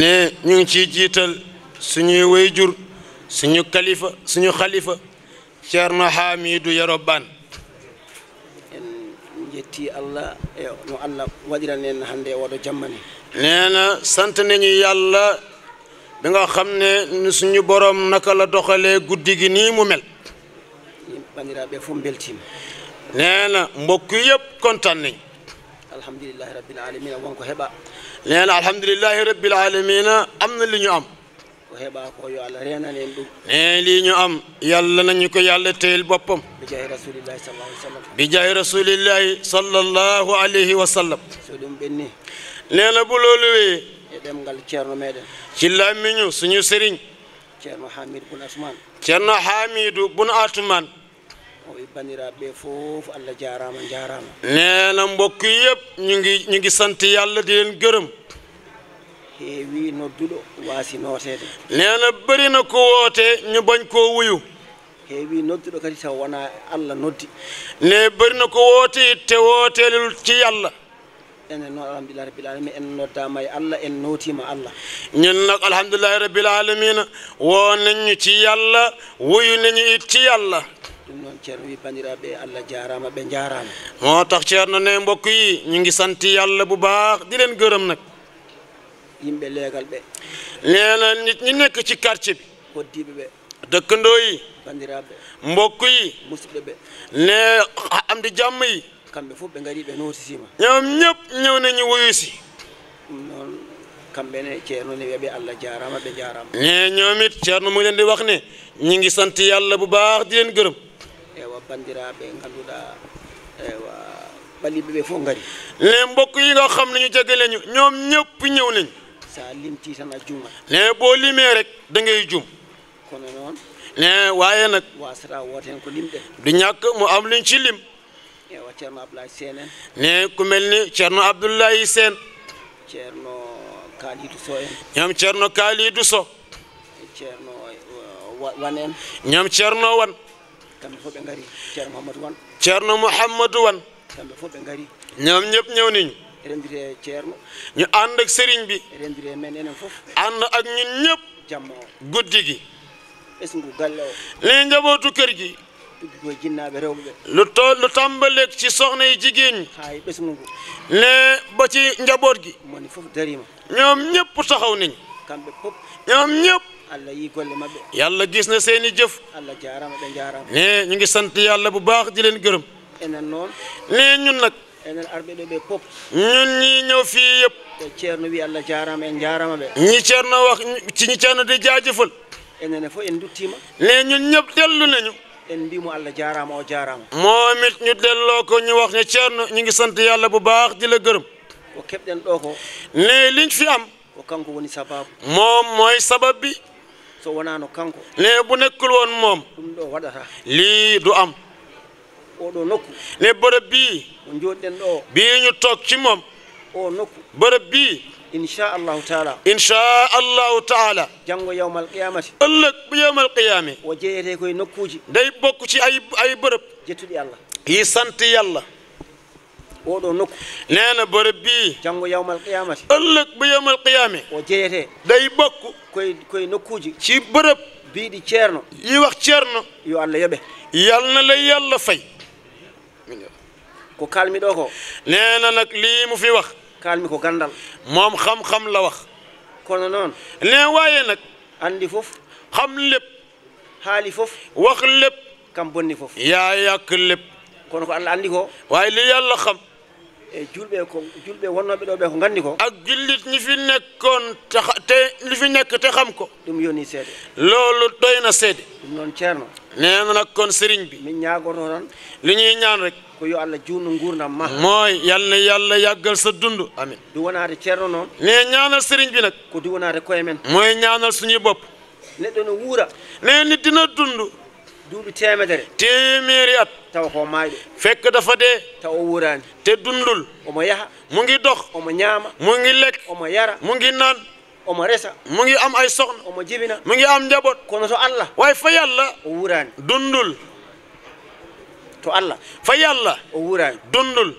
ne ñu ci jital suñuy wayjur سنو كاليفا سنو خليفة شيرنا حميد يا ربان يتي الله نو الله وجرا نين هاندي ودو جامني نينا سانت نيني يالا بيغا خامني ني سنو بوروم نكالا دوخالي غودي غي ني مو مل بانيرا بي فوم بيلتيم نينا موك ييب كونتان ني الحمد لله رب العالمين وانكو هبا نينا الحمد لله رب العالمين امن لي ني ام nee lii ñu am yàlla nañu ko yàlla téyel boppam bi jaay rasulillahi sallallahu alayhi wa sallam nee na bu loolu wee e ci làmmiñu suñu sëriñ ceerno hamidu bun atuman nee na mbokk yëpp ñu ngi ñu ngi sant yàlla di leen gërëm heewi nodduɗo waasi nootede neena barina ko woote ñu bañ ko wuyu heewi nodduɗo kadi taw wona allah noddi ne barina ko woote te wootele ci allah ene noon alhamdulillahi rabbil alamina en noddama e allah en nootima allah ñin nak alhamdulillahi rabbil alamina wo nañu ci allah wuyu nañu itti allah ɗum noon ceerno wi bandiraɓe e allah jarama ɓe jarama moo tax ceerno ne mbokk yi ñu ngi santi allah bu baax di leen gërëm nag yimbe legal be neena nit ñi nek ci quartier bi koddiiɓe be dëkkandoo yi bandirabe mbokk yi musibe be ne am di jamm yi kambe fu be ngari be no ci sima ñom ñep ñew nañu wuyu ci ɗum noon kamɓe ne ceerno ne wiyaɓe allah jaarama be jaaram ne ñomit it ceerno mu leen di wax ne ñi ngi sant yalla bu baax di leen gërëm ewa banndiraaɓe ngannduɗaa ewa ɓaliɓe ɓe fof ngari ne mbok yi nga xam ne ñu jege lañu ñoom ñëpp ñëw nañu saa lim tiitana ne boo limee rek da ngay jum kono noon ne waye nag waasata woote hen ko limɗe du ñàkk mu am luñ ci lim ewa ceerno abdoulaye seen en ne ku melni ni ceerno abdoulaye seen ceerno kaalidou so en ñoom ceerno kaalidou so ceerno uh, wan en ñoom ceerno wan kamɓe fof ɓe ngari ceerno mouhamadou wan ceerno mouhamadou wan kamɓe fof ɓe ngari ñoom ñëpp ñëw niñu rendire ceerno ñu ànd ak sëriñ bi rendire men enen fof ànd ak ñun ñëpp jamma o guddi gi ɓesngu galle njabootu kër gi ɗuggi koye jinnaaɓe rewɓe lu to lu tàmbaleeg ci soxna yi jigéen ñi haa ɓesngu ngu ne ba ci njaboot gi moni fof darima ñoom ñëpp taxaw nañ kamɓe pop ñoom ñëpp allah yi golle yàlla gis na seeni jëf allah jaarama ɓe jaarama ne ñu ngi sant yàlla bu baax di leen gërëm enen noon nag enen arɓeɗo ɓe ñun ñi ñëw fii yëpp e ceerno wi allah jarama en jarama ɓe ñi ceerno wax ciñi ceerno de jaajëfal enene fof ñun ñëpp dellu nañu en mbimo ñu delloo ñu wax ne ceerno ñu ngi sant yàlla bu baax di la gërëm ko keɓɗen ɗo ko ne am moom mooy sabab bi so wonano kanko ne bu nekkul woon moom lii du am ne bërëb بين توك شيموم برب بي ان شاء الله تعالى ان شاء الله تعالى جانغو يوم القيامه الله يوم القيامه وجيتي كوي نوكوجي داي بوكو اي اي برب جيتو دي الله هي سانت يالا او دو نوكو نانا برب بي جانغو يوم القيامه الله يوم القيامه وجيتي داي بوكو كوي كوي نوكوجي شي برب بي دي تشيرنو يي يو الله يبه يالنا لا يالا فاي ko kalmi ɗo ko nee na nag lii mu fi wax kalmi ko gandal moom xam-xam la wax kono noon nee waaye nag andi fof xam lépp haali fof wax lépp kam bonni fof yaa yàq lépp kono ko allah andi ko waaye li yàlla xam e julɓe ko julɓe wonnoɓe ɗo ɓe ko gandi ko ak jullit ñi fi nekkoon te li fi nekk te xam ko ɗum yoni seede loolu doy na seede ɗum noon ceerno nee na nag kon sëriñ bi. mi ñaagoto noon li ñuy ñaan rek. ko yo allah juutno nguurdam ma mooy yal na yàlla yàggal sa dund amin du wonaade ceerno noon nee ñaanal sëriñ bi nag ko du wonaade koye men mooy ñaanal suñuy bopp neɗɗo no wuura nee nit dina dund duuɓi teemedere téeméeri at taw ko maayɗo fekk dafa dee taw o wuuraani te dundul omo yaha mu ngi dox omo ñaama mu ngi omo yara mu naan omo resa mu ngi am ay soxna omo jibina mu ngi am njaboot kono to allah waaye fa yàlla o wuraani dundul to allah fa yàlla o wuraani dundul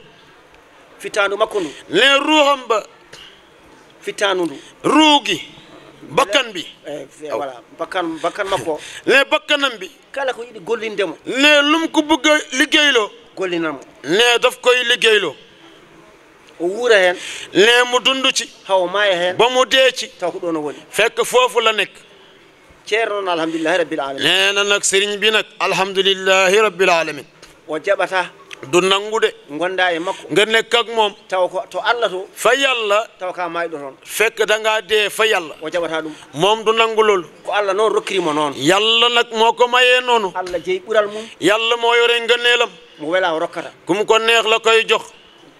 fittaandu makko ndu ne ruuham ba fittaandu ndu ruugi bakkan bi eh, eh, voilà bakkan bakkan makko ne bakkanam bi kala ko yiɗi gollindemo ne lum ko bugga liggéeyloo gollinamo ne daf koy liggéeyloo o wuura heen ne mo dunduci haw maaya deeci fekk foofu la nekk ceerno noon alhamdulillahi rabbil alamin neena nag sëriñ bi nag alhamdulillahi rabbil alamin o jaɓata du nangude gonda e makko nga nekk moom taw ko to allah to fa yàlla taw ka mayɗo toon fekk dangaa dee fa yàlla o jaɓata ɗum moom du nangu loolu ko allah noon rokkirimo noon yàlla nag moo ko mayee noonu allah moo yore ngëneelam mu o rokkata kum ko neex la koy jox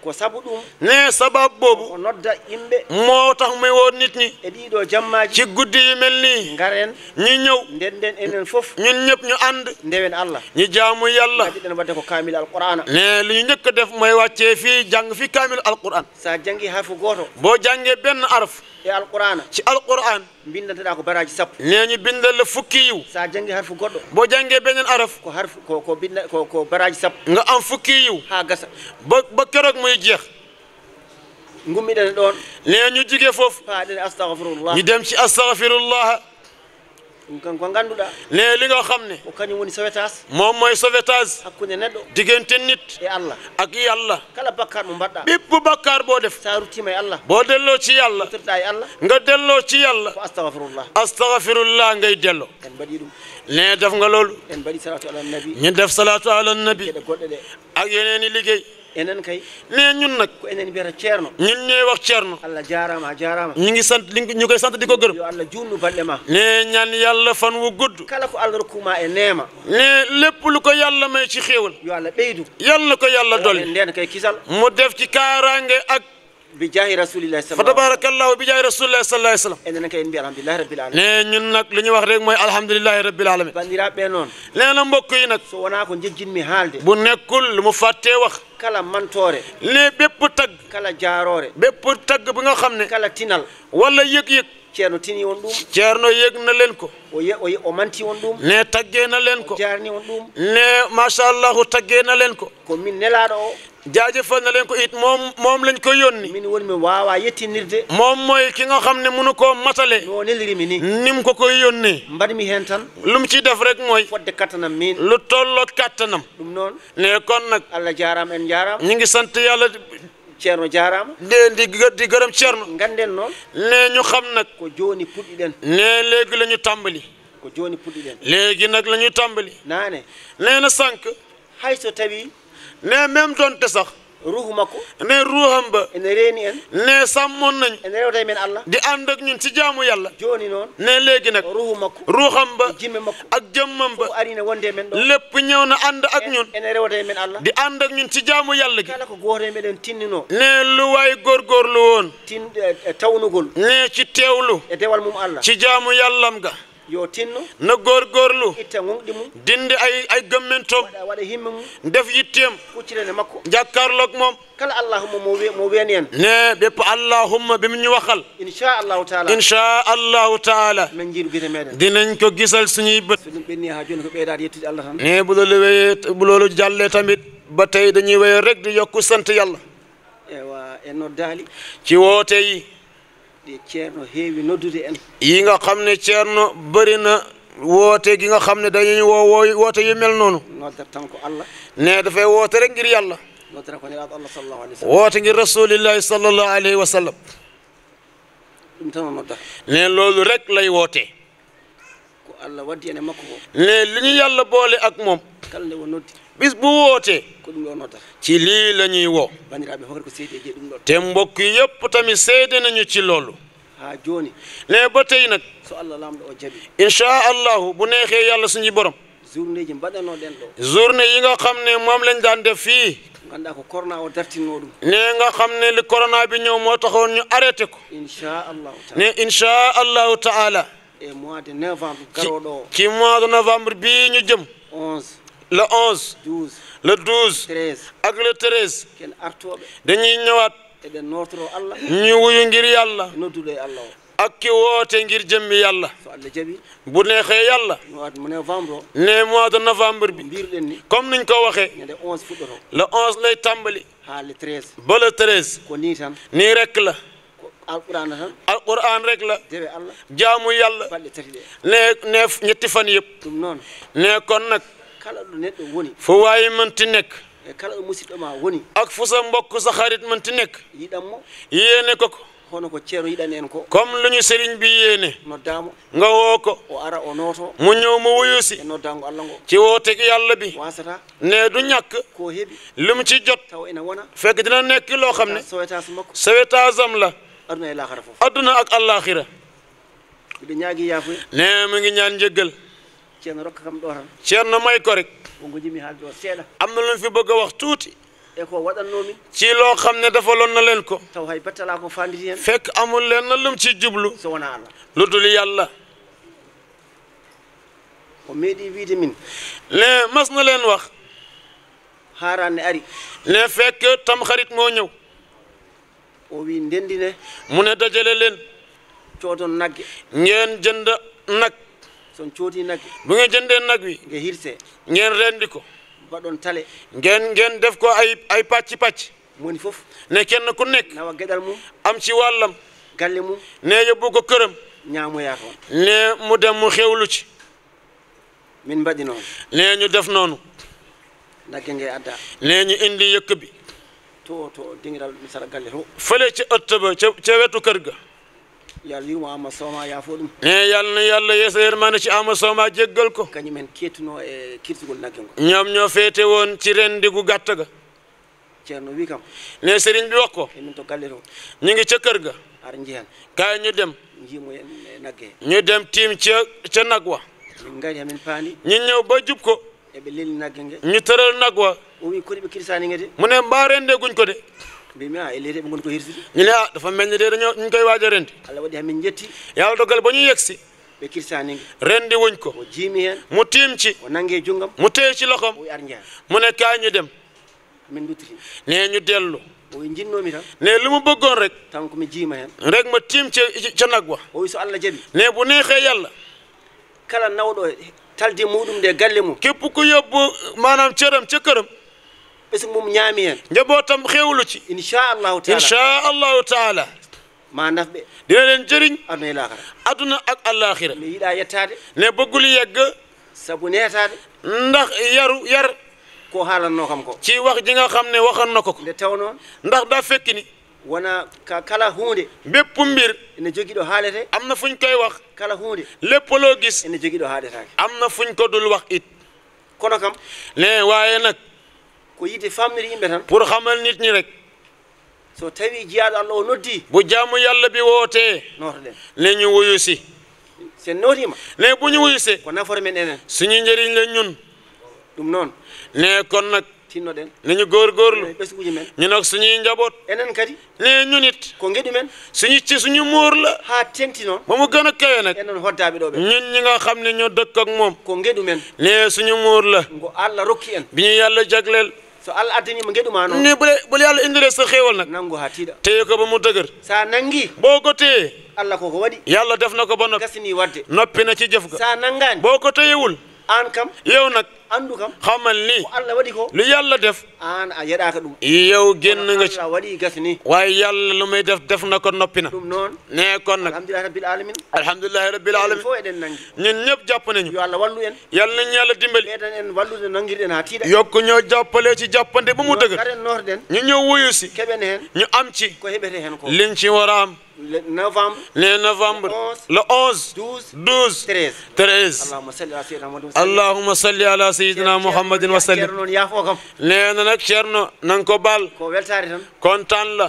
ko sabu ɗum ne sabab boobu o nodda yimɓe moo tax mi woo nit ñi e ɗiɗo jammaji ci guddi yi mel nii ngaren ñu ñëw nden nden enen ñun ñëpp ñu ànd ndewen allah ñu jaamu yàlla waɗi ɗen wadde ko kamil alqur'ana ne li ñu njëkk def may wàccee fii jàng fi kaamil alqur'an sa jàngi harfu gooto boo jàngee benn araf e alqur'ana ci alqur'an bindanteɗa ko baraji sappo neñi bindal le fukki yiw sa jangi harfu goɗɗo bo jange beñen araf ko harfu ko ko binda ko ko baraji sappo nga am fukki yiw ha gasa ba ba kerok muy jeex gummiɗen ɗon neñu jige foof ha ɗen astahfirullah ñi dem ci astahfirullah ɗum ko ngannduɗa ne li nga xam ne moom mooy sauvetage hakkunde neɗɗo diggante nit e allah ak i allah kala bakkar mo boo def sa ruttima e boo delloo ci yàlla totirɗa e allah nga delloo ci yàlla ko astahfirullah astahfirullah ngay delloo en mbaɗi ɗum ne def nga loolu en mbaɗi salatu ala nabi ñu def salatu ala nabi ak yeneeni liggéey enen kay nee ñun nag ko enen mbiyata ceerno ñun ñooy wax ceerno allah jaarama a jaarama ñu ngi sant ñu koy sant di ko gërëm yo allah juutnu balɗe ma nee ñaan yàlla fan wu gudd kala ko allah rokkuma e neema nee lépp lu ko yàlla may ci xéewal yo allah ɓeydu yàlla ko yàlla dolli ndeen kay kisal mu def ci kaaraange ak bijaahi rasulillahi sallallahu alayhi wa sallam fa tabarakallahu bijaahi rasulillahi sallallahu alayhi wa sallam enen kay en mbi alhamdulillahi rabbil alamin nee ñun nag li ñu wax rek mooy alhamdulillahi rabbil alamin bandiraɓe noon nee na mbokk yi nag so wonaa ko jejjin mi haalde bu nekkul lu mu fàttee wax kala mantore ne bépp tag kala jaarore bépp tag bi nga xamne kala tinal wala yek yek cierno tini won cierno yek na len ko o manti won dum ne na len ko jaarni won dum ne tagge na len ko ko min nelaɗo jaajëfal na leen ko it moom moom lañ koy yónni min won mi waawa nirde moom mooy ki nga xam ne munu koo matale no nelirimi ni ni mu ko koy yónni mbaɗmi heen tan lu mu ciy def rek mooy fodde kattanam min lu tolloo kattanam ɗum noon ne kon nag allah jaarama en jaarama ñu ngi sant yàlla ceerno jaarama nde di di gërëm ceerno ngandeen noon ne ñu xam nag ko jooni den ne léegi la ñu tàmbali ko jooni den léegi nag la ñu tàmbali ne nee na sànq hayso so tawi ne même donte sax ruuhu makko ne ruuham ba nee reeni sàmmoon nañ ene rewta di ànd ak ñun ci jaamu yàlla jooni noon ne léegi nag ba jimme ak jëmmam ba arina wonde men ɗo lépp ñëw na ànd ak ñun ene rewta men di ànd ak ñun ci jaamu yàlla gi kala ko gooto meɗen tinninoo ne lu waay góorgóorlu woon tin eh, eh, ci teewlu e dewal mum ci jaamu yàllam ga yo tinno no góorgóorlu itta gonɗi mum dindi ay ay gommintom waɗa himme mum def yittem huccirene makko jakkarlok moom kala allahumma mo weeni en ne ɓeppo allahumma bimi ñu waxal inchallahu taala inchallahu taala min jiiɗu gite meɗen dinañ ko gisal suñuy bët so ɗum ɓenni ha joni ko ɓeydaade yettude allah tan ne bu loolu weye bu loolu jalle tamit ba tey dañuy weye rek di yokku sant yàlla e ci woote ɗi ceerno heewi yi nga xam ne ceerno bëri na woote gi nga xam ne dañuy woo woo woote yu mel noonu noddat tan ko allah dafay woote rek ngir yàlla noddata ko nelaɗo allah sallallahu alayhi wa sallam woote ngir rasulillahi sallallahu alayhi wa sallam ɗum ne loolu rek lay wootee ko allah waddi ne li boole ak moom bis bu wootee ci lii la ñuy woo te mbokk yépp tamit seede nañu ci loolu léegi ba tey nag inchaa allahu bu neexee yàlla suñu borom journée yi nga xam ne moom lañ daan def fii ganduɗa ko corona o dartinno ɗum ne nga xam ne li corona bi ñëw moo taxoon ñu arrêté ko inchallahu ne inchallahu taala e mois de novembre bi o ci mois de novembre bii ñu jëm le 11 le 12 ak le 13 dañuy ñëwaat ñu wuyu ngir yàlla ak ki woote ngir jëmmi yàlla bu neexee yàlla ne mois de novembre bi comme niñ ko waxee le 11 lay tàmbali ah, ba le 13 ni rek la alquran tan alquran rek la jaamu yàlla ne ne ñetti fan yëpp ne kon fo waawi manti nekk e kala ɗo musidɗo ma ak fusa mbokk sa mën manti nekk yiɗanmo yéene koko hono ko ceerno yiɗani en ko comme luñu sérigne bi yéene noddamo nga woo ko o ara o nooto mu ñëw mu wuyusi e ci woote gi yàlla bi wasata ne du ñàkk ko mu ci jot taw ene wona fekk dina nekk loo xam ne sowetage makko sowetage am la aduna e lahara ak allahira mbiɗo ñaagui yaafuya ngi ñaan njëggal ceerno rokka kam ɗo tan ceerno may ko rek wonko jimi haalde o seeɗa am na lu fi bëgg a wax tuuti e ko waɗatnoo min ci loo xam ne defaloon na leen ko taw hay battalaa ko faanditi hen fekk amul leen na lum ci jublu so wonaa allah lu dul yàlla o meeɗi wiide min ne mas na leen wax haaraan ne ari ne fekk tam xarit moo ñëw o wi ndendi ne mu ne dajale leen coodon nagge ngeen jënd nag son cooti nag bu ngeen jëndee nag wi nge hirse ngeen rendi ko mbaɗon tale ngeen ngeen def ko ay ay pàcc pàcc moni fof ne kenn ku nekk nawa geɗal mum am ci wàllam galle mum ne yóbbu ko këram ñaamoyaa ko ne mu dem mu xewlu ci ñu def noonu nagge nge adda ne ñu indi yëkk bi to to dingiral ca ëtt ba ca ca wetu kër ga yalla yurmo amma soma yaafo ɗum e yalno yallah yeeso yermane ci ama soma jeggal ko kañumen kettuno e kirtigol nagge ngo ñoom ñoo feete won ci rendigu gattaga ceerno wi kam ne sérigne bi wakko emin to galle to ñi ngi cëkkër ga ar jeehan kaye ñu dem jiimo nagge ñu dem tiim ca ca nag wa min gari hamin paani ñi ñëw ba jub ko eɓe lelni nagge nge ñu tëral nag wa o wi koɗi ɓe kirsani nge de mu ne mbaarende guñ ko de a elleede ɓe ngoni ñu ne ah dafa mel ni de dañoo ñu koy waaj a rendi allah waɗi dogal ba ñu yegsi ɓe kirtaniga rendi woñ ko o jiimi hen mu tiimci o nangue junggam mu teeci lokom o ar jeeya mu ne kaay ñu dem min duttiti ne ñu dellu ne lu mu bëggoon rek tan ko mi jiima hen rek ma tiim ca ca nag wa oyi so allah jaɓi ne bu neexee yàlla kala nawɗo talde muɗum nde galle mum képp ku yóbbu maanaam cëram ca këram ɓesgu mum ñaami heen njabootam xewlu ci inchallahu taala inchallahu taala ma nafɓe dina leen jëriñ aduna e ak alaxira ne yiɗa yettade ne bëggul yegg sabu neetaade ndax yaru yar ko haalanno kam ko ci wax ji nga xam ne waxan na ko ko nde taw noon ndax daa fekki ni wona ka kala hunde bépp mbir ene jogi ɗo haalete am na fuñ koy wax kala hunde lépp loo gis ene am na fuñ ko dul wax it kono kam ne waaye nag ko yite famnir yimɓe tan pour xamal nit ni rek so tawi jiyaɗo allah o noddi bu jaamu yalla bi wootee nootoɗen ne ñu wuyu si sen nootima le bu ñu wuyu see ko nafoore men enen suñu njëriñ la ñun ɗum noon ne kon nag tinnoɗen nañu gor ɓesguji ñu nag suñu njaboot enen kadi le ñun it ko ngeɗu men suñu ci suñu muur la ha tenti noon ba mu gën a kawe nag enen hoddaɓe ɗo ɓe ñun ñi nga xam ne ñoo dëkk ak moom ko ngeɗu men le suñu muur la ngo allah rokki en bi ñu yàlla so allah addani mo geɗuma noon ni bole bole allah indire so nag nangu ha tiiɗa teye ko ba mu dëgër saa nangi boo ko teye allah koko waɗi yàlla def na ko ba noppi gasini wadde noppi na ci jëf ga sa boo ko teyewul an kam yow nag andu lu yàlla def an a yeɗaka ɗum yow génn nga ci waɗi gasni waaye yàlla lu muy def def na ko na ɗum noon ne kon nag alhamdulillahi rabbil alamin alhamdulillahi rabbil alamin fo eɗen nangi ñun ñëpp jàpp nañu yo allah en yàlla nañ yàlla dimbali ɓeeɗan en wallude nanguirɗen ha tiiɗa yokku ñoo jàppale ci jàppande bu mu dëgër ñu ñëw wuyu si keɓen hen ñu am ci ko heɓete hen ko liñ ci war am le novembre le novembre le 11 12 12 13 13 allahumma salli ala سيدنا محمد وسلم لأن نكشرنا ننكبال كونتان لا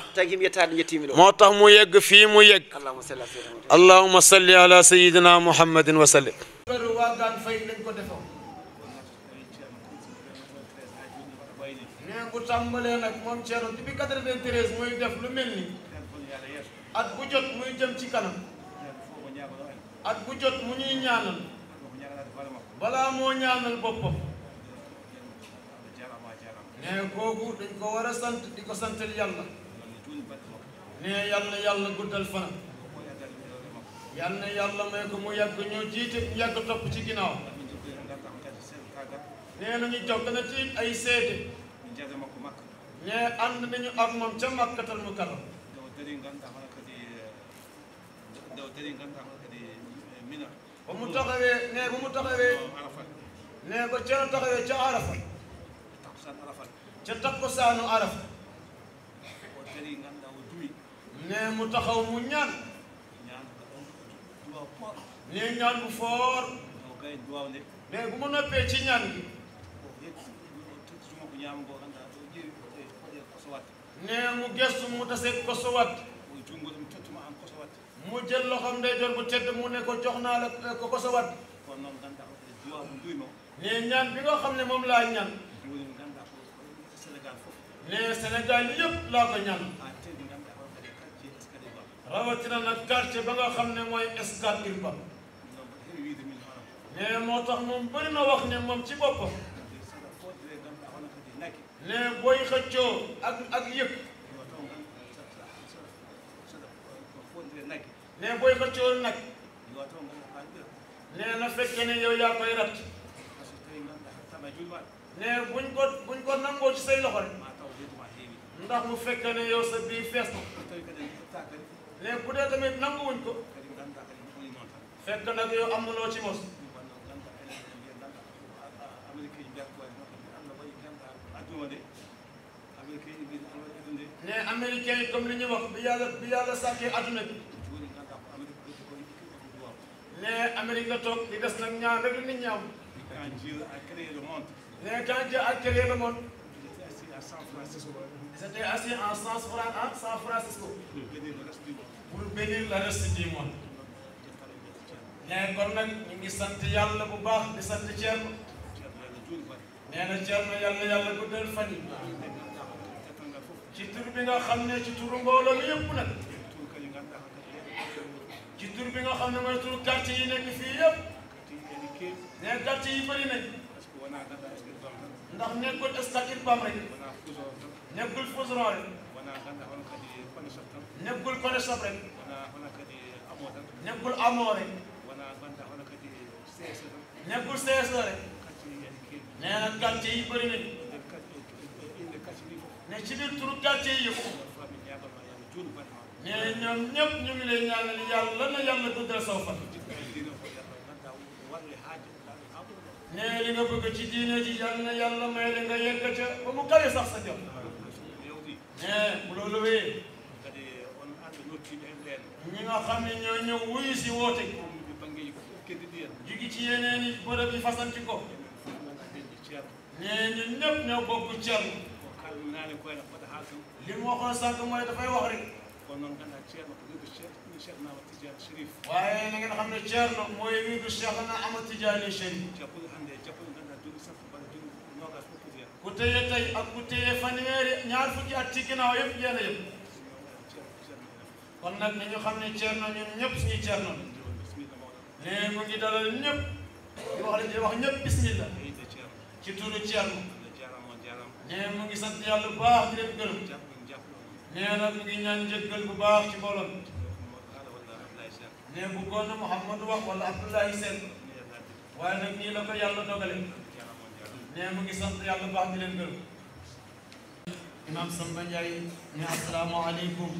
موته مو يق في مو يق اللهم صل على سيدنا محمد وسلم at bu jot muy jëm ci kanam at bu jot muy ñaanal balaa moo ñaanal boppam ne koo dañ ko war sant di ko santal yàlla ne yàlla yàlla guddal fanam yàlla yàlla may ko mu yàgg ñoo jiite mu yàgg topp ci ginnaaw nee nañu jokk na ci ay seede ne na nañu ak moom ca Makkatal Mukarram ba mu taxawee nee ba mu taxawee. nee ba ca la taxawee ca Arafa. ca takkusaanu Arafa. nee mu taxaw mu ñaan. nee ñaan bu foor. nee bu mu noppee ci ñaan gi. nee mu gestu mu tase ko sowaat. mu jël loxoom ndeyjoor bu tedd mu ne ko jox naa la eh, ko ko sa wat ne ñaan bi nga xam ne moom laa ñaan ne Sénégal yëpp laa ko ñaan ah, rawatina nag quartier ba nga xam ne mooy Scat eh, Urbam ne moo tax moom bëri na wax ne moom ci boppam ne booy xëccoo ak ak yëpp ne booy xëccoo nag ne na fekkee ne yow yaa koy rat ne buñ ko buñ ko nangoo ci say loxo ndax mu fekkee ne yow sa biir fees na ne bu dee tamit nanguwuñ ko fekk nag yow amuloo ci mos ne américain yi comme li ñu wax bi yàlla bi yàlla sàkkee adduna bi mais Amérique la toog li des nag ñaan rek la nit ñi am. quand Dieu a créé le monde. mais quand Dieu a créé le monde. j'étais assis à San Francisco. San Francisco. pour bénir le reste du monde. pour bénir nag ñu ngi sant yàlla bu baax di sant Thierno. nee a Thierno yàlla yàlla guddal fan yi. ci tur xam ne ci turu mbooloo mi yëpp nag. Gittin bi nga xam ne mooy turu quartier yi nekk fii yëpp. nee quartier yi bëri nañ. ndax nekkul stakir bam rek. nekkul Fouzron rek. nekkul Kolesab rek. nekkul Amoo rek. nekkul CSA rek. nee na quartier yi bëri nañ. ne ci biir turu quartier yi yëpp. mais ñoom ñëpp ñu ngi leen ñaanal yàlla na yàlla guddal saw fan. nee li nga bëgg ci diine ji yàlla na yàlla may la nga yegg ca ba mu kawe sax sa jom. nee bu loolu wee. ñi nga ko. nee ñun ñëpp ñoo wax rek. kono noon ganda ceerno ko wirdu ceerno cheikhna ngeen xam ne ceerno mooy wirdu cheikhna ahmad tidiane chérif jappuɗo hannde jappuɗo ganda duuɓi sappo mbaɗa duuɓi nogas foppude hen ko teye tawi ak ko teye fanweere ñaar fukki atti ginaaw yëpp jeena ne ñëpp suñu ceerno léegi mu ngi dalal ñëpp di wax di wax ñëpp bismillah ci turu ceerno mu ngi sant yàlla bu baax di leen gërëm nee na mu ngi bu baax ci mbooloo mi nee bëggoon na Mouhamadou wax wala Abdoulaye er. Sène waaye nag la ko yàlla dogale nee mu ngi sant yàlla baax di leen gërëm imam Samba Ndiaye ne asalaamaaleykum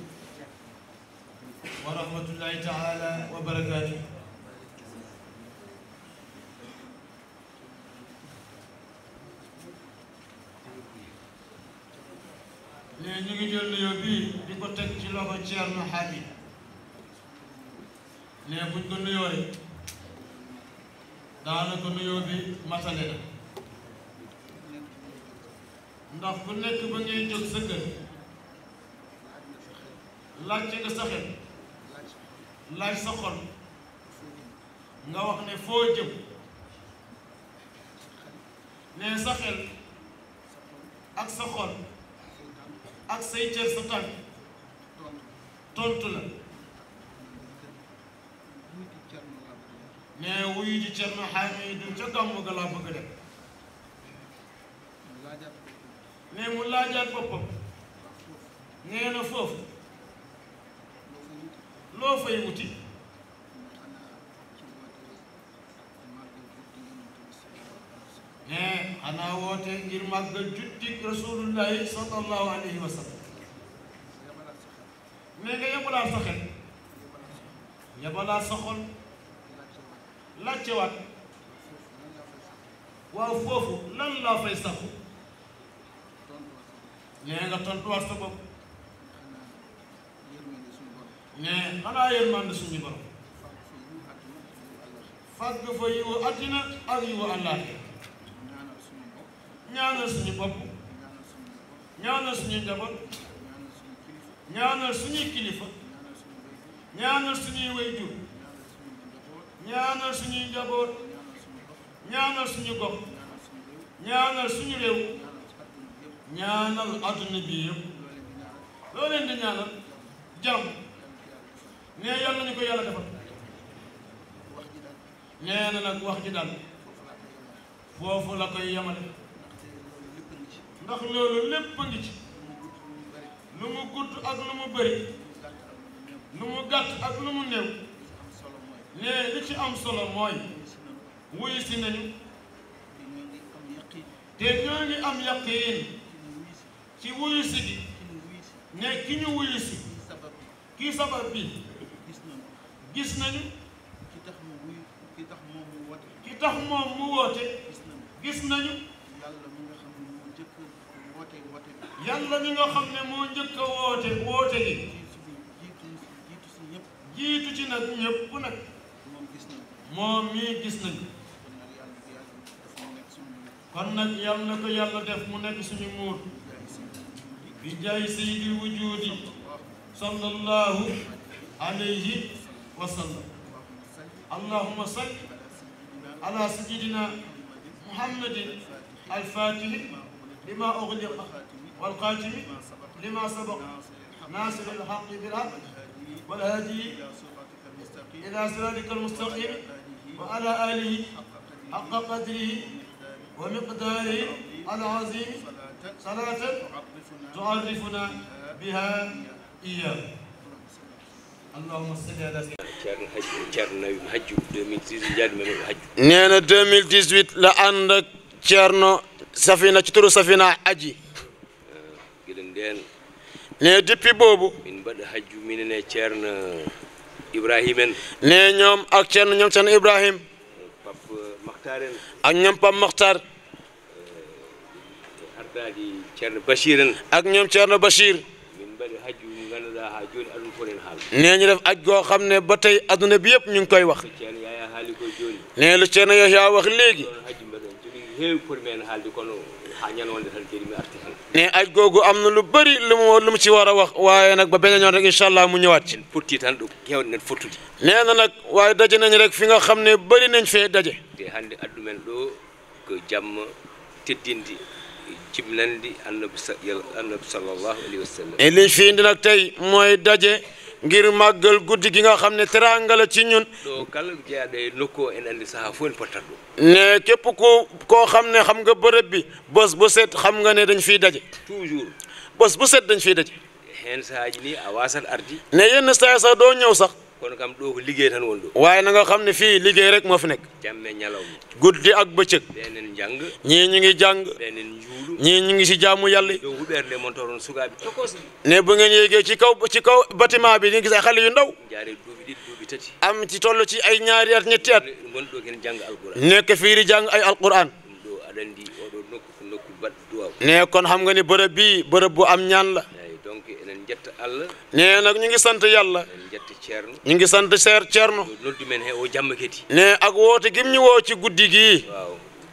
wa rahmatullahi taala wa barakaatu nee ñu ngi jël nuyoo bii di ko teg ci loxo Thierno Habib nee buñ ko nuyooyee daanaka nuyoo bi matale na ndax bu nekk ba ngay jóg sa kër laajte nga sa xel laaj sa xol nga wax ne foo jëm nee sa xel ak sa xol. ak say cër sa tànk tontu la ne wuyu ji Cerno Hamidou ca gàmmu ga laa bëgg mu laajaat boppam nee na foofu loo fay wuti ne ana woote ngir màggal juddik rasulullahi sallallahu alayhi wa sallam mais nga yebalaat sa xel yebalaat sa xol waaw foofu lan laa fay saxu nee nga tontuwaat sa bopp mais xanaa yërmande suñu borom fàgg fa yiwu àddina ak yiwu àllaaxira ñaanal suñu bopp ñaanal suñu njaboot ñaanal suñuy kilifa ñaanal suñuy wayjur ñaanal suñuy njaboot ñaanal suñu gox ñaanal suñu réew ñaanal adduna bi yëpp loo leen di ñaanal jàmm ne yàlla ñu ko yàlla defal nee na nag wax ji daal foofu la koy yemale ndax loolu lépp ngi ci lu mu gudd ak lu mu bëri lu mu gàtt ak lu mu néew ne li ci am solo mooy wuyu si nañu te ñoo ngi am yaqiin ci wuyu si gi ne ki ñu wuyu si kii sabab bi gis nañu ki tax moom mu woote gis nañu yàlla mi nga xam ne moo njëkk a woote woote yi jiitu ci nag ñëpp nag moom mii gis nañu kon nag yàlla na ko yàlla def mu nekk suñu muur bi jaay sayidi wujudi sallallahu alayhi wa sallam allahumma salli ala sayidina muhammadin alfatih lima ughliqa والقادم لما سبق ناصر الحق بالحق والهادي إلى صراطك المستقيم وعلى آله حق قدره ومقداره العظيم صلاة تعرفنا بها إياه اللهم صل على سيدنا 2018 la ànd ak Thierno Safina ci turu Seen ne depuis boobu min mbaɗa hajju minen e ceerno ibrahima en ne ñoom ak ceerno ñoom ceerno ibrahima pap mahtar en ak ñoom pap mahtar eh, ardaadi ceerno bachir en ak ñoom ceerno bachir min mbaɗa hajju ganduɗa ha joni aduna fof en haala ne ñu def aj goo xam ne ba tey aduna bi yëpp ñu ngi koy wax ceerno yaya haali ko lu ceerno yaya wax léegi ne aj googu am na lu bëri lu mu lu mu ci war a wax waaye nag ba beneen yoon rek incha allah mu ñëwaat ci. pour tiital du xew nañ fottude. nee na nag waaye daje nañ rek fi nga xam ne bari nañ fee daje. te hannde addumen ɗo ko jam teddindi jimlandi annabi sallallahu alayhi wa sallam. E liñ fi indi nag tey mooy daje. ngir màggal guddi gi nga xam ne teranga la ci ñun e ne képp ku koo xam ne xam nga bërëb bi bés bu set xam nga ne dañ fi daje toujours bés bu set dañ fiy daje ne yenn saa sax doo ñëw sax kon kam liggéey tan won waaye na nga xam ne fii liggéey rek moo fi nekk jàmme ñalaw guddi ak bëccëg beneen njàng ñi ñu ngi jàng ñi ñi ngi si jaamu yàlla ne bu ngeen yegge ci kaw ci kaw bâtiment bi ñi gis ay xali yu ndaw am ci tollu ci ay ñaari at ñetti at nek fi ri jang ay alquran ne kon xam nga ni bërëb bi bërëb bu am ñaan la nee nak ñu ngi sant yàlla ñu ngi sant seer ne ak wote gim ñu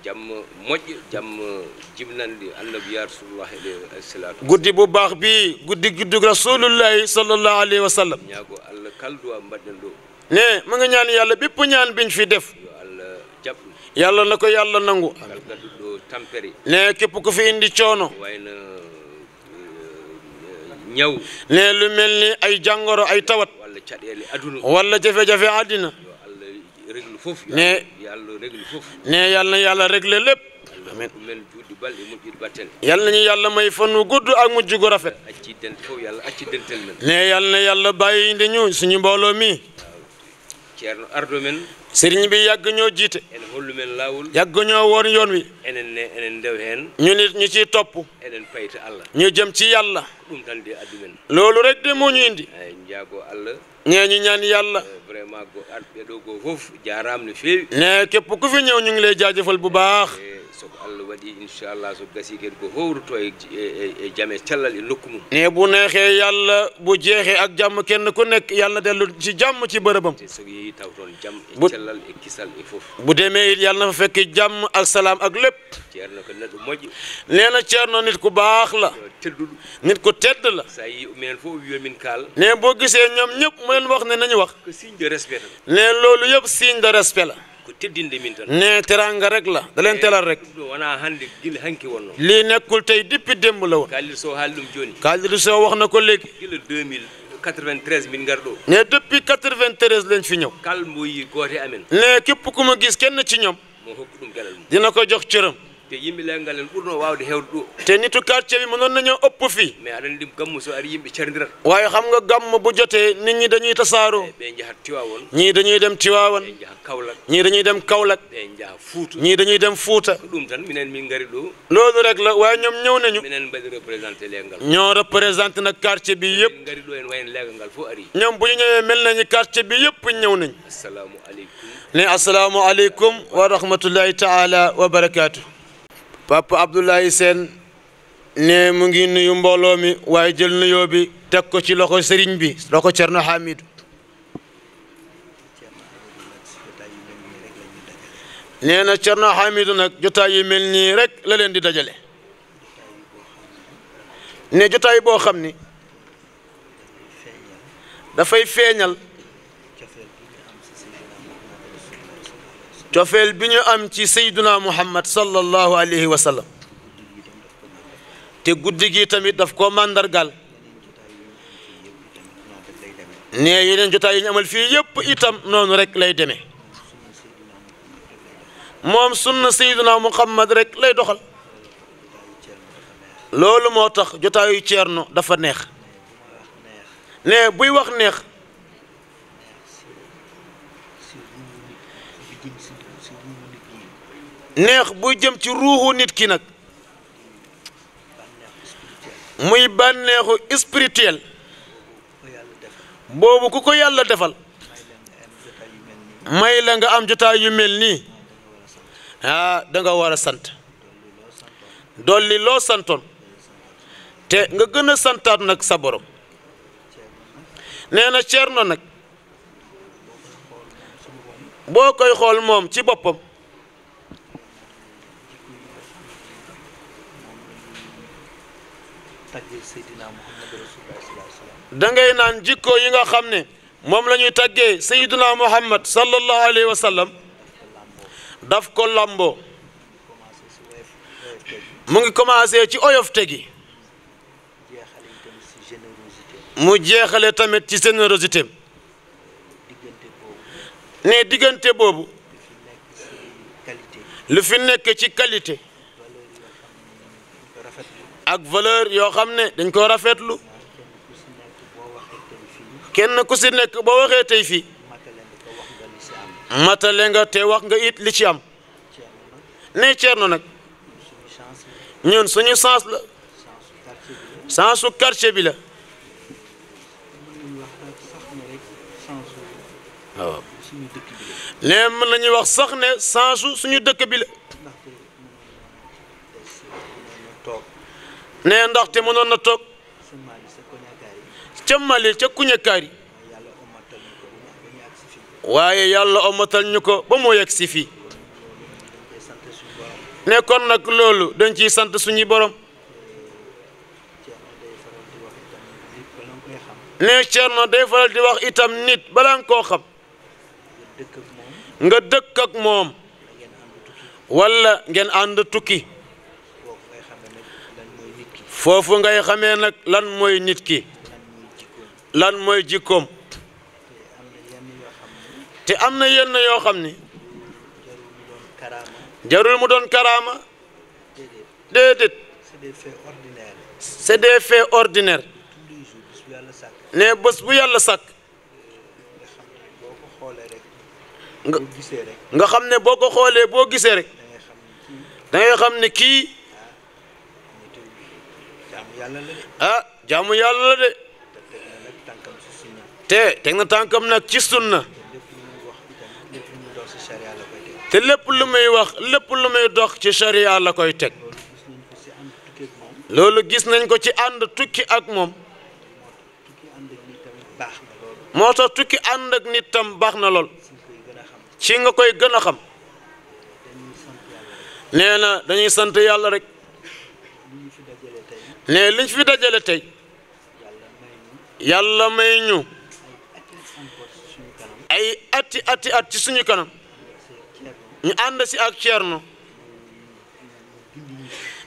jàmm mojj jàmm jimlandi annabi ya rasulullah guddi bu baax bi guddi juddug rasulullahi sallallahu alayhi wa sallam ñaago allah kalduwa mbaɗɗen ɗo ne mu nga ñaan yàlla bépp ñaan biñ fi def yo allah yàlla na ko yàlla nangu galgaɗuɗo tampere ne képp ku fi indi coono wayno eh, ñaw lu mel ni ay jàngoro ay tawat walla caɗeele jafe-jafe àddina ne ne yal na yàlla réglé lépp yal na ñu yàlla may fan wu gudd ak mujj gu rafet ne yal na yàlla bàyyi ndi ñu suñu mbooloo mi ceerno ardo men sëriñ bi yàgg ñoo jiite ene hollu men laawol yàgg ñoo woon yoon wi enen ne enen ndew heen ñu nit ñu ciy topp enen payta allah ñu jëm ci yàlla ko ɗum tan de addu men loolu rek de moo ñu indi ay njaago ñee ñu ñaan yàlla eh, vraiment arɓe ɗo goo fof jarama no fewi ne képp ku fi ñëw ñu ngi lay jaajëfal bu baax eh. soko allah waɗi inchallah so gasi kadi ko howruto e jaam e cellal e nokku mum ne bu neexee yàlla bu jeexee ak jàmm kenn ku nekk yàlla dellu ci jàmm ci bërëbam soko yeehi taw toon jàmm e cellal e kisal e fof bu demee it yàlla na fa fekk jàmm ak salaam ak lépp ceerno ko neɗɗo moƴƴo nee na ceerno nit ku baax la tedduɗo nit ku tedd la sa yi meen fof wiyo min kaal ne boo gisee ñoom ñëpp mu leen wax ne nañu wax signe de respect la ne loolu yëpp signe de respect la ne teranga rek la da leen eh, telal rek lii nekkul tey depuis demb la woon kaaliri so wax na ko léegi ne depuis 93 lañ fi ñëw ne képp ku ma gis kenn ci ñoom dina ko jox cëram te yimɓe leggal ngal ɓurno wawde hewde ɗo te nitu quartier ɓe mo noon naño ëppu fii mais aɗa andi gammu so ari yimɓe cardirat wawi xam nga gammu bu jotee nit ñi dañuy tasaaro eh, ɓe jahat tiwawon ñii dañuy dem tiwawan jaha kawlak ñii dañuy dem kawlak ɓe jaha fuuta ñii dañuy dem fuuta ko ɗum tan minen min gari ɗo loolu la waaye ñoom ñëw nañu minen mbaɗi représenté bi yëpp gari ɗo en wayen leggal ngal fof ari ñoom bu ñu ñëwee mel nañu quartier bi yëpp ñëw nañu assalamu assalamu aleykum wa taala wa papa Abdoulaye Sène ne mu ngi nuyu mbooloo mi waaye jël nuyoo bi teg ko ci loxo sëriñ bi loxo Cerno Hamidou nee na Cerno Hamidou nag jotaay yu mel nii rek la leen di dajale ne jotaay boo xam ni dafay feeñal تفعل بني أمتي سيدنا محمد صلى الله عليه وسلم تقول لي تمي تفكو ماندر قال ني يلين جتا يعمل في يب إتم نون رك لي دمي موم سن سيدنا محمد رك لي دخل لول موتخ جتا يتيرنو دفا نيخ ني بوي وخ نيخ neex buy jëm ci ruuxu nit ki nag muy bànneexu spirituel boobu ku ko yàlla defal may la nga am jotaay yu mel nii ah danga nga war a sant dolli loo santoon te nga gën a santaat nag sa borom nee na Cerno nag boo koy xool moom ci boppam taggee da ngay naan jikko yi nga xam ne moom la ñuy taggee Seydina Muhammad sallallahu alayhi wa daf ko lamboo mu ngi commencé ci oyofte gi mu jeexale tamit ci générosité ne diggante boobu lu fi nekk ci qualité ak valeur yoo xam ne dañ ko rafetlu kenn ku si nekk boo waxee tey fii matale te wax nga it li ci am ne Thierno nag ñun suñu sens la sensu quartier bi la waaw ne mën nañuy wax sax ne sensu suñu dëkk bi nee ndaxte mënoon na toog ca Mali ca Kuñakaari waaye yàlla omatal ñu ko ba mu yegg si fii ne kon nag loolu dañ ciy sant suñuy boroom ne Thierno day faral di wax itam nit balaa nga koo xam nga dëkk ak moom walla ngeen ànd tukki. foofu ngay xamee nag lan mooy nit ki lan mooy jikkoom te am na yenn yoo xam ni jarul mu doon karaama déedéet c'est des faits ordinaires ne bés bu yàlla sàkk nga xam ne boo ko xoolee boo gisee rek da xam ne kii ah jaamu yàlla la de te teg na tànkam nag ci sunna te lépp lu muy wax lépp lu muy dox ci charia la koy teg loolu gis nañ ko ci ànd tukki ak moom moo tax tukki ànd ak nit tam baax na lool ci nga koy gën a xam nee na dañuy sant yàlla rek ne liñ fi dajale tey yàlla may ñu ay ati ati at ci suñu kanam ñu ànd si ak Ceerno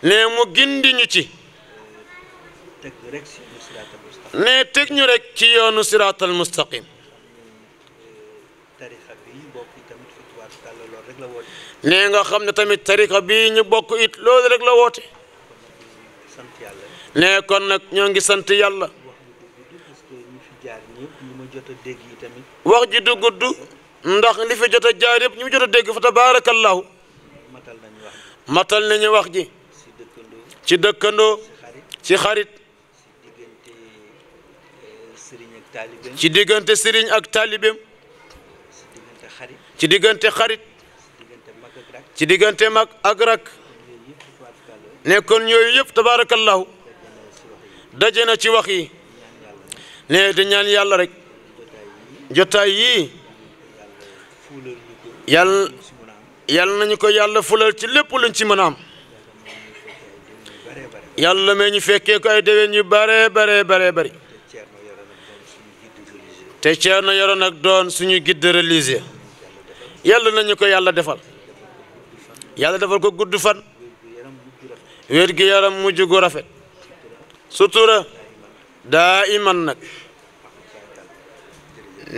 ne mu gindi ñu ci ne teg ñu rek ci yoonu siraatal mustaqim ne nga xam ne tamit tariqa bii ñu bokk it loolu rek la woote nee kon nag ñoo ngi sant yàlla. wax ji du gudd ndax li fi jot a jaar yëpp ñu mu jot a dégg fa tabaarakallaahu matal nañu wax ji ci dëkkandoo ci xarit ci diggante sëriñ ak taalibeem ci diggante xarit ci diggante mag ak rak ne kon yooyu yëpp tabaarakallaahu daje na ci wax yi ne dañaan yàlla rek jotaay yii yàlla yàlla nañu ko yàlla fulal ci lépp luñ ci mën a am yàlla mee ñu fekkee ko ay déwén yu bare bare bare bari te na yoroon ak doon suñuy guide religieux yàlla ñu ko yàlla defal yàlla defal ko gudd fan wér gi yaram mujj gu rafet sutura daa iman nag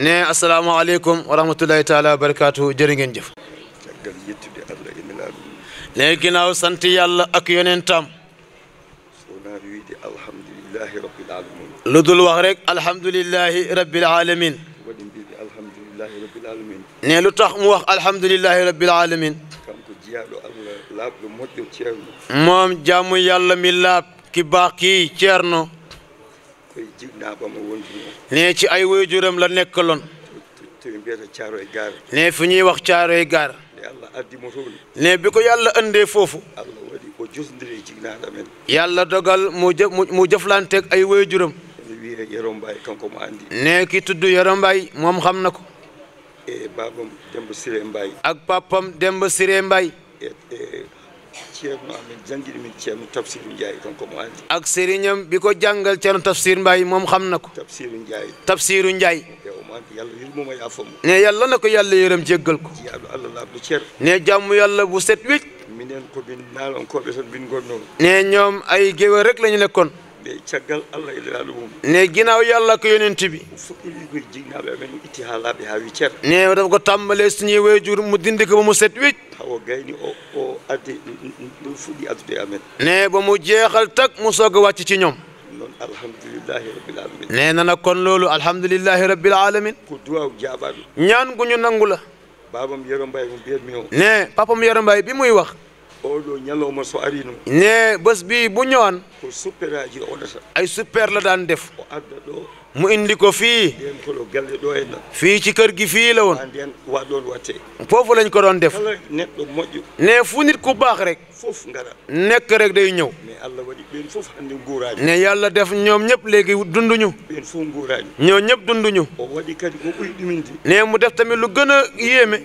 ne asalaamaaleykum wa rahmatulahi taala wa barakaatu jërë ngeen jëf léegi ginnaaw sant yàlla ak yonentam lu dul wax rek alhamdulilahi rabbil ne lu tax mu wax alhamdulilahi rabbil alamin moom jaamu yàlla mi laab ki baax kii Ceerno nee ci ay waajuram la nekkaloon nee fi ñuy wax Caaroy Gaar nee bi ko yàlla andee foofu yàlla dogal mu jë mu jëflanteeg ay waajuram nee ki tudd Yaram Mbaay moom xam na ko e ak papam demb Siré Mbaay ak sëriñam bi ko jàngal Ceerno Tafsir Mbaye moom xam na ko. Tafsiru Ndiaye. Tafsiru Ndiaye. ne yàlla na ko yàlla yërëm jéggal ko. ne jàmm yàlla bu set wécc. ne ñoom ay géwél rek la ñu nekkoon. ɓe caggal e leraɗo mum ne guinaw yo allah ko yonenti ɓe fuɗɗorigoye jignaɓe amen itti haalaɓe ha wi ceer ne wata ko tambale signé weyjur mo dindi ko mu set wecc hawo gayni o o adde ɗum fuɗɗi addude tak mo soga wacci ci ñoom noon alhamdulillahi rabbil alamin ne nana kon loolu alhamdulillahi rabbil alamin ko ñaan guñu nangula babam yero mbay ko mbiyatmi o ne bi muy wax oɗo ñalawma so arino ne bés bi bu ñëwan ko suppéraji oɗata ay suppére la daan def o adda ɗo mu indi ko fii fii ci kër gi fii la woon foofu lañ ko doon def ne fu nit ku baax rek nekk rek day ñëw ne yàlla def ñoom ñëpp léegi dunduñu ñoo ñëpp dunduñu ne mu def tamit lu gën a yéeme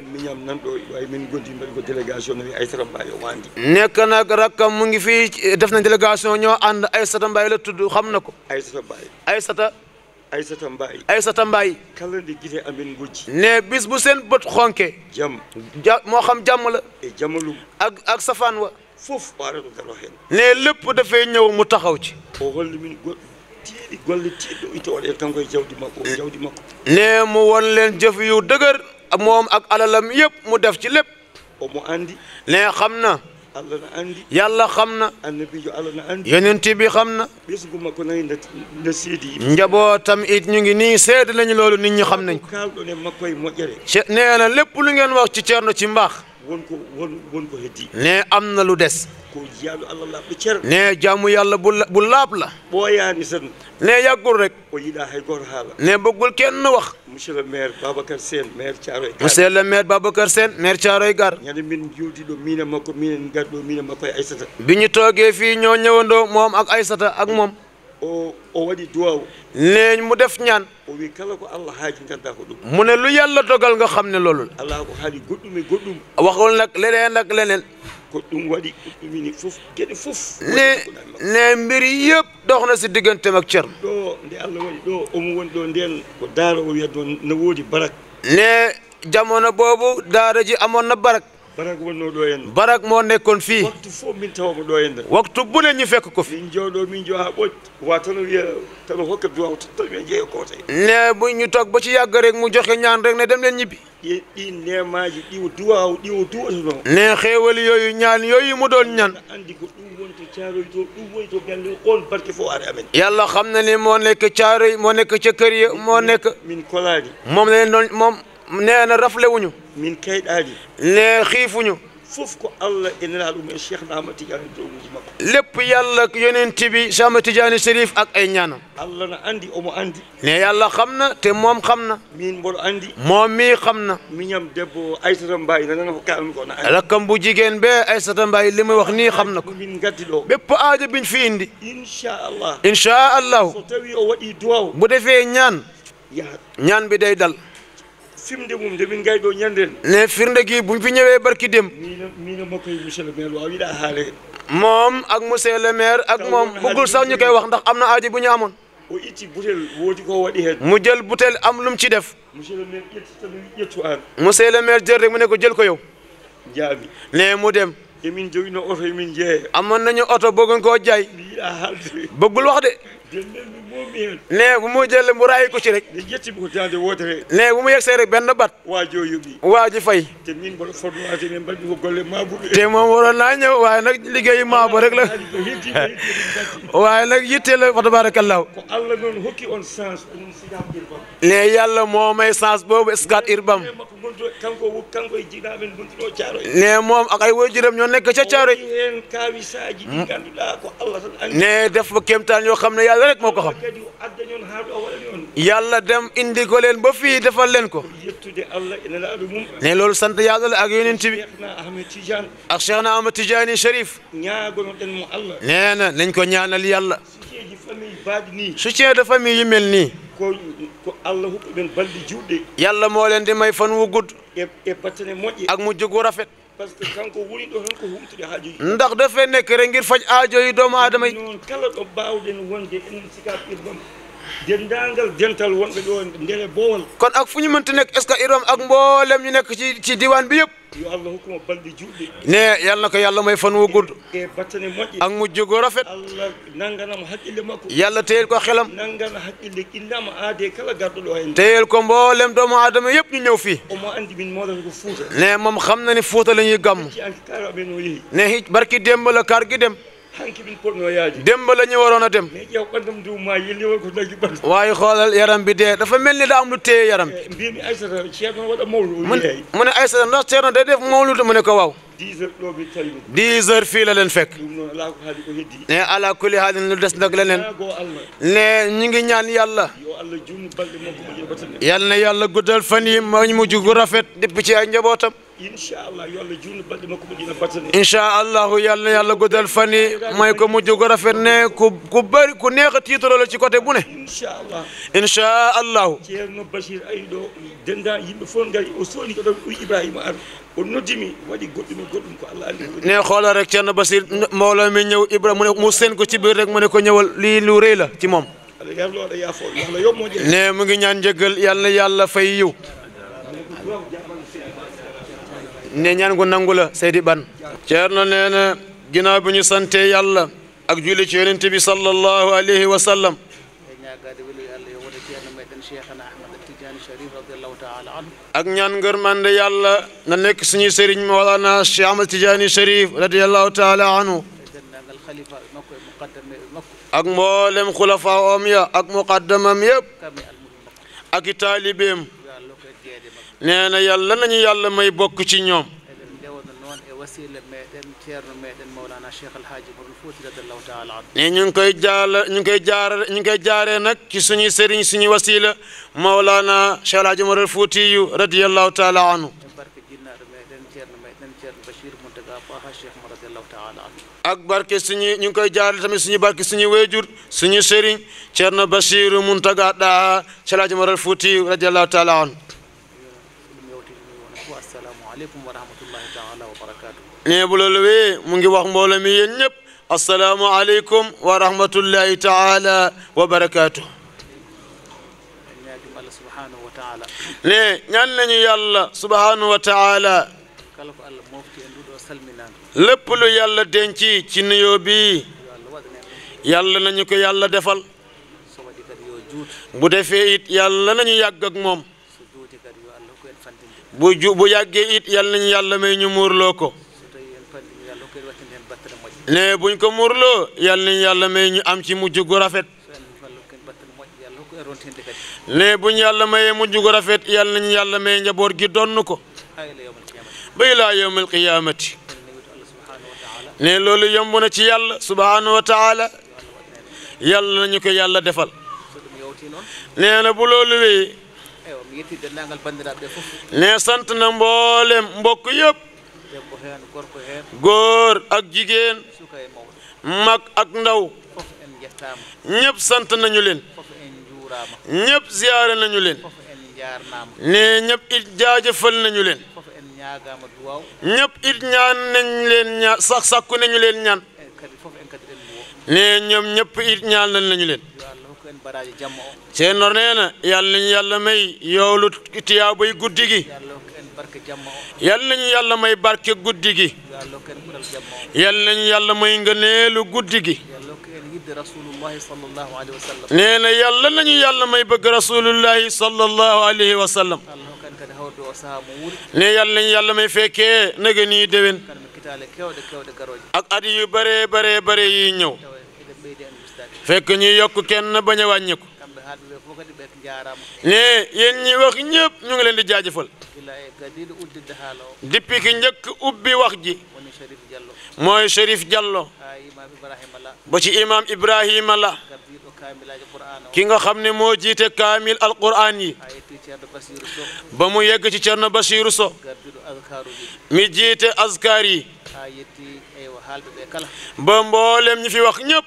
nekk nag rakkam mu ngi fii def na délégation ñoo ànd Aysata Mbaye la tudd xam na ko Aysata Aysata Mbaay Aysata Mbaay kala nde gite amen gojji ne bis bu seen bët xonke jàmm ja moo xam jàmm la e jamalu ak ak safaan wa fof ɓaarano ne lépp dafay ñëw mu taxaw ci o holli min goɗɗo tiiɗi golle tiiɗo ito waɗen kanko e e ne mu won leen jëf yu dëgër moom ak alalam yëpp mu def ci lépp omo andi ne xam na yàlla xam na yonent bi xam na njabootam it ñu ngi nii seede nañu loolu nit ñi xam nañ ko nee na lépp lu ngeen wax ci Ceerno ci mbaax won ko won won ko heddi am na lu des ko jaamu allah laaɓɗo ceer yàlla bu bu laab la ɓooyaani tan ne yàggul rek o yiɗaa hay e gooto haala ne bëggul kenn wax monsieur le maire babacar sène maire thiaroy gar monsieur le maire babacar sène maire thiaroy gar ñande min jewdi ɗo miine makko minen ngarɗo miine makko e aissata bi ñu toogee fii ñoo ñëwandoo moom ak aysata ak moom o o mu def ñaan o wi ko allah mu ne lu yàlla dogal nga xam ne loolu la allah ko haali goɗɗum e goɗɗum waxul nag leneen ak leneen ko ɗum fof geɗe fof ne ne mbir yëpp dox na si diggante ak Cerno ɗo o wiyat ɗo no woodi ne jamono boobu daara ji amoon na barak barak wonno ɗo henna barak mo nekkon fii waktu fof min tawa ko ɗo henna waktu bune ñi fekk ko fi min jooɗo min jo ha ɓoƴ ñu toog ba ci yàgg rek mu joxe ñaan rek ne dem leen ñibbi yen ɗi nemaji ɗiwo duwaw ɗiwo duwatano ne xeewal yooyu ñaan yooyu mu doon ñaan andi ko ɗum wonto caaroy to ɗum woni to galle on xam ne ne moo nekk caaroy moo nekk ca kër ya moo nekk min kolaani moom نانا رفلة ونيو من كيد أجي نخيف ونيو فوفكو الله إن الله لوم الشيخ نعم تجاني دوم جمك لب يلا ينن تبي شام تجاني شريف أك إنيانا الله أنا عندي أم عندي نيا الله خمنا تموم خمنا مين بول عندي مامي خمنا مينام دبو أيسرم باي نانا فكام كنا لكم بوجي جن بع أيسرم باي اللي موقني خمنا مين قتلو بب أجي بين في عندي إن شاء الله إن شاء الله سوتي أو إدواو بده في إنيان نيان بدأ يدل firnde mum nde min gayɗo ñanden ne firnde gi buñ fi ñëwee barki dem mino makko e monsieur le moom ak monsieur le ak moom buggul sax ñu koy wax ndax am na aajo bu ñu amoon o itti butel woodi mu jël butel am lum ci def monsieur le maire ƴetti tan mu ne ko jël ko yow jaami ne mu dem emin jogino oto amoon nañu oto bëgguñ ko jaay mi yiɗa haalde wax de nee bu mu jël mu raayi ko ci rek nee bu mu yegsee rek benn bat waa ji fay te moom waroon naa ñëw waaye nag liggéeyu maa ba rek la waaye nag yitte la fa tabaarakallaahu nee yàlla moo may chance boobu skat irbam nee moom ak ay waajuram ñoo nekk ca caaro hmm? nee def ba kéemtaan yoo xam ne yàlla yàlla rek moo ko yàlla dem indi ko leen ba fii defal leen ko ne lool sant yàlla la ak yonent bi ak Cheikh na Ahmad Tijaani Sharif nee na nañ ko ñaanal yàlla soutien de famille yu mel nii yàlla moo leen di may fan wu gudd ak mu rafet parce que kanko woni ndax defe nekk ngir faj aajo yi doomu aadama dendaangal dental wonɓe ɗo ndere boowal kono ak fu ñu mënta nekk est ce que irom ak mboolem ñu nekk ci ci diwaan bi yëpp yo allah hokkuma balɗe juɗɗe ne ko yàlla may fan wu gudd e battane moƴƴe ak mujjugo rafet allah nannganama yàlla teyel ko xelam nanngana haqqille innama aade kala garɗo ɗo hen teyel ko mboolem doomu adama yëpp ñu ñëw fii omo andi min moodata ko xam na ni fuuta la ñuy gàmm ne hic barki démb la kar dem démb la ñu waroon a dem. waaye xoolal yaram bi dee dafa mel ni daa am lu téye yaram bi. mu ne mu ne Aysata ndax Ceerno day def mawlud mu ne ko waaw. dix heures fii la leen fekk. ne ala kulli haalin lu des nag leneen. ne ñu ngi ñaan yàlla. yal na yàlla guddal fan yi ma ñu mujj gu rafet. depuis ci ay njabootam. incha allah yàlla na yàlla guddal fan yi may ko mujj gu rafet ne ku ku bëri ku neex a ci côté bu ne. incha allah ne xoolal rek ceerno Bachir mbooloo mi ñëw Ibrahima mu ne mu seen ko ci biir rek mu ne ko ñëwal lii lu rëy la ci moom. mu ngi ñaan njëgal yàlla yàlla fay yiw ne ñaan gu nangu la Seydi Ban Ceerno nee na ginnaaw bi ñu sante yàlla ak julli ci yonent bi sallallahu alayhi wa sallam ak ñaan ngërmande yàlla na nekk suñu sëriñ Mawlana Cheikh Ahmad Tidiane Sharif radiyallahu taala anhu ak mboolem xulafa om ak muqaddamam yëpp ak i taalibeem nee na yàlla nañu yàlla may bokk ci ñoom ne ñu ngi koy jaala ñu ngi koy jaarale ñu ngi koy jaaree nag ci suñuy sëriñ suñuy wasiila mawlaana Cheikh El Hadj Omar al Fuutiyu radiyallahu taala anhu ak barke suñu ñu ngi koy jaarale tamit suñu barke suñu wéjur suñu sëriñ Ceerno Basiru Muntaga Daha Cheikh El Hadj Omar al Fuutiyu radiyallahu taala anhu aleykum wa rahmatullahi nee bu mu ngi wax mbooloo mi yéen ñëpp asalaamu aleykum wa rahmatullahi taala wa barakaatu ne ñaan nañu yàlla subhanahu wa taala lu yàlla denci ci nuyoo bi yàlla nañu ko yàlla defal bu defee it yàlla nañu yàgg ak moom bu ju bu yàggee it yal nañu yàlla may ñu muurloo ko ne buñ ko muurloo yal nañu yàlla may ñu am ci mujj gu rafet ne buñ yàlla mayee mujj gu rafet yal nañu yàlla may njaboot gi donn ko ba ilaa yawmal qiyaamati ne loolu yomb na ci yàlla subhaanahu wa taala yàlla nañu ko yàlla defal nee na bu loolu wéyee ne sant na mboolem mbokk yëpp góor ak jigéen e mag ak ndaw ñëpp sant nañu leen ñëpp ziyaare nañu leen ne ñëpp it jaajëfal nañu leen ñëpp it ñaan nañ leen ñaan sax sàkku nañu leen ñaan ne ñoom ñëpp it ñaan nañu leen Ceerno nee na yal nañu yàlla may yoolu tiyaabay guddi gi yal nañu yàlla may barke guddi gi yal nañu yàlla may ngëneelu guddi gi nee na yàlla nañu yàlla may bëgg rasulullahi sallallahu alayhi wa sallam ne yal nañu yàlla may fekkee naga nii déwén ak at yu bëree bëree bëri yi ñëw fekk ñuy yokk kenn bañ a wàññiku ne yéen ñi wax ñëpp ñu ngi leen di jaajëfal depuis ki njëkk ubbi wax ji mooy Cherif Diallo ba ci imam Ibrahima la ki nga xam ne moo jiite kaamil alquran yi ba mu yegg ci Cerno Basiru So mi jiite azkar yi ba mboolem ñi fi wax ñëpp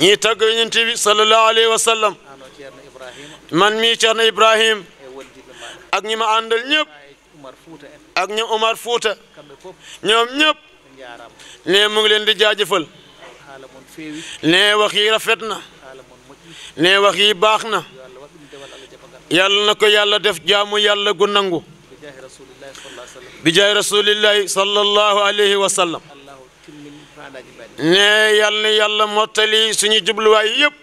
ñii tagg yonent bi sallallahu alayhi wa sallam man mii Ceerno Ibrahim e ak ñi ma àndal ñëpp ak ñoom Umar Fuuta ñoom ñëpp ne mu ngi leen di jaajëfal ne wax yi rafet na ne na yàlla na ko yàlla def jaamu yàlla gu nangu bi jaay rasulillahi sallallahu alayhi wa ني يالله موتلي سني جبلوا ييب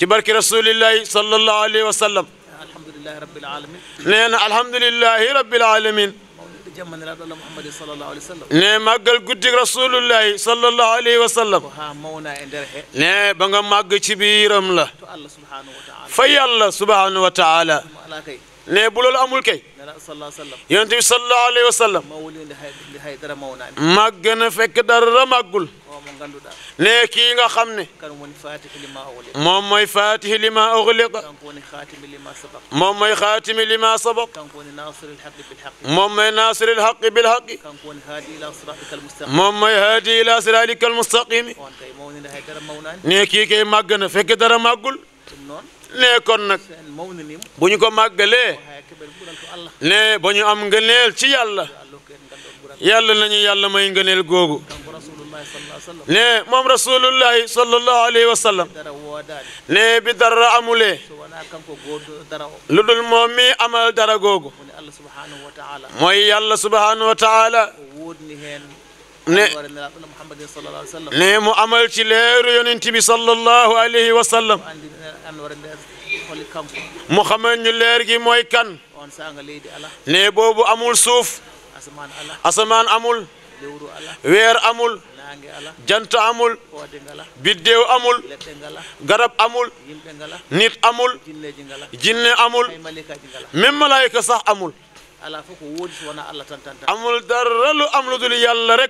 تبارك رسول الله صلى الله عليه وسلم الحمد لله رب العالمين ني الحمد لله رب العالمين محمد صلى الله عليه وسلم ما رسول الله صلى الله عليه وسلم ها مونا الله سبحانه وتعالى فيا الله سبحانه وتعالى ne bu loolu amul kay yonent bi sallallahu alayhi wa sallam màgg na fekk dara màggul ne kii nga xam ne moom mooy faatihi lima ughliqa moom mooy xaatimi lima sabaq moom mooy naasiri lxaqi bilxaqi moom mooy haadi ila siratika almustaqimi ne kii kay màgg na fekk dara màggul ne kon nag bu ñu ko màggalee ne ba ñu am ngëneel ci yàlla yàlla nañu yàlla moy ngëneel googu ne moom rasulullahi sallallahu alayhi wa sallam ne bi dara amulee lu dul moom mi amal dara googu mooy yàlla subhanahu wa taala نعم نعم نعم صلى الله عليه وسلم نعم نعم نعم نعم نعم نعم جنت امول بيديو امول غرب امول نيت امول جن امول ميم ملائكه صح امول امول درلو امول دول يالا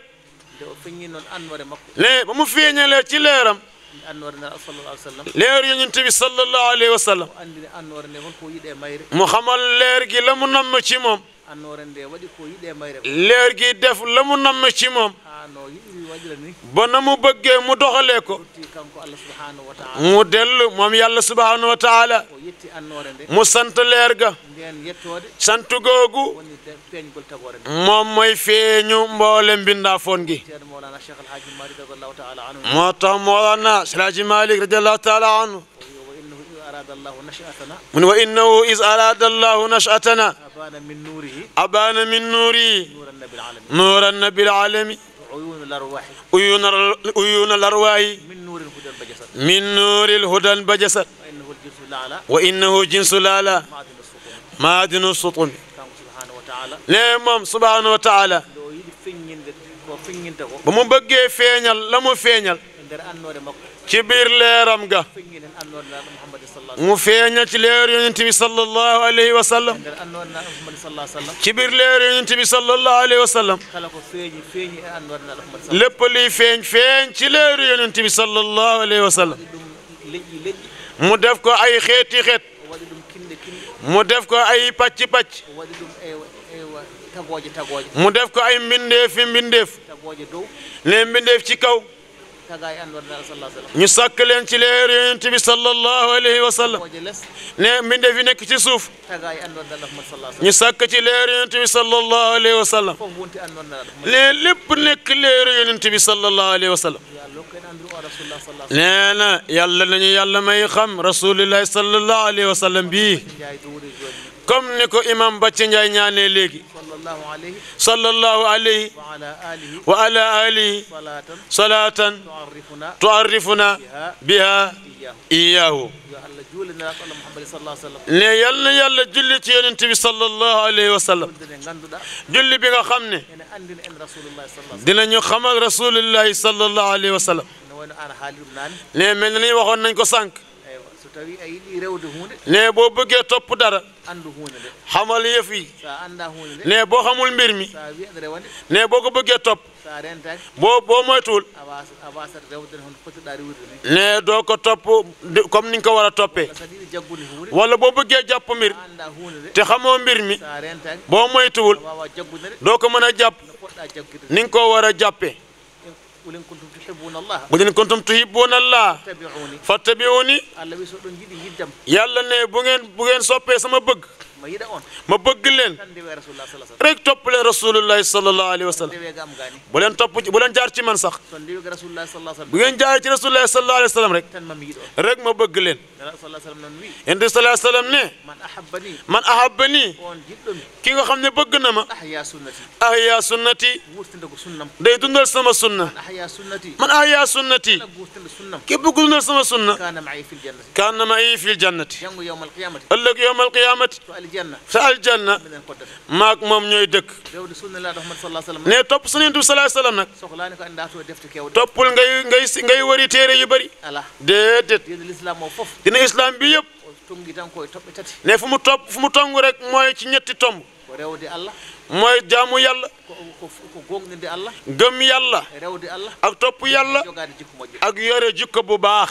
nee ba mu feeñalee ci leeram leer yonent bi sallallahu alayhi wa sallam mu xamal leer gi la mu namm ci moom leer gi def la mu namm ci moom ba na mu bëggee mu doxalee ko mu dellu moom yàlla subhaanahu wa taala mu sant leer ga sant googu moom mooy feeñu mboole mbindaafoon gi moo tax moolana Alaaji Malik radiallahu taala anhu من وإنه إذ أراد الله نشأتنا أبان من نوره أبان من نوره نور النبي العالمي أيون الأرواح من نور الهدى البجسد وإنه جنس لالا معدن السطن لأمام سبحانه وتعالى بمن بقى فينال لمو فينال كبير ليرمغا mu feeña ci leer yonent bi sallallahu alayhi wa sallam ci biir leer yonent bi sallallahu alayhi wa sallam lépp luy feeñ feeñ ci leer yonent bi sallallahu alayhi wa sallam mu def ko ay xeeti xeet mu def ko ay pàcc pàcc mu def ko ay mbindeefi mbindeef ne mbindeef ci kaw ñu sàkk leen ci leer yonent bi sallallahu alayhi wa sallam ne mbinde fi nekk ci suuf ñu sàkk ci leer yonent bi sallallahu alayhi wa sallam ne lépp nekk leer yonent bi sallallahu alayhi wa sallam nee na yàlla nañu yàlla may xam rasulillahi sallallahu alayhi wa sallam bii كم نكو إمام باتين جاي نياني لغي صلى الله عليه وعلى آله صلاة تعرفنا بها إياه نيال نيال جل تيان انتبه صلى الله عليه وسلم جل بيغا خمني دينا نيو خمال رسول الله صلى الله عليه وسلم نيال مني وخون ننكو سانك tawi a yiɗi rewde hunde ne boo bëggee topp dara andu hunde nde xamal yëf yi sa anda hunde nde boo xamul mbir mi sa wiyat rewande boo ko bëggee topp sa boo boo moytuwul a wasat rewde hono potiɗa doo ko topp comme ni nga ko war a toppee wala boo bëggee jàpp mbir te xamoo mbir mi boo moytuwul doo ko mën a jàpp ni nga ko war a jàppee bu len kuntum tuhibbuuna allah bu len kuntum tuhibbuuna allah fattabi'uuni fattabi'uuni allah wi so ɗon yiɗi yiddam yàlla ne bu ngeen bu ngeen soppee sama bëgg ma bëgg leen rek topp leen rasulullahi sallallahu alayhi wa sallam bu leen topp bu leen jaar ci man sax bu ngeen jaaree ci rasulullahi sallallahu alayhi wa sallam rek rek ma bëgg leen yonent bi sallallahu alayhi wa sallam ne man ahabbani ki nga xam ne bëgg na ma ahya sunnati day dundal sama sunna man ahya sunnati képp ku dundal sama sunna kaana ma'i fil jannati ëllëg yawmal qiyaamati sa aljanna maak moom ñooy dëkk ne topp sunnat bi sallallahu alayhi wasallam nag toppul ngay ngay ngay wari téere yu bëri déedéet dina islam bi yëpp ne fu mu topp fu mu tong rek mooy ci ñetti tomb mooy jaamu yàlla gëm yàlla ak topp yàlla ak yore jikko bu baax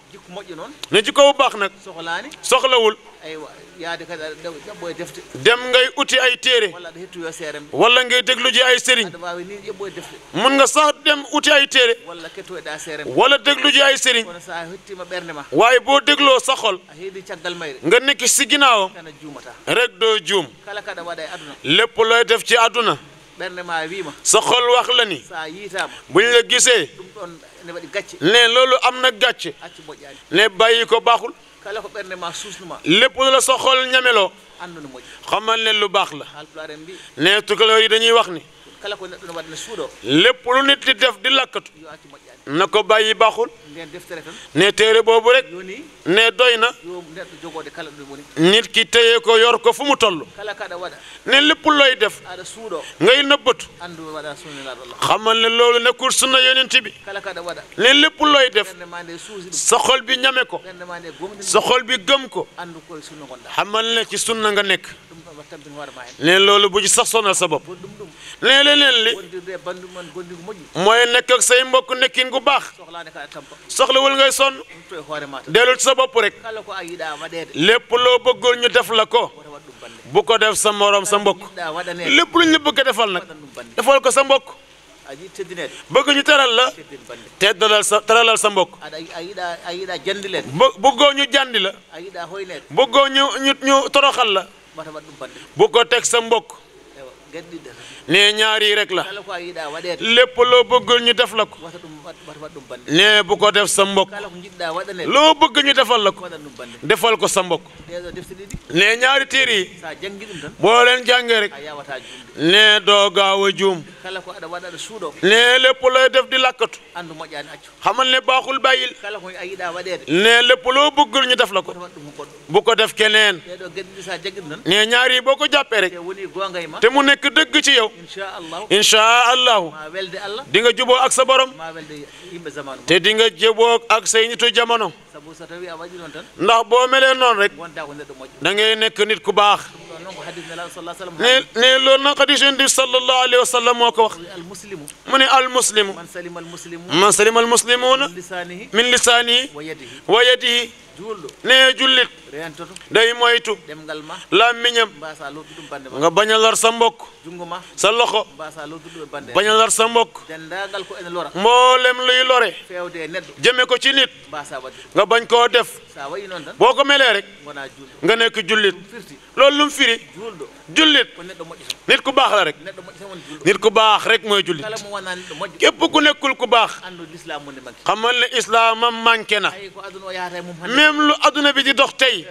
ne ci kaw baax nag soxlawul dem ngay uti ay téere wala ngay déglu ji ay sëriñ mun nga sax dem uti ay téere wala déglu ji ay sëriñ waaye boo dégloo sa xol ah, nga nekk si ginnaawam rek doo juum lépp looy def ci àdduna sa xol wax la ni buñ la gisee nee loolu am na gàcce ne bàyyi ko baaxul lépp lu la soxol ñameloo xamal ne lu baax la ne tukaloo yi dañuy wax ni lépp lu nit di def di lakkatu na ko bàyyi baaxul ne téere boobu rek ne doy na nit ki téye ko yor ko fu mu toll ne lépp looy def ngay nëbbatu xamal ne loolu nekkul sunna yonent bi ne lépp looy def sa xol bi ñame ko sa xol bi gëm ko xamal ne ci sunna nga nekk ne loolu bu ci sax sonal sa bopp ne leneen li mooy nekk ak say mbokk nekkin gu baax soxla soxlawul ngay sonn dellul ci sa bopp rek lépp loo bëggoon ñu def la ko bu ko def sa morom sa mbokk lépp lu ñu la bëgg a defal nag defal ko sa mbokk bëgg ñu teral la te dalal sa teralal sa mbokk bëggoo ñu jàndi la bëggoo ñu ñu ñu toroxal la bu ko teg sa mbokk nee ñaar yi rek la lépp loo bëgg ñu def la ko nee bu ko def sa mbokk loo bëgg ñu defal la ko defal ko sa mbokk nee ñaari téere yi boo leen jàngee rek nee doo gaaw a juum nee lépp looy def di làkkatu xamal ne baaxul bàyyil nee lépp loo bëggul ñu def la ko bu ko def keneen nee ñaar yi boo ko jàppee rek te mu nekk dëgg ci yow. incha allahu di nga juboo ak sa borom te di nga juboo ak say nitu jamono ndax boo melee noonu rek da ngay nekk nit ku baax ne ne loolu nag xadis yonent bi sallallahu alayhi wa sallam moo ko wax mu ne al muslimu man salima al muslimuuna min lisaanihi wa yadihi nee jullit day moytu làmmiñam nga bañ a lor sa mbokk sa loxo bañ a lor sa mbokk mboolem luy lore jëme ko ci nit nga bañ koo def boo ko melee rek nga nekk jullit loolu lu mu firi jullit nit ku baax la rek nit ku baax rek mooy jullit képp ku nekkul ku baax xamal ne islaamam manqué na même lu aduna bi di dox tey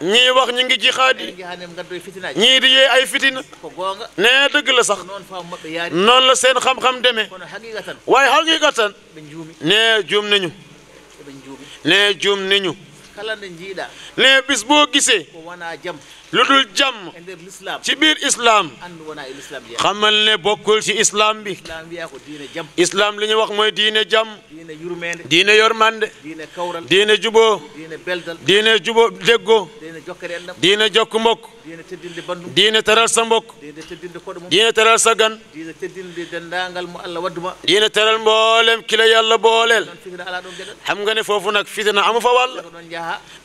ñii wax ñu ngi jihaad yi ñii di yee ay fitina nee dëgg la sax noonu la seen xam-xam demee waaye xaqiqatan nee juum nañu nee juum nañu ne bis boo gisee. ko wana jam lu dul jàmm ci biir islaam xamal ne bokkul ci islaam bi islaam li ñu wax mooy diine jàmm diine yormande diine juboo diine juboo déggoo diine jokk mbokk diine teral sa mbokk diine teral sa gan diine teral mboolem ki la yàlla booleel xam nga ne foofu nag fitina amu fa wàll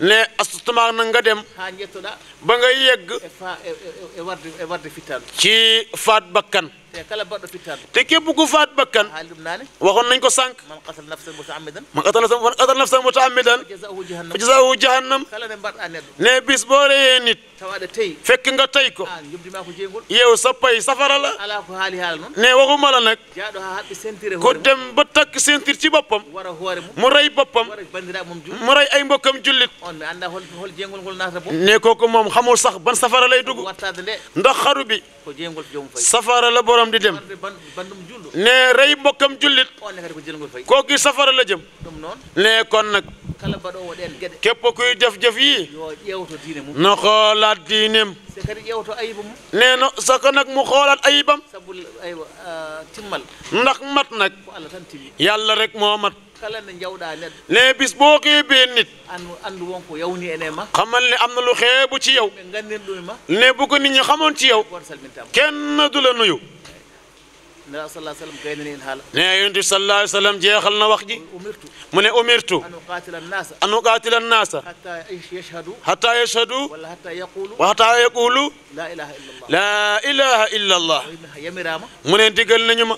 ne astutumaak na nga dem ba bay ci faat bakkan te kala baɗɗo fittan te képp ku faat bakkan haalidum naane waxoon nañ ko sànq man qatal nafsan mutaamidan man qatal man qatal nafsan mutaamidan fa jazaahu jahannam kala ne mbaɗɗa neɗɗo ne bis boo reyee nit tawaɗe tey fekk nga tey ko jubdima ko jeygol yeew sa pay safara la ala ko haali haala noon ne waxuma la nag jaaɗo ha haɓɓe sentire ko dem ba takk sentir ci boppam wara hoore mum mu rey boppam bandiraɓe mum mu rey ay mbokkam jullit on mi annda hol hol jeygol ngol naata bo ne kooku moom xamul sax ban safara lay dugg wattade nde ndax xaru bi ko jeygol jomum fay safara la borom kanamam di dem ne rey mbokkam jullit oh, kooku safara la jëm ne kon nag képp kuy jëf-jëf yi na xoolaat diineem nee na sa ko nag mu xoolaat ayibam ndax mat nag yàlla rek moo mat ne bis boo xeebee nit xamal ne am na lu xeebu ci yow ne bu ko nit ñi xamoon ci yow kenn du la nuyu لا يندي صلى الله عليه وسلم جي خلنا وخجي من امرت ان قاتل الناس حتى يشهدوا حتى يشهدوا ولا حتى يقولوا وحتى يقولوا لا اله الا الله لا اله الا الله من ديغل نانيما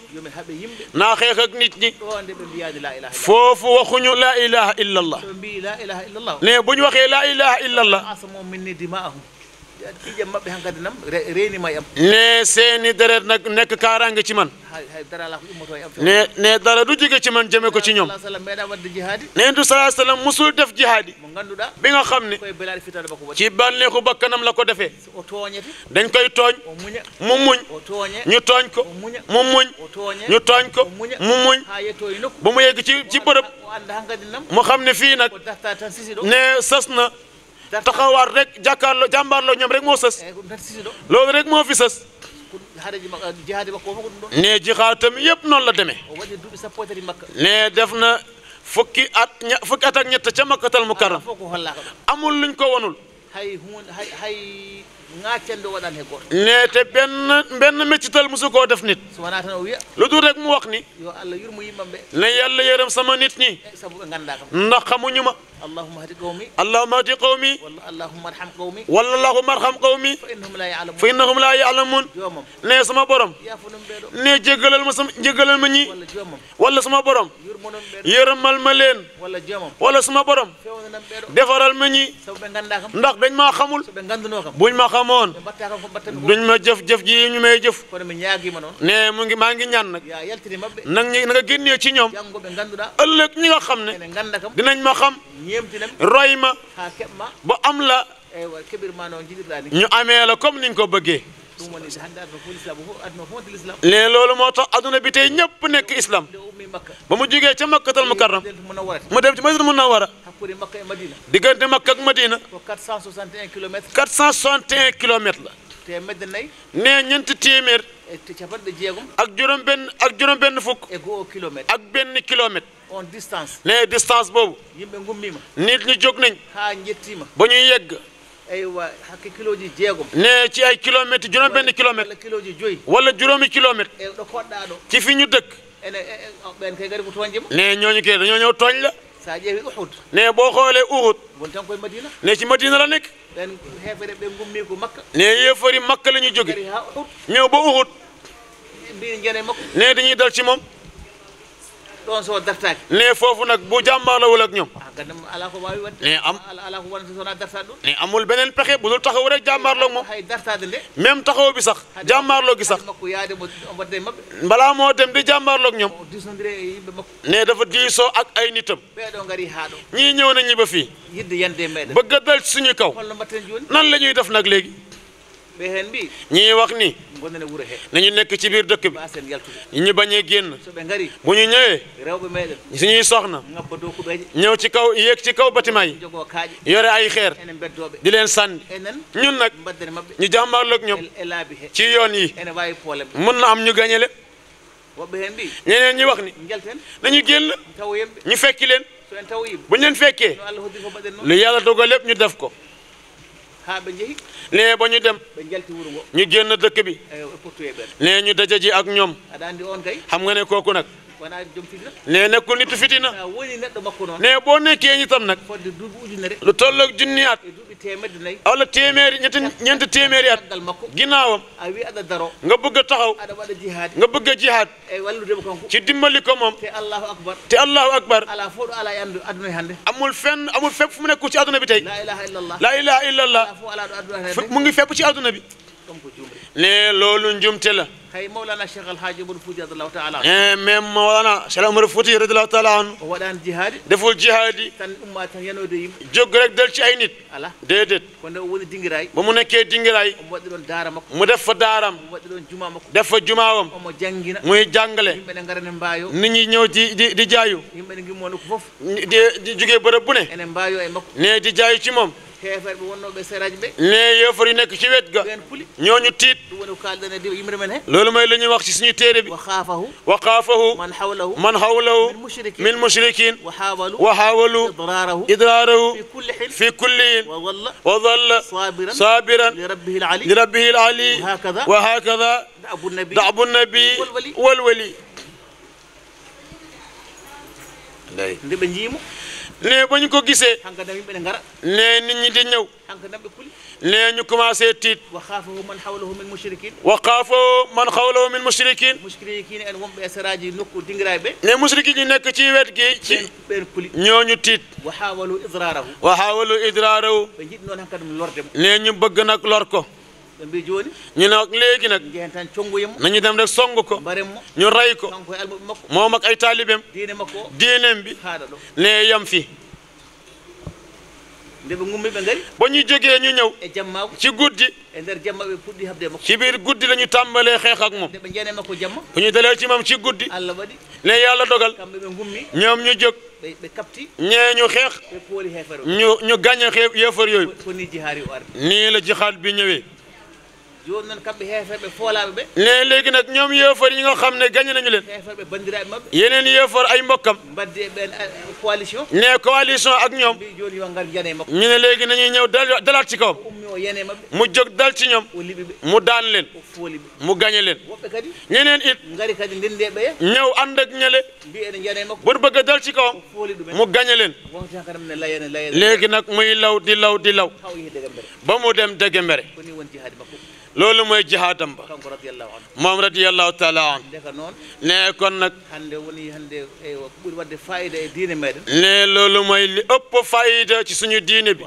نا خيخ اك نيت ني فوفو واخو نيو لا اله الا الله لا اله الا الله ني بو نيو واخي لا اله الا الله ne seeni deret nag nekk kaaraange ci man ne ne dara du jóge ci man jëme ko ci ñoom ne du salaa sallam musul def jihaadi bi nga xam ne ci bànneexu bakkanam la ko defee dañ koy tooñ mu muñ ñu tooñ ko mu muñ ñu tooñ ko mu muñ ba mu yegg ci ci bërëb mu xam ne fii nag ne sas na taxawaat rek jàkkaarloo jàmbaarloo ñam rek moo sës eh, loolu rek moo fi sës eh, ne jihaatam yëpp noonu la demee oh, ne def na fukki at ña fukki at ak ñett ca makkatal mukarram ah, amul luñ ko wonul nee te benn benn méccital mosu koo def nit. lu dul rek mu wax ni. ne yàlla yërëm sama nit ñi. ndax xamuñu ma. allahumma hadi qawmi. wala allahumma arham qawmi. ñi. wala yërëmal ma leen wala suma borom defaral ma ñi ndax dañ maa xamul buñ ma xamoon duñ ma jëf-jëf ji ñu may jëf ne ngi maa ngi ñaan nag nag ñi na nga génnee ci ñoom ëllëg ñi nga xam ne dinañ ma xam roy ma ba am la ñu amee la comme niñ ko bëggee ne loolu moo tax adduna bi tey ñëpp nekk islam ba mu jugee ca makkatal mukarram mu dem ci madina munawara diggante makka ak madina 461 kilomètres 461 kilomètres la ne ñeenti téeméer ak juróom benn ak juróom benn fukk ak benn kilomètre ne distance boobu nit ñi jóg nañ ba ñuy yegg aywa hakke ne ci ay kilomètre juróom benn kilomètre kiloji joyi walla juróomi kilomètre eh, ci fi ñu dëkk eh, eh, oh, ne ñooñu kay dañoo ñëw tooñ la ne boo xoolee uhud ne ci madina la nekk ne yeefori makka la ñu jóge ñëw ba uxut ne dañuy dal ci moom ɗon so dartaki ne foofu nag bu jàmbaarlawul ak ñoom ah, ala ko waawi wadde ne am ala ko wonde sona amul beneen pexe bu dul taxaw rek jàmbaarloo moom hay dartade nde même taxaw bi sax jàmbaarloo gi sax makko yaade wadde mabɓe balaa moo dem di jàmbaarloo ak ñoom oh, disnodire e yimɓe makko ne dafa diisoo ak ay nitam ɓeeɗo ngari haa ɗo ñii ñëw nañ ñi ba fii yidde yande meɗen bëgg a dal suñu kaw holno mbatten jooni nan la ñuy def nag léegi ñi wax ni ñu nekk ci biir dëkk bi ñu bañ a génn bu ñu ñëwee suñuy soxna ñëw ci kaw yéeg ci kaw bâtiment yi yore ay xeer di leen sànni ñun nag ñu jàmmarloog ñoom ci yoon yi mën na am ñu gañe leen ñeneen ñi wax ni nañu génn ñu fekki leen bu ñu leen fekkee lu yàlla dogal lépp ñu def ko nee ba ñu dem ñu génn dëkk bi nee ñu daje ji ak ñoom xam nga ne kooku nag nee nekkul nitu fitina nee boo nekkee itam nag lu toll ak junni at wala téeméeri ñetti ñeenti téeméeri at ginnaawam nga bëgg a taxaw nga bëgg a jihaad ci dimbali ko moom te allahu akbar amul fenn amul fépp fu mu nekkul ci adduna bi tey laa ilaha illallah mu ngi fépp ci adduna bi nee loolu njumte la هي مولانا شيخ الحاج ابو الفوتي رضي الله تعالى عنه إيه، ميم مولانا شيخ عمر الفوتي رضي الله تعالى عنه هو دان جهادي دفول جهادي كان امات ينو دي جوغ رك دل شي اي نيت الله ديدت كون ولي دينغراي بومو نيكي دينغراي مو دون دارا مكو مو دف دارام مو دون جمعه مكو دف جمعه مو جانغينا موي جانغلي يمبé ngarane mbayo nit ñi ñew di di jaayu yimɓe ne ngi mono heefere ɓe wonnoɓe séraji ɓe ne yeefori nekk ci wet ga ɓen puli ñooñu tiit ɗum woni ko kalɗen e yimre men he loolu mooy la ñuy wax ci suñu téere bi wa xaafahu wa xaafahu man hawlahu man hawlahu min mushrikin wa haawalu wa haawalu idraarahu idraarahu fi kulli hin fi kulli hin wa dhalla wa dhalla sabiran sabiran li rabbihi al ali li rabbihi al ali wa hakadha wa hakadha da'bu nabi da'bu nabi wal wali nde ɓe njiimo nee ba ñu ko gisee nee nit ñi di ñëw nee ñu commencé tiit wa xaafoo man xawlahu min mushrikin wa xaafoo man xawlahu min mushrikin mushrikin en wonɓe e saraji nokku dingiraɓe ne mushrikin ñi nekk ci wet gi ci ɓen puli ñooñu tiit wa xaawalu idrarahu wa xaawalu idrarahu ɓe jiɗi noon han kadi lorde mo nee ñu bëgg nag lor ko ɓe joni ñu ne léegi nag nañu dem rek song ko ñu ray ko moom ak ay taalibeem diineem bi ne yam fi nde ɓe gummi ɓe gari bo ñu jógee ñu ñëw e jammako ci guddi e nder jamma ɓe puɗɗi habde makko ci biir guddi la ñu tàmbalee xeex ak moom nde ɓe jeene makko jamma bu ñu dalee ci moom ci guddi allah waɗi ne yàlla dogal kamɓe ɓe gummi ñoom ñu jóg ɓe kapti ñee ñu xeex ɓe pooli heefar ñu ñu gañe xeef yeefar yooyu koni jihaari o arde nii la jihaad bi ñëwee joni noon kamɓe heeferɓe foolaɓe ɓe ne léegi nag ñoom yeefar yi nga xam ne gañe nañu leen heeferɓe bandiraɓe mabɓe yeneen yeefar ay mbokkam coalition ne coalition ak ñoom mbi joni yo ngal yene makko ñu ne léegi nañuy ñëw dal dalaat ci kawam mu jóg dal ci ñoom mu daan leen o fooli ɓe mu gañe leen woɓɓe kadi ñeneen it ngari kadi ndendeɓe ñëw ànd ak ñële mbi ene yene makko bon bëgg dal ci kawam mu gañe leen wonta kadam ne layene layene léegi nag muy law di law di law ba mu dem dege mbere lolou moy jihadam ba mom radiyallahu taala ne kon nak hande hande woni wa wadde an e dine meden ne lolou moy li upp fayida ci suñu dine bi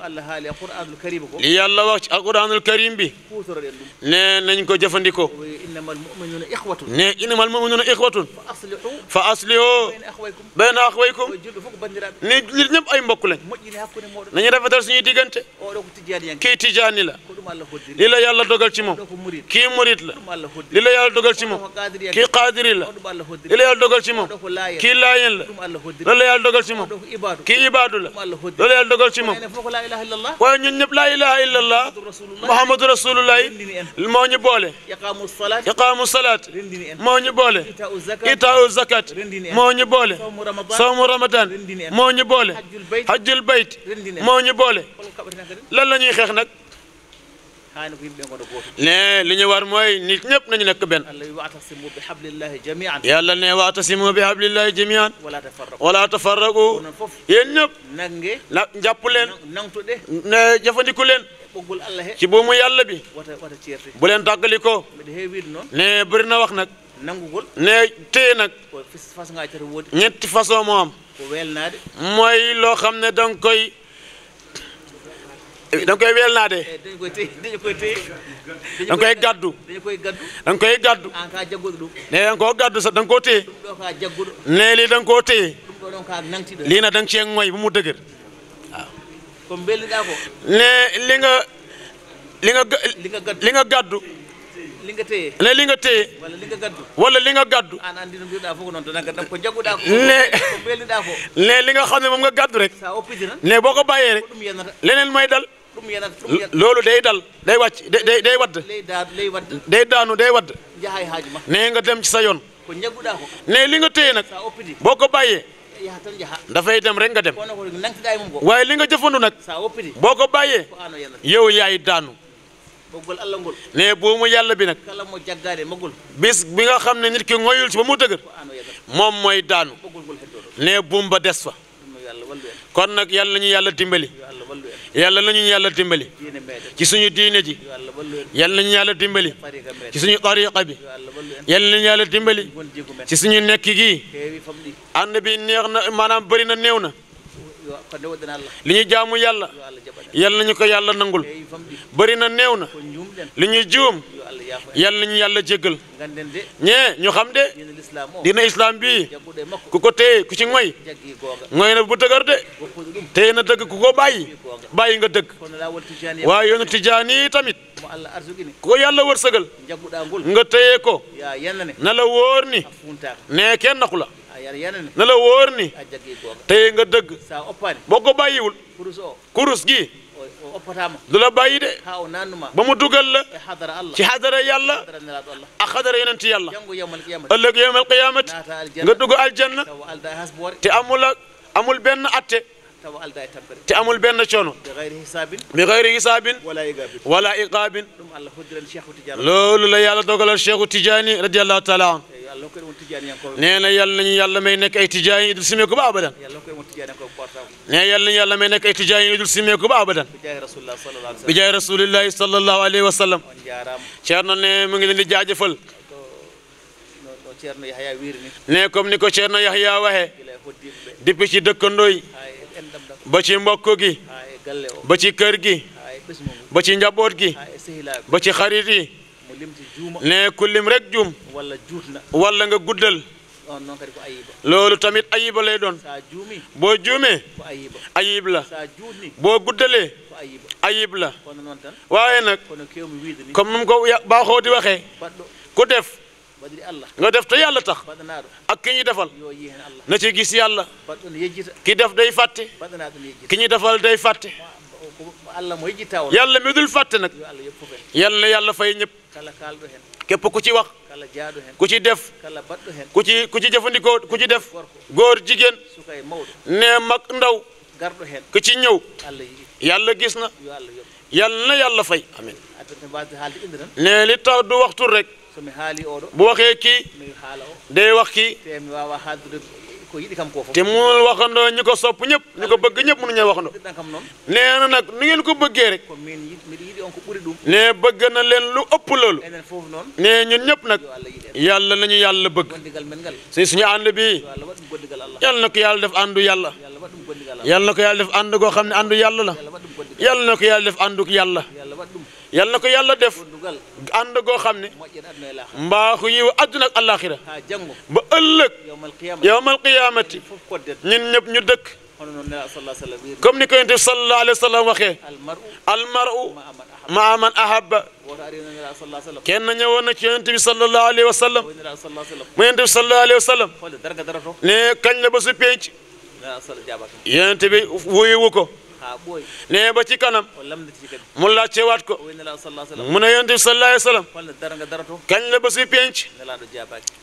li yàlla wax ci alquranul karim bi ne nañ ko jëfandikoo ne innamal muminuna ikhwatun fa aslihu bayna axwaykum ne nit ñep ay mbokk lañ nañu rafetal suñu digante ki tijani la li yàlla dogal ci mom kii murit la li la yàlla dogal ci moom kii qaadiri la li la yàlla dogal ci moom kii laayeen la loolu la yàlla dogal ci moom kii ibaadu la loolu la yàlla dogal ci moom waaye ñun ñëpp laa ilaha illa allah muhammadu rasulullah moo ñu boole iqaamu salaat moo ñu boole itaau zakat moo ñu boole sawmu ramadan moo ñu boole hajjul bayt moo ñu boole lan la ñuy xeex nag ne li ñu war mooy nit ñëpp nañu nekk benn. yàlla ne waatasimu bi hablillahi jamian. wala tafarraqu yéen ñëpp. na jàpp leen. ne jëfandiku leen. ci buumu yàlla bi. bu leen tàggalikoo. ne bëri na wax nag. ne téye nag. ñetti façon moo am. mooy loo ne danga koy. Eh, da nga koy wel naa de. Eh, dañ koy téye dañ koy téye. da nga koy gàddu. dañ koy gàddu. da nga koy gàddu. Ah, nee da nga koo gàddu sax da nga koo téye. nee lii da nga koo téye. lii nag da nga cee ngoy bu mu dëgër waaw. nee li nga li nga li nga gàddu. li nga téye ne li nga téye wala li nga gàddu ne ne li nga xam ne moom nga gàddu rek ne boo ko bàyyee rek leneen may dal loolu day dal day wàcc day day wadd day daanu day wadd nee nga dem ci sa yoon ne li nga téye nag boo ko bàyyee dafay dem rek nga dem waaye li nga jëfandu nag boo ko bàyyee yow yaay daanu ne buumu yàlla bi nag bis bi nga xam ne nit ki ngoyul ci ba mu dëgër moom mooy daanu ne buum ba des fa kon nag yàlla ñu yalla dimbali yàlla nañu yàlla dimbali ci suñu diine ji yàlla nañu yàlla dimbali ci suñu tariqa bi yàlla nañu yàlla dimbali ci suñu nekk gii ànd bi neex na maanaam bëri na néew na li ñu jaamu yàlla yàlla nañu ko yàlla nangul bëri na néew na li ñu juum yal nañu yàlla jéggal ñee ñu xam de dina islam bi ku ko téye ku ci moy moy na bu dëgër de téye na dëgg ku ko bàyyi bàyyi nga dëgg waaye yoonu tijaani tamit ku ko yàlla wërsëgal nga téye ko na la wóor ni ne kenn naxu la na la wóor ni téye nga dëgg boo ko bàyyiwul kurus gi دولا بايد بمدوغل شي حضر يالا اخضر ينت يالا الله يوم القيامه نغ دوغ الجنه تامل امول بن اتي تامل بن شنو بغير حساب بغير حساب ولا عقاب ولا عقاب لول لا يالا دوغل الشيخ تجاني رضي الله تعالى عنه nee na yàlla nañu yàlla may nekk ay tijaan yi dul simeeku ba abadan nee yàlla nañu yàlla may nekk ay tijaan yi dul simeeku ba abadan bi jaay rasulillahi sallallahu alayhi wa sallam Ceerno ne mu ngi leen di jaajëfal ne comme ni ko Ceerno Yahya waxee depuis ci dëkkandoo yi ba ci mbokk gi ba ci kër gi ba ci njaboot gi ba ci xarit yi ne ku lim rek juum. wala juut na. wala nga guddal. Oh, loolu tamit ayiba lay doon. boo juumee. ayib la. boo guddalee. ayib la. waaye nag. comme nu mu ko baaxoo di waxee. ku def. nga def te yàlla tax ak ki ñuy defal na ci gis yàlla ki def day fàtte ki ñuy defal day fàtte yàlla mi dul fàtte nag yàlla yàlla fay ñëpp képp ku ci wax ku ci def ku ci ku ci jëfandikoo ku ci def góor jigéen ne mag ndaw ku ci ñëw yàlla gis na yàlla na yàlla fay amin nee li tax du waxtu rek bu waxee kii day wax kii te moo waxandoo ñi ko sopp ñëpp ñu ko bëgg ñëpp mënu ñoo waxandoo nee na nag nu ngeen ko bëggee rek ne bëgg na leen lu ëpp loolu ne ñun ñëpp nag yàlla nañu yàlla bëgg si suñu ànd bi yàlla na ko yàlla def àndu yàlla yàlla na ko yàlla def ànd goo xam ne àndu yàlla la yàlla na ko yàlla def àndu yàlla يالا نكو يالا ديف اند غو خامني مباخ يي ادنا الاخره با الك يوم القيامه نين نيب ني دك كم نكو انت صلى الله عليه وسلم وخي المرء المرء مع من احب كان نيوانا تي انت صلى الله عليه وسلم من انت صلى الله عليه وسلم ني كان لا بس بينتي يا انت وي وكو Ah, nee ba ci kanam oh, mu laajte waat ko mu ne yonent bi sallallahu alayhi wasallam kañ la ba si penc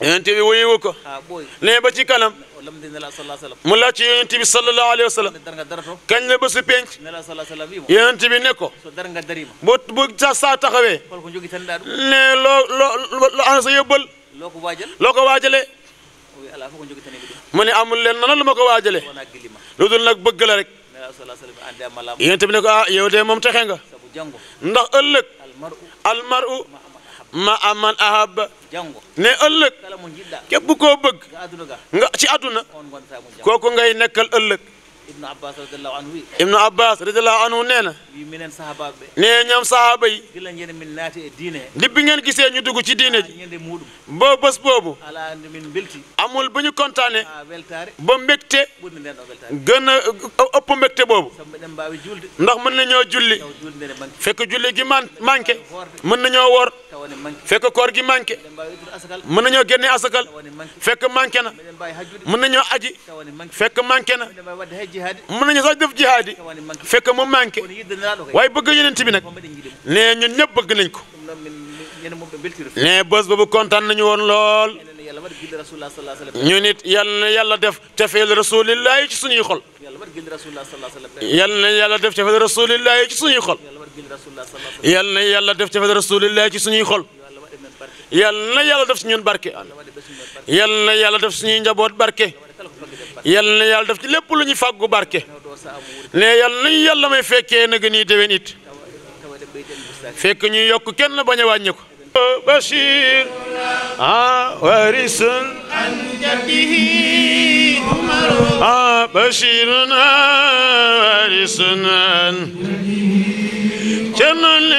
yonent bi woyewu ko ah, nee ba ci kanam oh, mu laajte yonent bi sallallahu alayhi wasallam kañ la ba si penc yonent bi ne ko bu bu saa taxawee nee loo loo loo ana sa yóbbal loo ko waajalee mu ne amul len ma lu ma ko waajalee lu dul nag bëgg la rek. yéen tamit ne ko ah yow de moom texe nga ndax ëllëg almaru ma aman ahab ne ëllëg képp koo bëgg nga ci àdduna kooku ngay nekkal ëllëg ibnu abbas radiallahu anhu ibnu abbas radiallahu anhu nee na minen sahabaɓe ɓe ne ñoom sahaba yi gila ñene min naati e diine libbi ngeen gisee ñu dugg ci diine ji ñande muɗum bo bés boobu ala min belti amul bu ñu kontaane ah, ba mbégte ɓurni nden ɗo oh, weltare gën a ëpp mbégte boobu sabu eɗen mbawi julde ndax mën nañoo julli fekk julli gi man manqué mën nañoo woor tawane manque fekk koor gi manqué mën nañoo génne asakal fekk manqué na mën nañoo aji fekk manqué na mën nañu sax def jihaad yi fekk mu manqué waaye bëgg yonent bi nag nee ñun ñëpp bëgg nañ ko nee bés boobu kontaan nañu woon lool ñu nit yal na yàlla def tefeel rasulillahi ci suñuy xol yal na yàlla def tefeel rasulillahi ci suñuy xol yal na yàlla def tefeel rasulillahi ci suñuy xol yal na yàlla def si ñun barke yal na yàlla def suñuy njaboot barke yal na yàlla def ci lépp lu ñu fàggu barke ne yal ñu yàlla may fekkee na gën yi déwén it fekk ñuy yokk kenn bañ a wàññi آه، آه، بشير وارث عن جده عمر بشير وارث عن جمال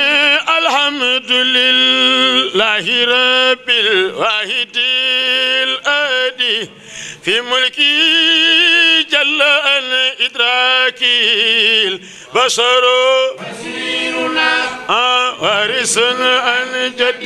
الحمد لله رب الواحد الأدي في ملكي جل أن إدراكي البشر بشيرنا آه، وارث عن جد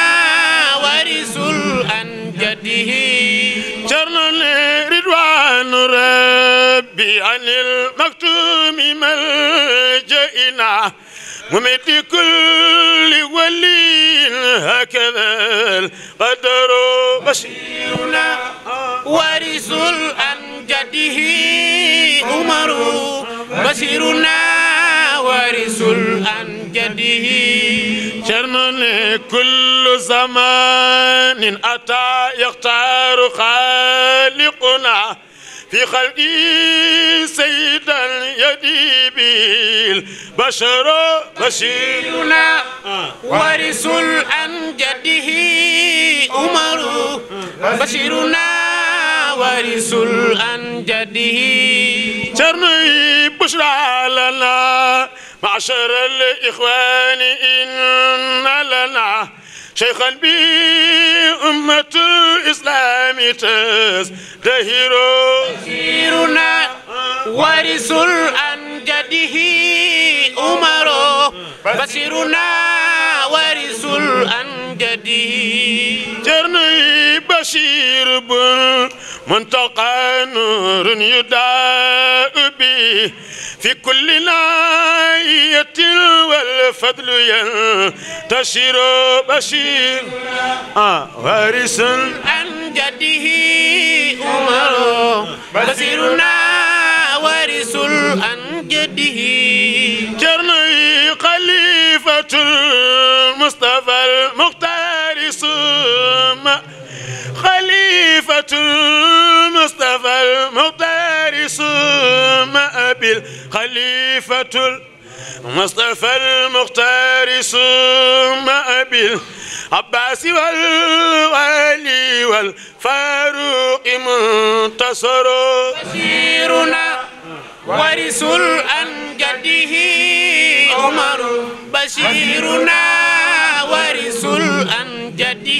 وارث الأنجده شرنا رضوان ربي عن المكتوم ملجئنا ومت كل ولي هكذا القدر بشيرنا وارث الأنجده عمر بشيرنا وارث الأنجده جده شرن كل زمان أتى يختار خالقنا في خلقي سيد اليديب البشر بشيرنا آه. وارث الأنجده عمر بشيرنا وارث الأنجده شرن بشرى لنا معشر الإخوان إن لنا شيخا بأمة الإسلام تزدهر تزدهرنا ورث عن جده أمر بصيرنا وارث الأنجدي جرني بشير بن منطقة نور يداء به في كل ناية والفضل ينتشر بشير آه وارث الأنجده عمر بشيرنا وارث الأنجده جرني خليفة المصطفى المقترس ما أبي خليفة المصطفى المقترس ما أبي عباس والوالي والفاروق منتصر بشيرنا ورث الأنجده عمر بشيرنا ورث الأنجده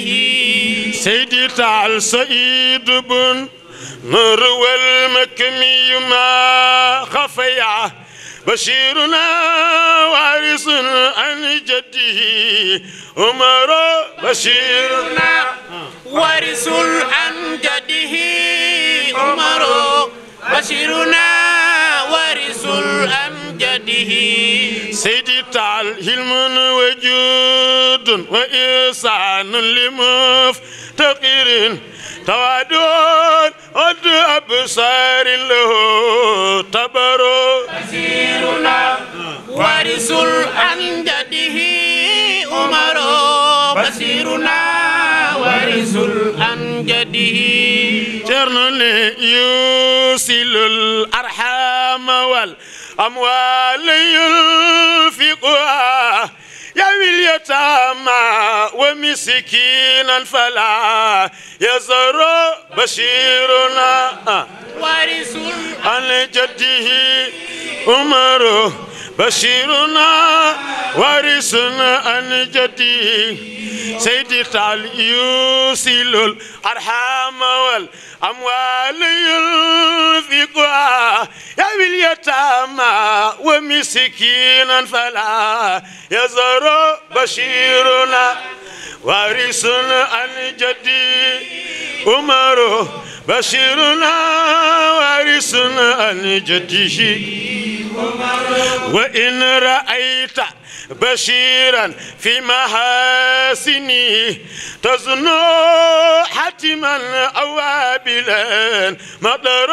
سيده سيدي تعال سيد بن نور والمكمي ما خفيع بشيرنا وارث عن جده عمر بشيرنا وارث عن جده عمر بشيرنا وارث عن سيدي تعال علم وجود وإحسان تقير توادون قد أبصار له تبرو مسيرنا وارث الأمجده أمر مسيرنا وارث الأمجده جرن يوصل الأرحام والأرحام amwaal yunfiquha يأوي اليتامى ومسكينا فلا يزر بشيرنا وارث عن جده عمر بشيرنا وارث عن جده سيدي تعالى يوصل الأرحام والأموال ينفقها يأوي اليتامى ومسكينا فلا يزر البشر بشيرنا وارث عن جدي عمر بشيرنا وارث عن جده وإن رأيت بشيرا في محاسنه تزنو حتما أوابلا مطر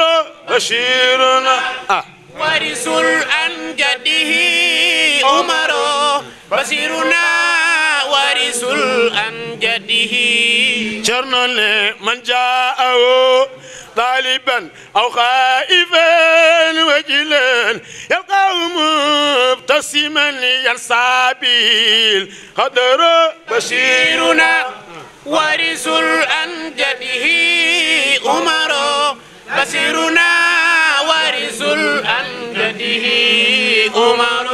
بشيرنا آه. warisul an jaddihi umaro basiruna warisul an jaddihi cerno le man jaawo طالبا او خائفا وجلا يلقاه مبتسما ينسى به الخضر بشيرنا وارث الانجده امر بصيرنا وارث الأمجده أمر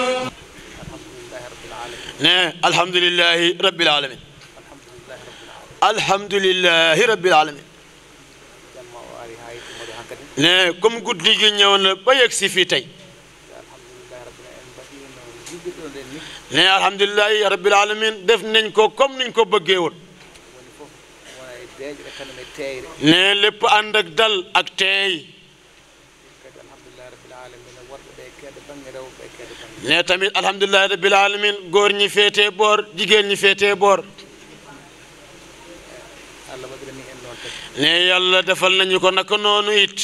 الحمد لله رب العالمين الحمد لله رب العالمين ne comme guddi gi ñëw na ba yegg si fii tey ne alhamdulilahi rabbil alamin def nañ ko comme niñ ko bëggee woon ne lépp ànd ak dal ak teey ne tamit alhamdulilahi rabbil alamin góor ñi féetee boor jigéen ñi féetee boor ne yàlla defal nañu ko naka noonu it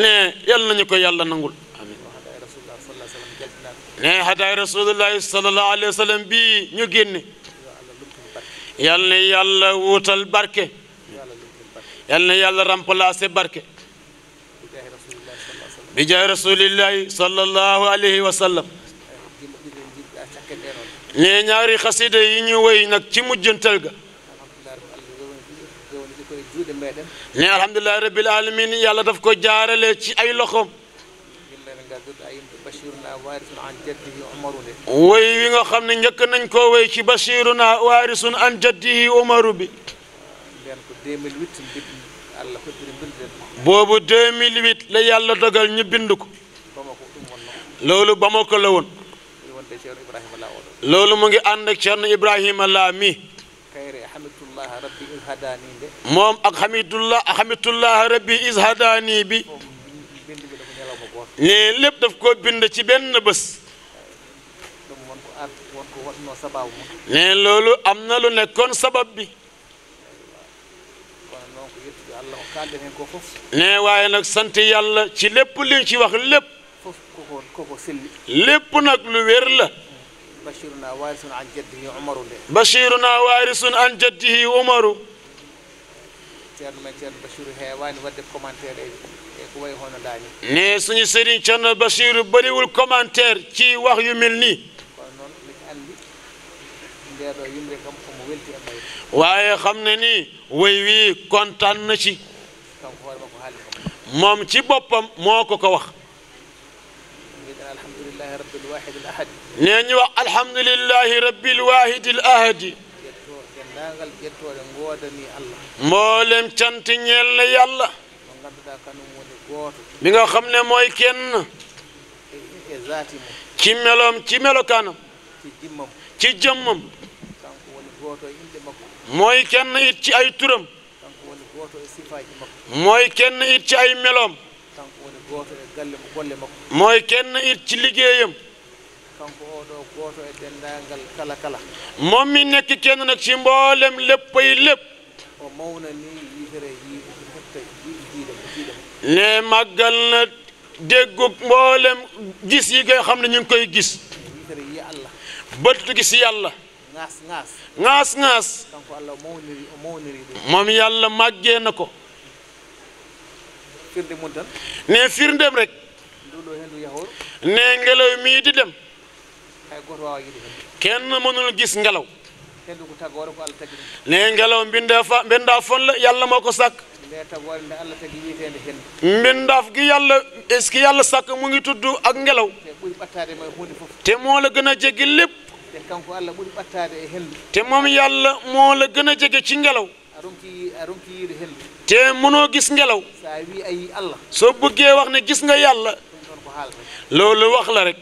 ne yàlla nañu ko yàlla nangul amin ne hadaay rasulullahi salallahu alayhi wa bii ñu génne yàlla na yàlla wuutal barke yàlla na yàlla remplacer barke بجاه رسول الله صلى الله عليه وسلم لي نياري خسيده يي ني وي نك تي مجنتال الحمد لله رب العالمين يالا داف كو جارالي تي اي لوخوم وي ويغا خامني نيك نانكو وي تي بشيرنا وارث عن جده عمر بي 2008 الله خدري boobu 2008 la yàlla dogal ñu bind ko loolu ba ma ko la woon loolu mu ngi ànd ak Cerno Ibrahima Laa mi moom ak xamitullah xamitullah rabbi is bi ne lépp daf ko bind ci benn bës ne loolu am na lu nekkoon sabab bi ne waaye nag sant yàlla ci lépp li ci wax lépp lépp nag lu wér la bashiruna waarisun an jaddihi umaru de bashiruna waarisun an jaddihi umaru ceerno men ceerno bashiru heewaani wadde commentaire e ko way hono daani ne suñu sëriñ ceerno bashiru bëriwul commentaire ci wax yu mel nii e waaye xam ne nii way wii kontaan na ci moom ci boppam moo ko ko wax nee ñu wax alhamdulillahi rabbil wahidil ahadi mboolem cant ñeel na yàlla bi nga xam ne mooy kenn ci meloom ci melokaanam ci jëmmam mooy kenn it ci ay turam mooy kenn it ci ay meloom mooy kenn it ci liggéeyam moom mi nekk kenn nag ci mboolem léppay lépp ne màggal na déggu mboolem gis yi nga xam ne ñu ngi koy gis bët gis yàlla ŋaas ŋaas moom yàlla màggee ko ne firndem rek ne ngelaw mii di dem kenn mënul gis ngelaw ne ngelaw mbindaa fon la yàlla moo ko sàkk mbindaaf gi yàlla est mungi que yàlla ak ngelaw te moo gën a jéggi lépp te kanko allah ɓuri ɓattade e henndu te moom yàlla moo la gëna a ci ngelaw a ronki a ronki te mëno gis ngelaw so a wi a allah soo bëggee wax ne gis nga yalla lolu wax la rek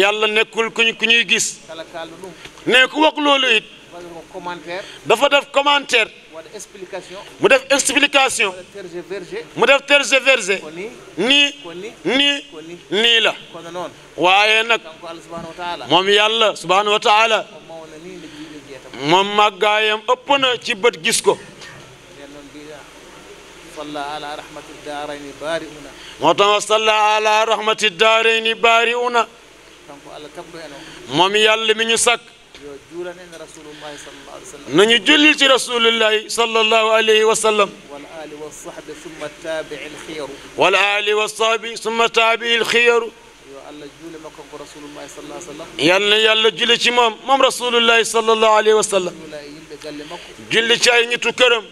yalla nekkul kuñ kuñuy gis ne ku wax lolu it commentaire. dafa def commentaire. explication. mu def explication. mu def ni Ni, ni, ni. la. waaye nag wa taala moom màggaayam ëpp na ci bët gis ko. moo tax wa ala نني جولي رسول الله صلى الله عليه وسلم والآل والصحب ثم التابع الخير والآل والصحب ثم التابع الخير يلا جولي رسول الله صلى الله عليه وسلم جولي شاي نيتو كرم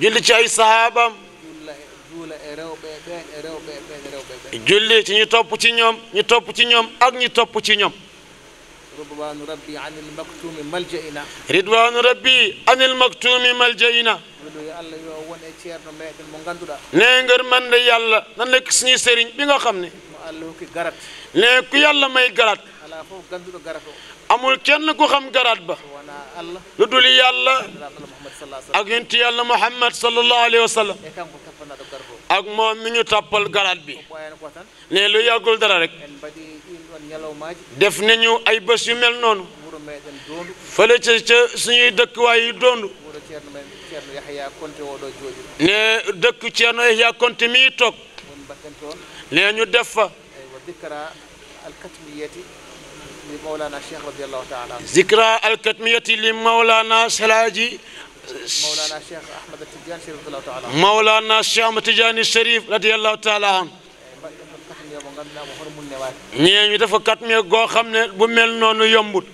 جولي شاي صحابام جولي شاي نيتو بوتي نيوم نيتو بوتي نيوم اك نيتو بوتي نيوم رضوان ربي عن المكتوم ملجئنا رضوان ربي عن المكتوم ملجئنا نعمر من ذي الله ننك سنيسرين بينا خمني نكو يالله الله غرات أمول كأن نكو خم الله با لدولي يالله أجن تي الله محمد صلى الله عليه وسلم أجمع مني تابل غرات بي نلو يا غول دارك def nañu ay bés yu mel noonu fële ca ca suñuy dëkkuwaay yu doondu ne dëkk Ceerno Yahya Konte mi toog nee ñu def fa zikra alkatmiyati li Mawlana Salaaji Mawlana Cheikh Ahmad Tidiane Chérif radiyallahu taala anhu nee ñu dafa kat mi goo xam ne bu mel noonu yombut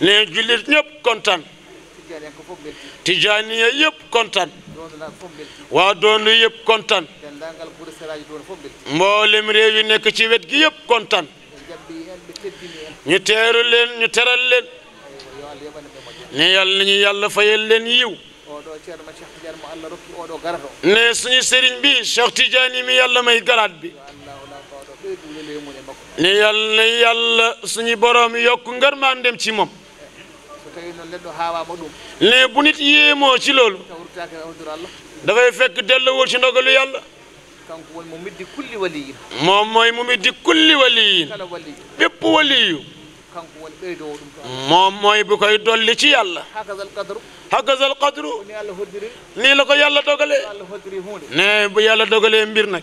nee jullit ñëpp kontaan tijaaniya yëpp kontaan waa doondu yëpp kontaan mboolem réew yi nekk ci wet gi yëpp kontaan ñu teeru leen ñu teral leen ne yàlla nañu leen yiw ne suñu sëriñ bi cheikh tidiane mi yalla may garat bi ne yàlla na yàlla suñu borom yokku ngarmaan dem ci moom ne bu nit yéemoo ci loolu dafay fekk delluwul ci ndogalu yàlla moom mooy mu middi kulli waliyin bépp waliyu moom mooy bu koy dolli ci yàlla hakkazal qadru nii la ko yàlla dogalee ne bu yàlla dogalee mbir nag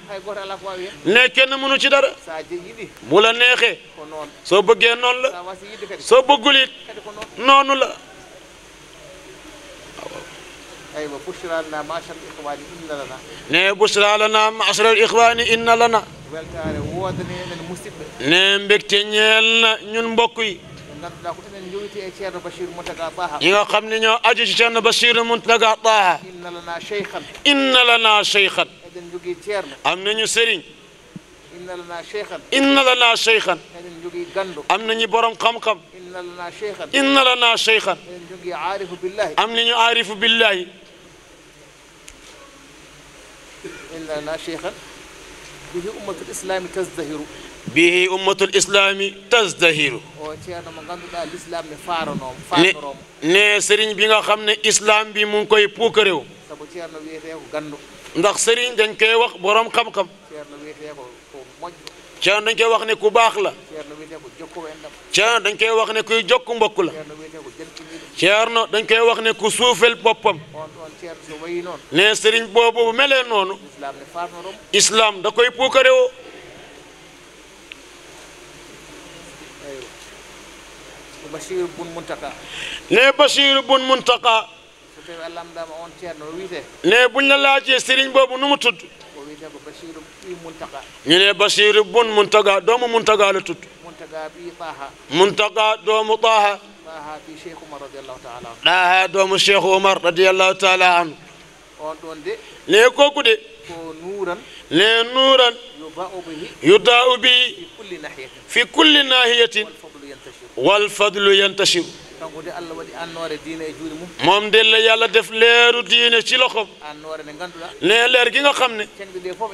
ne kenn mënu ci dara bu la neexee soo bëggee noonu la soo bëggul it noonu la ne bushra lana ma'shara al-ikhwani inna lana ne mbégte ñeel na ñun mbokk yi ñi nga xam ne ñoo aju ci Ceerno Basiru Muntaga Taaha inna lana cheykhan am nañu sëriñ inna lana cheykhan am nañu borom xam-xam inna lana cheykhan am nañu aarifu billahi inna lana cheykhan bihi ummatul islami tazdahiru bihi ummatul islami tazdahiru o ceerno mo ngannduɗaa l'islam ne faaranomo faarnoroomo ne sëriñ bi nga xam ne islaam bi mu koy puukarew sabu ceerno wiyetee ko gandu ndax sëriñ dañ koy wax borom xam-xam ceerno wiyetee ko koy wax ne ku baax la ceerno wiyetee ko koy wax ne kuy jokku mbokk la ceerno wiyetee ko jaltiniɗo ceerno koy wax ne ku suufel boppam so wayi noon ne sëriñ boobu bu noonu islam da koy puukare بشير بن منتقى ني بشير بن منتقى سوتي الله ام دام اون تيرنو ويته ني بون لا جي سيرين بوبو نومو تود ويته بشير بن منتقى ني ني بشير بن منتقى دوم منتقى لا تود منتقى بي طه منتقى دوم طه طه في شيخ عمر رضي الله تعالى عنه طه دوم شيخ عمر رضي الله تعالى عنه اون دون دي ني كوكو دي نوران ني نوران يضاء به يضاء به في كل ناحيه في كل ناحيه wal fadlu yantashiru kanko de allah waɗi annoore diine e moom delle yàlla def leeru diine ci loxoom annoore nde leer gi nga xam ne cenɗe ɗe fof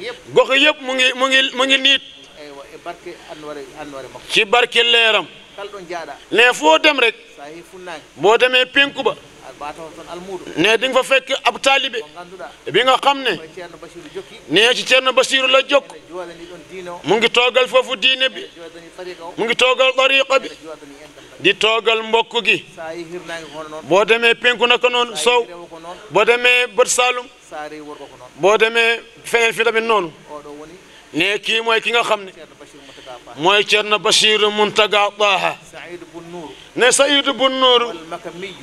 yëpp gox yëpp mu ngi mu ngi mu ngi niit eywa e barke annoore annoore makko ci barke leeram kala foo dem rek so yehi boo demee penku ba nee di nga fa fekk ab taalibe bi nga xam ne nee ci Ceerno Basiru la jokk mu ngi toogal foofu diine bi mu ngi toogal tariqa bi di toogal mbokk gi boo demee penku na ko noonu sow boo demee bët saalum boo demee feneen fi tamit noonu ne kii mooy ki nga xam ne مويكرنا بشير منتقى طه سعيد بن نور ني سعيد بن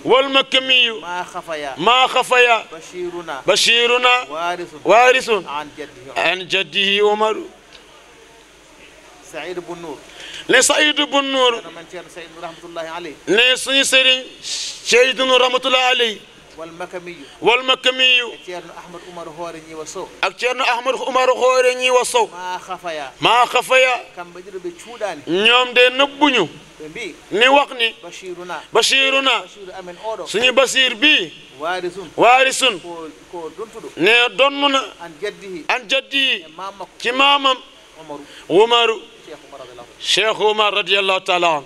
والمكمي ما خفيا ما خفيا بشيرنا بشيرنا وارث وارث عن جده عن جده عمر سعيد بن نور ني سعيد بن نور من سيدنا رحمه الله عليه ني سيدنا رحمه الله عليه والمكمي والمكمي تيرنو احمد عمر هوري ني وسو اك احمد عمر هوري ما خفيا ما خفيا كم بدر بي نيوم دي نبونيو ني وخني بشيرنا بشيرنا بشير امن اودو سني بشير بي وارثون وارثون ني دوننا ان جدي ان جدي كي مامم عمر عمر شيخ عمر رضي الله تعالى عنه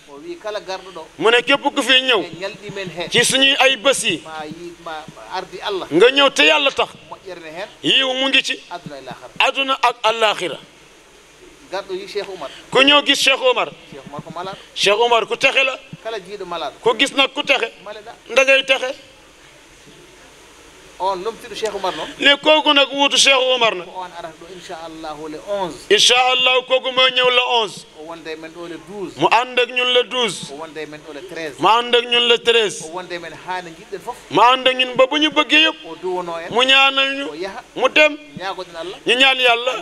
mu ne képp ku fee ñëw ci suñuy ay bés yi nga ñëw te yàlla tax yiw mu ngi ci aduna ak alaxira garɗo yi cheikh oumar ku ñëw gis cheikh oumar cheikh oumar ko malaɗo cheikh oumar ku texe la kala jiiɗo malaɗo ko gis nag ku texe da ngay texe on lomtiɗo cheikh oumar noon ne kooku nag wuutu cheikh oumar na on arata ɗo inchallahu le 11 inchallahu kooku moy ñëw le 11 o wonde men ɗo le 12 mo ñun le 12 o wonde men ɗo le 13 mo ñun le 13 o ñun ba bu ñu bëggee yëpp o duwono en mu ñaanal ñu o yaha mu dem ñaagoɗen allah ñu ñaan yàlla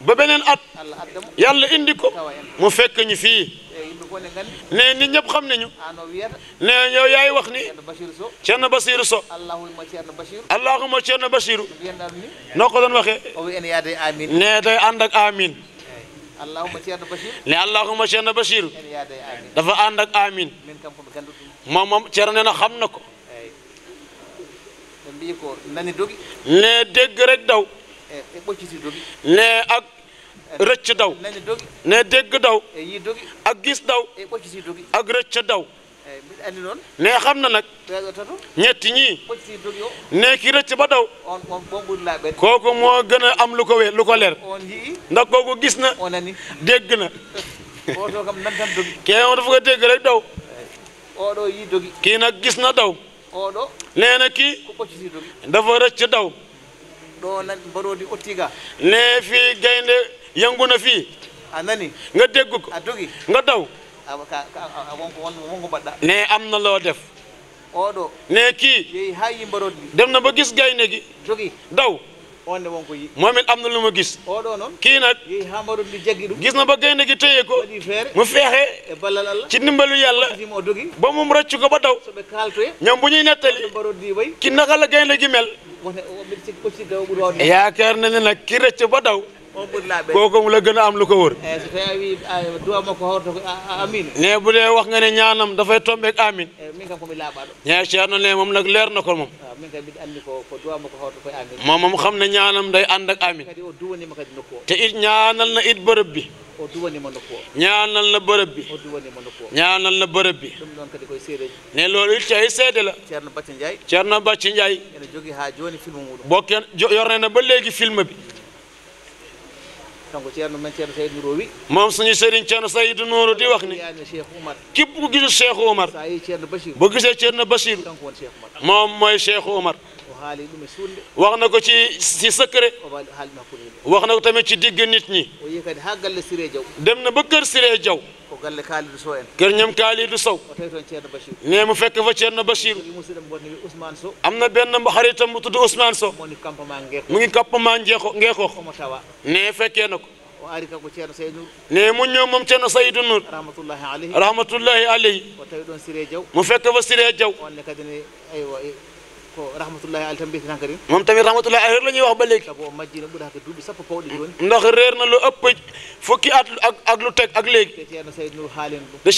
ba beneen at allah addamo yàlla indi ko mu fekk ñu fii ne nit ñëpp xam nañu ah, ne yow yaay wax ni Ceerno Basiru So allahumma Ceerno Basiru noo ko doon waxee ne day ànd ak amin ne allahumma Ceerno Basiru dafa ànd ak amin moom moom Ceerno nee na xam na ko ne dégg rek daw eh, eh, ne ak rëcc daw ne dégg daw eh, ak gis daw eh, ak rëcc daw eh, ne xam na nag ñetti ñi ne ki rëcc ba daw kooku moo gën am lu ko we lu ko leer ndax kooku gis na dégg na kee moom dafa ko rek daw kii nag gis na daw ne na kii dafa rëcc daw ne fii gaynde yangu na fii a ah, nga dégg ko a ah, dogi nga daw ah, ne am na loo def oɗo ne kii yehi ha yimbarodi dem na ba gis gaynde gi jogi daw onne wonko yi moom it am na lu ma gis oɗo noon kii nag yehi ha gis na ba gaynde gi téye ko waɗi feere mu feexe e ballal allah ci ndimbalu yàlla o dogi ba mum raccu ko ba daw soɓe kaltoye ñoom bu ñuy nettali mbarodi way ki naka la gaynde gi mel oh, yaakaar na ne nag ki rëcc ba daw kooku la gën a am lu ko wër. Eh, eh, ah, ah, ne bu dee wax nga ne ñaanam dafay tombeek amin. ñee eh, Ceerno ne moom nag leer na ko moom. Ah, moom moom xam ne ñaanam day ànd ak amin. Oh, te it ñaanal na it bërëb bi. Oh, ñaanal na bërëb bi. Oh, ñaanal na bërëb bi. ne loolu it cay seede la. Ceerno Bacci Ndiaye. Ceerno Bacci Ndiaye. bokkeen yor na ba léegi film bi. donc Thierno man Thierno Seydou Nourou wi moom suñu sëriñ Thierno Seydou Nourou di wax ni képp ku gisul Cheikh Oumar bu gisee Thierno Bachir moom mooy Cheikh Oumar wax na ko ci si secret wax na ko tamit ci digg nit ñi dem na ba kër Siré Diaw ko galle kaalidu kër ñam kaalidu sow o tawi toon ne mu fekk fa ceerno na musidɗo mo wonno ousmane am na benn mbo xaritam bu tudd ousmane mu ngi campement ngeeko mu ngi campement ne fekkee na ko o ari kako ceerno saydou nour ne mu ñëw moom ceerno saydou nour rahmatullahi alayhi rahmatullahi alayhi o tawi ɗon siré diaw mu fekk fa siré diaw ko rahmatullahi alayhi tan mbiyeten han kadi moom tamit rahmatullahi alayhi la ñuy wax ba léegi sabu o majjina ɓuuri haka duuɓi sappo pawɗi joni ndax réer na lu ëpp fukki at lu teg ak léegi te ceerno Saydou Nour haalen ɗum de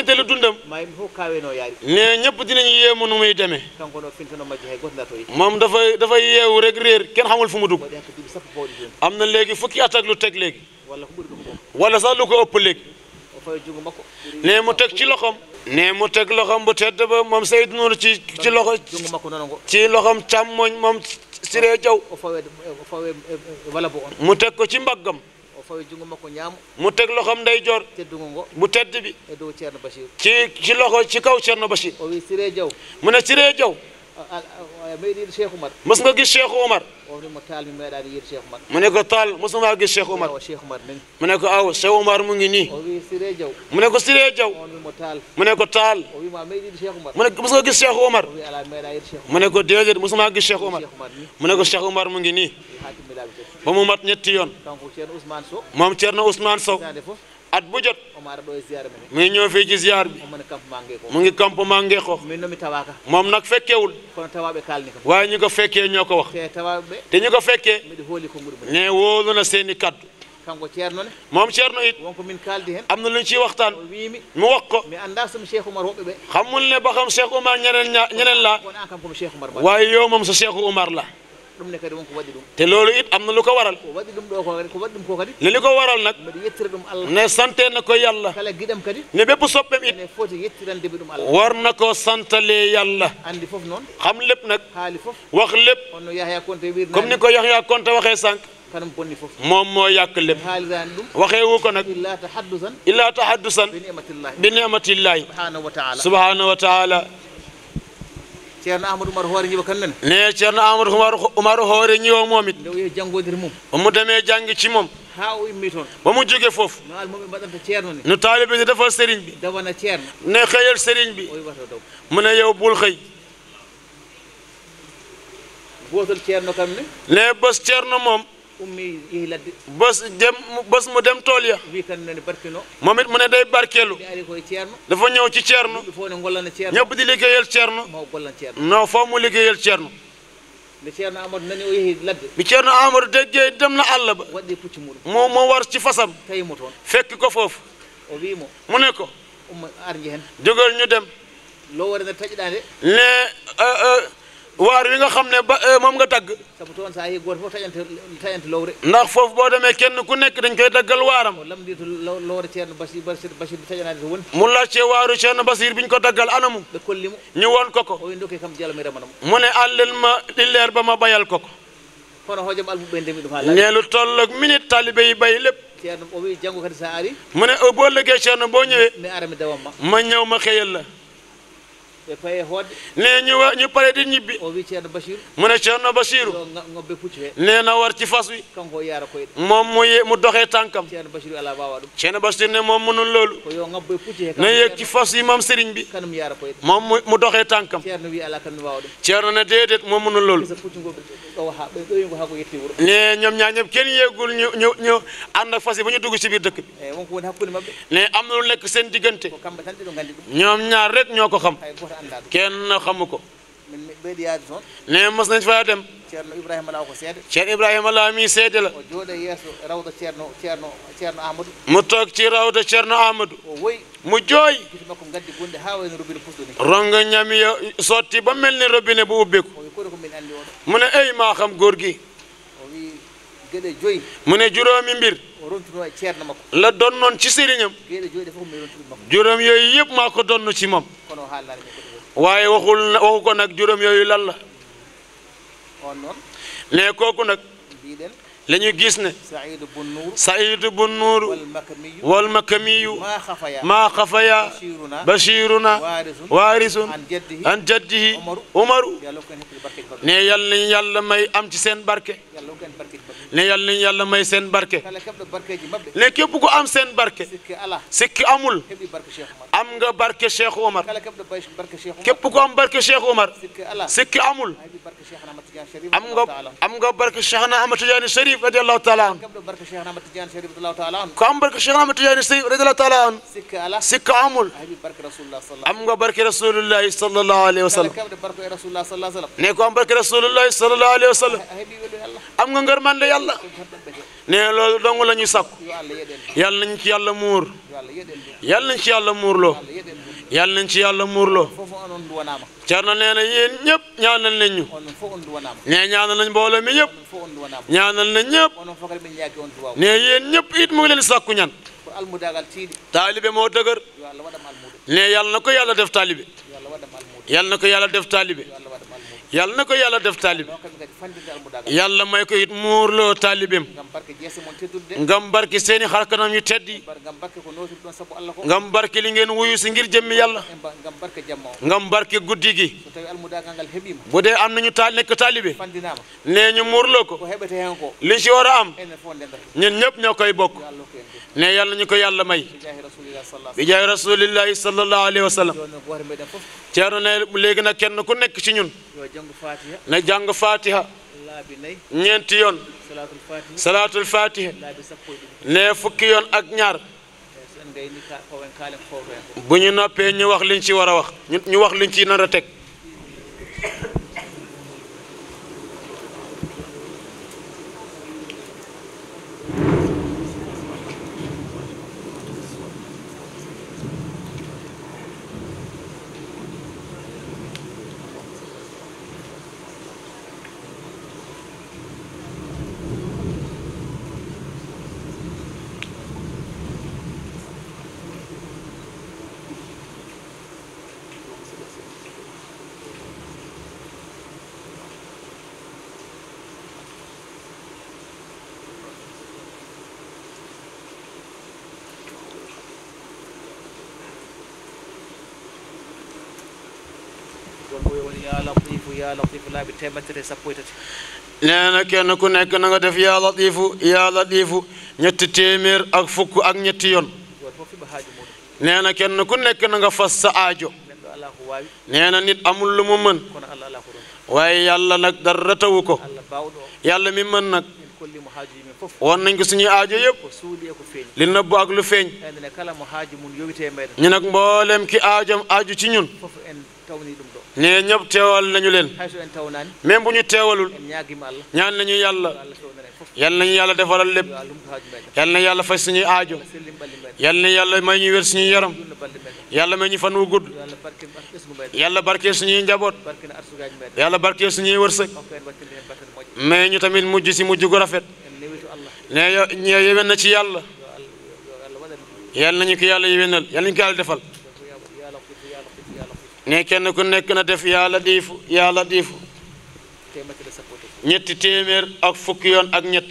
ceerno dundam ma yimɓe fof kaaweno yaari ne ñëpp dinañu yeemu nu muy demee kanko no fintano majji hay goto ndatoyi moom dafay dafay yeewu rek réer kenn xamul fu mu dugg am na léegi fukki at ak lu teg léegi walla sax lu ko ëpp léegi o mu teg ci loxoom ne mu teg loxoom bu tedd ba moom Seydou Nour ci ci loxo ci loxoom càmmoñ moom Siré Jaw euh, mu teg ko ci mbaggam mu teg loxoom ndeyjoor bu tedd bi ci ci loxo ci kaw Cerno Bachir mu ne Siré Jaw meyɗi yiɗo cheikh oumar mos nga gis cheikh oumar omo taal mi meeɗani yiɗo cheikh oumar mu ne ko taal mosuma gis cheikh oumar cheikh oumar nani mu ne ko aw cheikh oumar mu ngi nii o wi siré diaw mu ne ko siré diaw on wimo taal mu ne ko taal o wima meyɗi yiɗo cheikh oumar mu ne mos nga gis cheikh oumar o wi ala meeɗa yiɗo cheikh mu ne ko déedéet mosuma gis cheikh oumar mu ne ko cheikh oumar mu ngi nii ba mu mat ñetti yoon kanko ceerno ousmane sow moom ceerno ousmane sow at bu jot mu ngi ñëw fii ci ziar bi mu ngi campement Ngexoox moom nag fekkewul waaye ñu ko fekkee ñoo ko wax te ñu ko fekkee ne wóolu na seeni kaddu kanko ceerno ne moom ceerno it wonko min kaaldi heen am na lu ñu ciy waxtaan wiimi mu wax ko mi annda somi cheikh oumar woɓɓe ɓe ne ba xam cheikh oumar ñeneen ña ñeneen la waaye yow moom sa cheikh oumar la te lolu it amna luko waral ko waɗi ɗum ɗo ko ko waɗi ɗum ko kadi li li waral nak ne sante nako yàlla kala giɗam kadi ne bépp soppem it ne foti yettirande ɓe ɗum allah war nako ko santale yàlla andi fof non xam lépp nak xali fof wax lépp onno yahya konte wiir comme niko yahya konte waxé sank kanum bonni fof moom moo yàq lépp haalirani ɗum waxee wu ko illa tahaddusan illa tahaddusan bi ni'matillah bi ni'matillah subhanahu wa taala subhanahu wa taala ceerno amadou oumar hoore ñiwa kan nene ne ceerno amadou oumar oumar hoore ñiwa momit nde wiye janngodiri mum omo deme jangge ci mom ha o immi toon momo jogue foof no almuɓe mbaɗanta ceerno ne no taalibe ne defal sérigne bi dawana ceerno ne xeyal sérigne bi o yiwato daw mu ne yow bul xëy gootal ceerno kam ne ne bés ceerno moom بس مدم توليا ممت من داي باركيلو دافا نييو سي تيرنو نيب دي ليغيال تيرنو نو فامو ليغيال تيرنو بي تيرنو امر ناني وي لاد بي الله مو مو وار سي فاسام تاي موتون فك كو فوف مونيكو ام ارجين دوغال ني دم لو وارنا تاج داني لي ا ا waar wi nga xam ne ba euh, moom nga tagg sabu toon so a yii gooto fof taƴante ndax foofu boo demee kenn ku nekk dañ koy daggal waaram lamdi to lowre ceerno basir basir basir bi mu laajte waaru ceerno basir bi ñu ko daggal anamu ɓe kolli mo ñu won ko ko o wi dokki kam jalami remanamo mu ne àllel ma ɗilleer ba ma bayal ko ko kono hojom almuɓe ndemi ɗum ha ne lu minute talibe yi bay lépp ceerno o wi janngo kadi so a ari mu boo liggéey ceerno boo ñëwee mi ara mi dawam ma ma ñëw ma xëyal la e paye hodde ne ñu ñu paré di ñibbi o mu ne ceerno bashir ne na war ci fas wi kanko yaara mom mu mu doxé tankam ceerno bashir ala wawa dum ne mom lolu ne yek ci fas yi mom serigne bi mom mu doxé tankam ceerno na dedet mom munul lolu ne ñom ñaa ñep kenn yegul ñu ñu ñu and ak fas yi dugg ci biir dëkk eh, ne am lu digënté ñom ñaar rek ñoko xam kenn xamu ne mos nañ faa dem ceerno ibrahima laa ko seede ceerno ibrahima laa mi seede la o jooɗo yeeso rawda ceerno ceerno ceerno amadou mo toog ci rawda ceerno amadou o woyi mo jooyi gite makko ba mel ni robinet ubbeku o wi eyi ma xam góor gi o wi geɗe ne juróomi mbir o rontuno e ci sériñam geɗe joyi ɗe fof mi ci moom waaye waxul waxu ko nag juróom yooyu lan la ne kooku nag la ñu gis ne saïd bu nuur wal makamiyu maa xafaya bashiruna waarisun an jaddihi umaru ne yàlla nañ yàlla may am ci seen barke ne yàlla nañ yàlla may seen barke ne képp ku am seen barke sikki amul am nga barke Cheikh Omar képp ku am barke Cheikh Omar sikki amul am nga am nga barke Cheikh na Ahmad Tidiane Sharif radiyallahu taala an ku am barke Cheikh na Ahmad Tidiane Sharif radiyallahu taala an sikki amul am nga barke Rasulullahi sallallahu alayhi wa sallam ne ku am barke Rasulullahi sallallahu alayhi wa sallam am nga ngërmande yàlla ne loolu dong la ñuy sàkku yàlla nañ ci yàlla muur yàlla nañ ci yàlla muurloo yàlla nañ ci nee na yéen ñëpp ñaanal nañ ñu ne ñaanal nañ mbooloo mi ñëpp ñaanal nañ ñëpp ne yéen ñëpp it mu ngi leen sàkku ñan taalibe moo dëgër ne yàlla na ko yàlla def taalibe yàlla na ko yàlla def taalibe yàlla na ko yalla def taalibe yàlla may ko it muurloo taalibeem ngam barki seeni xarkanam yu teddi ngam barki li ngeen wuyu si ngir jëmmi yàlla ngam barki guddi gi bu dee am nañu taal nekk taalibe nee ñu muurloo ko li ci war a am ñun ñëpp ñoo koy bokk ne yàlla ñu ko yalla may bi jaay rasulillahi sallallahu alayhi wa Ceerno ne léegi nag kenn ku nekk ci ñun. na jàng Fatiha. ñeenti yoon. salaatul Fatiha. ne fukki yoon ak ñaar. Eh, bu ñu noppee ñu wax liñ ci war a wax ñu wax liñ ci nar a teg. yaa latifu laa bi kenn ku nekk nanga nga def yaa latifu yaa latifu ñetti téeméer ak fukk ak ñetti yoon nee na kenn ku nekk na nga fas sa aajo nee na nit amul lu mu mën waaye yàlla nag dara tawu ko yàlla mi mën nag won nañ ko suñuy aajo yëpp li nëbb ak lu feeñ ñu nag mboolem ki aajam aaju ci ñun nee ñëpp teewal nañu leen même bu ñu teewalul ñaan nañu yàlla yal nañu yàlla defaral lépp yal na yàlla faj suñuy aajo yal na yàlla may ñu wér suñuy yaram yàlla may ñu fan wu gudd yàlla barkeel suñuy njaboot yàlla barkeel suñuy wërsëg mais ñu tamit mujj si mujj gu rafet nee ñee yewen na ci yàlla yal nañu ko yàlla yewenal yal nañu ko yàlla defal ne kenn ku nekk na def yàlla diifu yàlla diifu ñetti téeméer ak fukki yoon ak ñett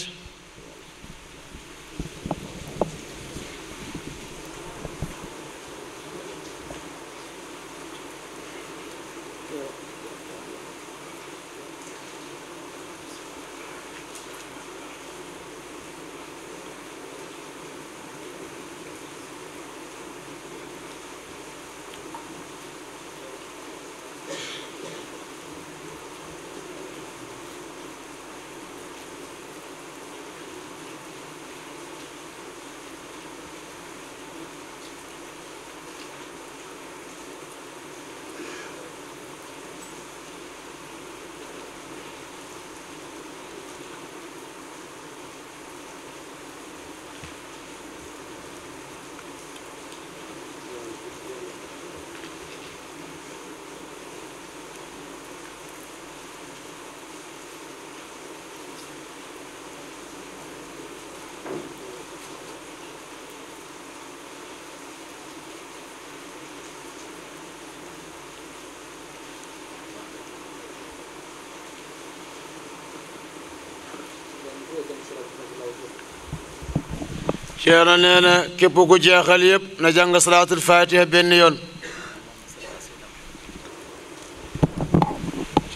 شيرا نانا كيبو كوجي خليب نجانغ صلاة الفاتحة بين يون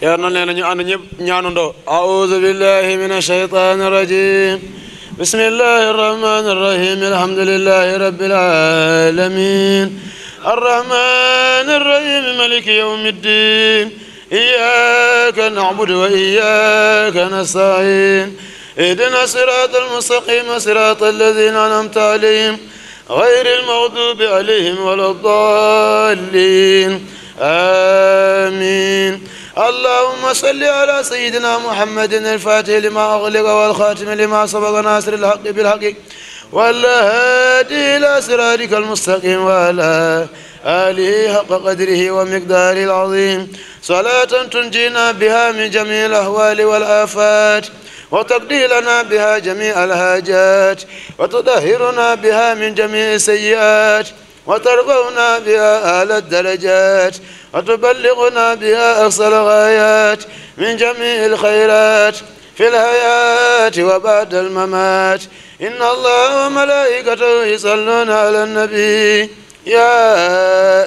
شيرا نانا نيب نيانو دو أعوذ بالله من الشيطان الرجيم بسم الله الرحمن الرحيم الحمد لله رب العالمين الرحمن الرحيم ملك يوم الدين إياك نعبد وإياك نستعين اهدنا صراط المستقيم صراط الذين أنعمت عليهم غير المغضوب عليهم ولا الضالين آمين اللهم صل على سيدنا محمد الفاتح لما أغلق والخاتم لما سبق ناصر الحق بالحق والهادي إلى صراطك المستقيم وعلى آله حق قدره ومقداره العظيم صلاة تنجينا بها من جميع الأهوال والآفات وتقضي لنا بها جميع الحاجات وتطهرنا بها من جميع السيئات وترغونا بها أعلى الدرجات وتبلغنا بها أقصى الغايات من جميع الخيرات في الحياة وبعد الممات إن الله وملائكته يصلون على النبي يا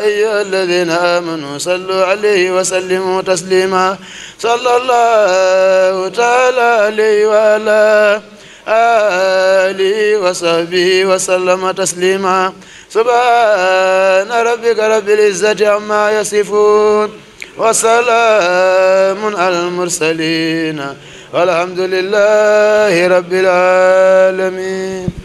أيها الذين آمنوا صلوا عليه وسلموا تسليما صلى الله تعالى عليه وعلى آله وصحبه وسلم تسليما سبحان ربك رب العزة عما يصفون وسلام على المرسلين والحمد لله رب العالمين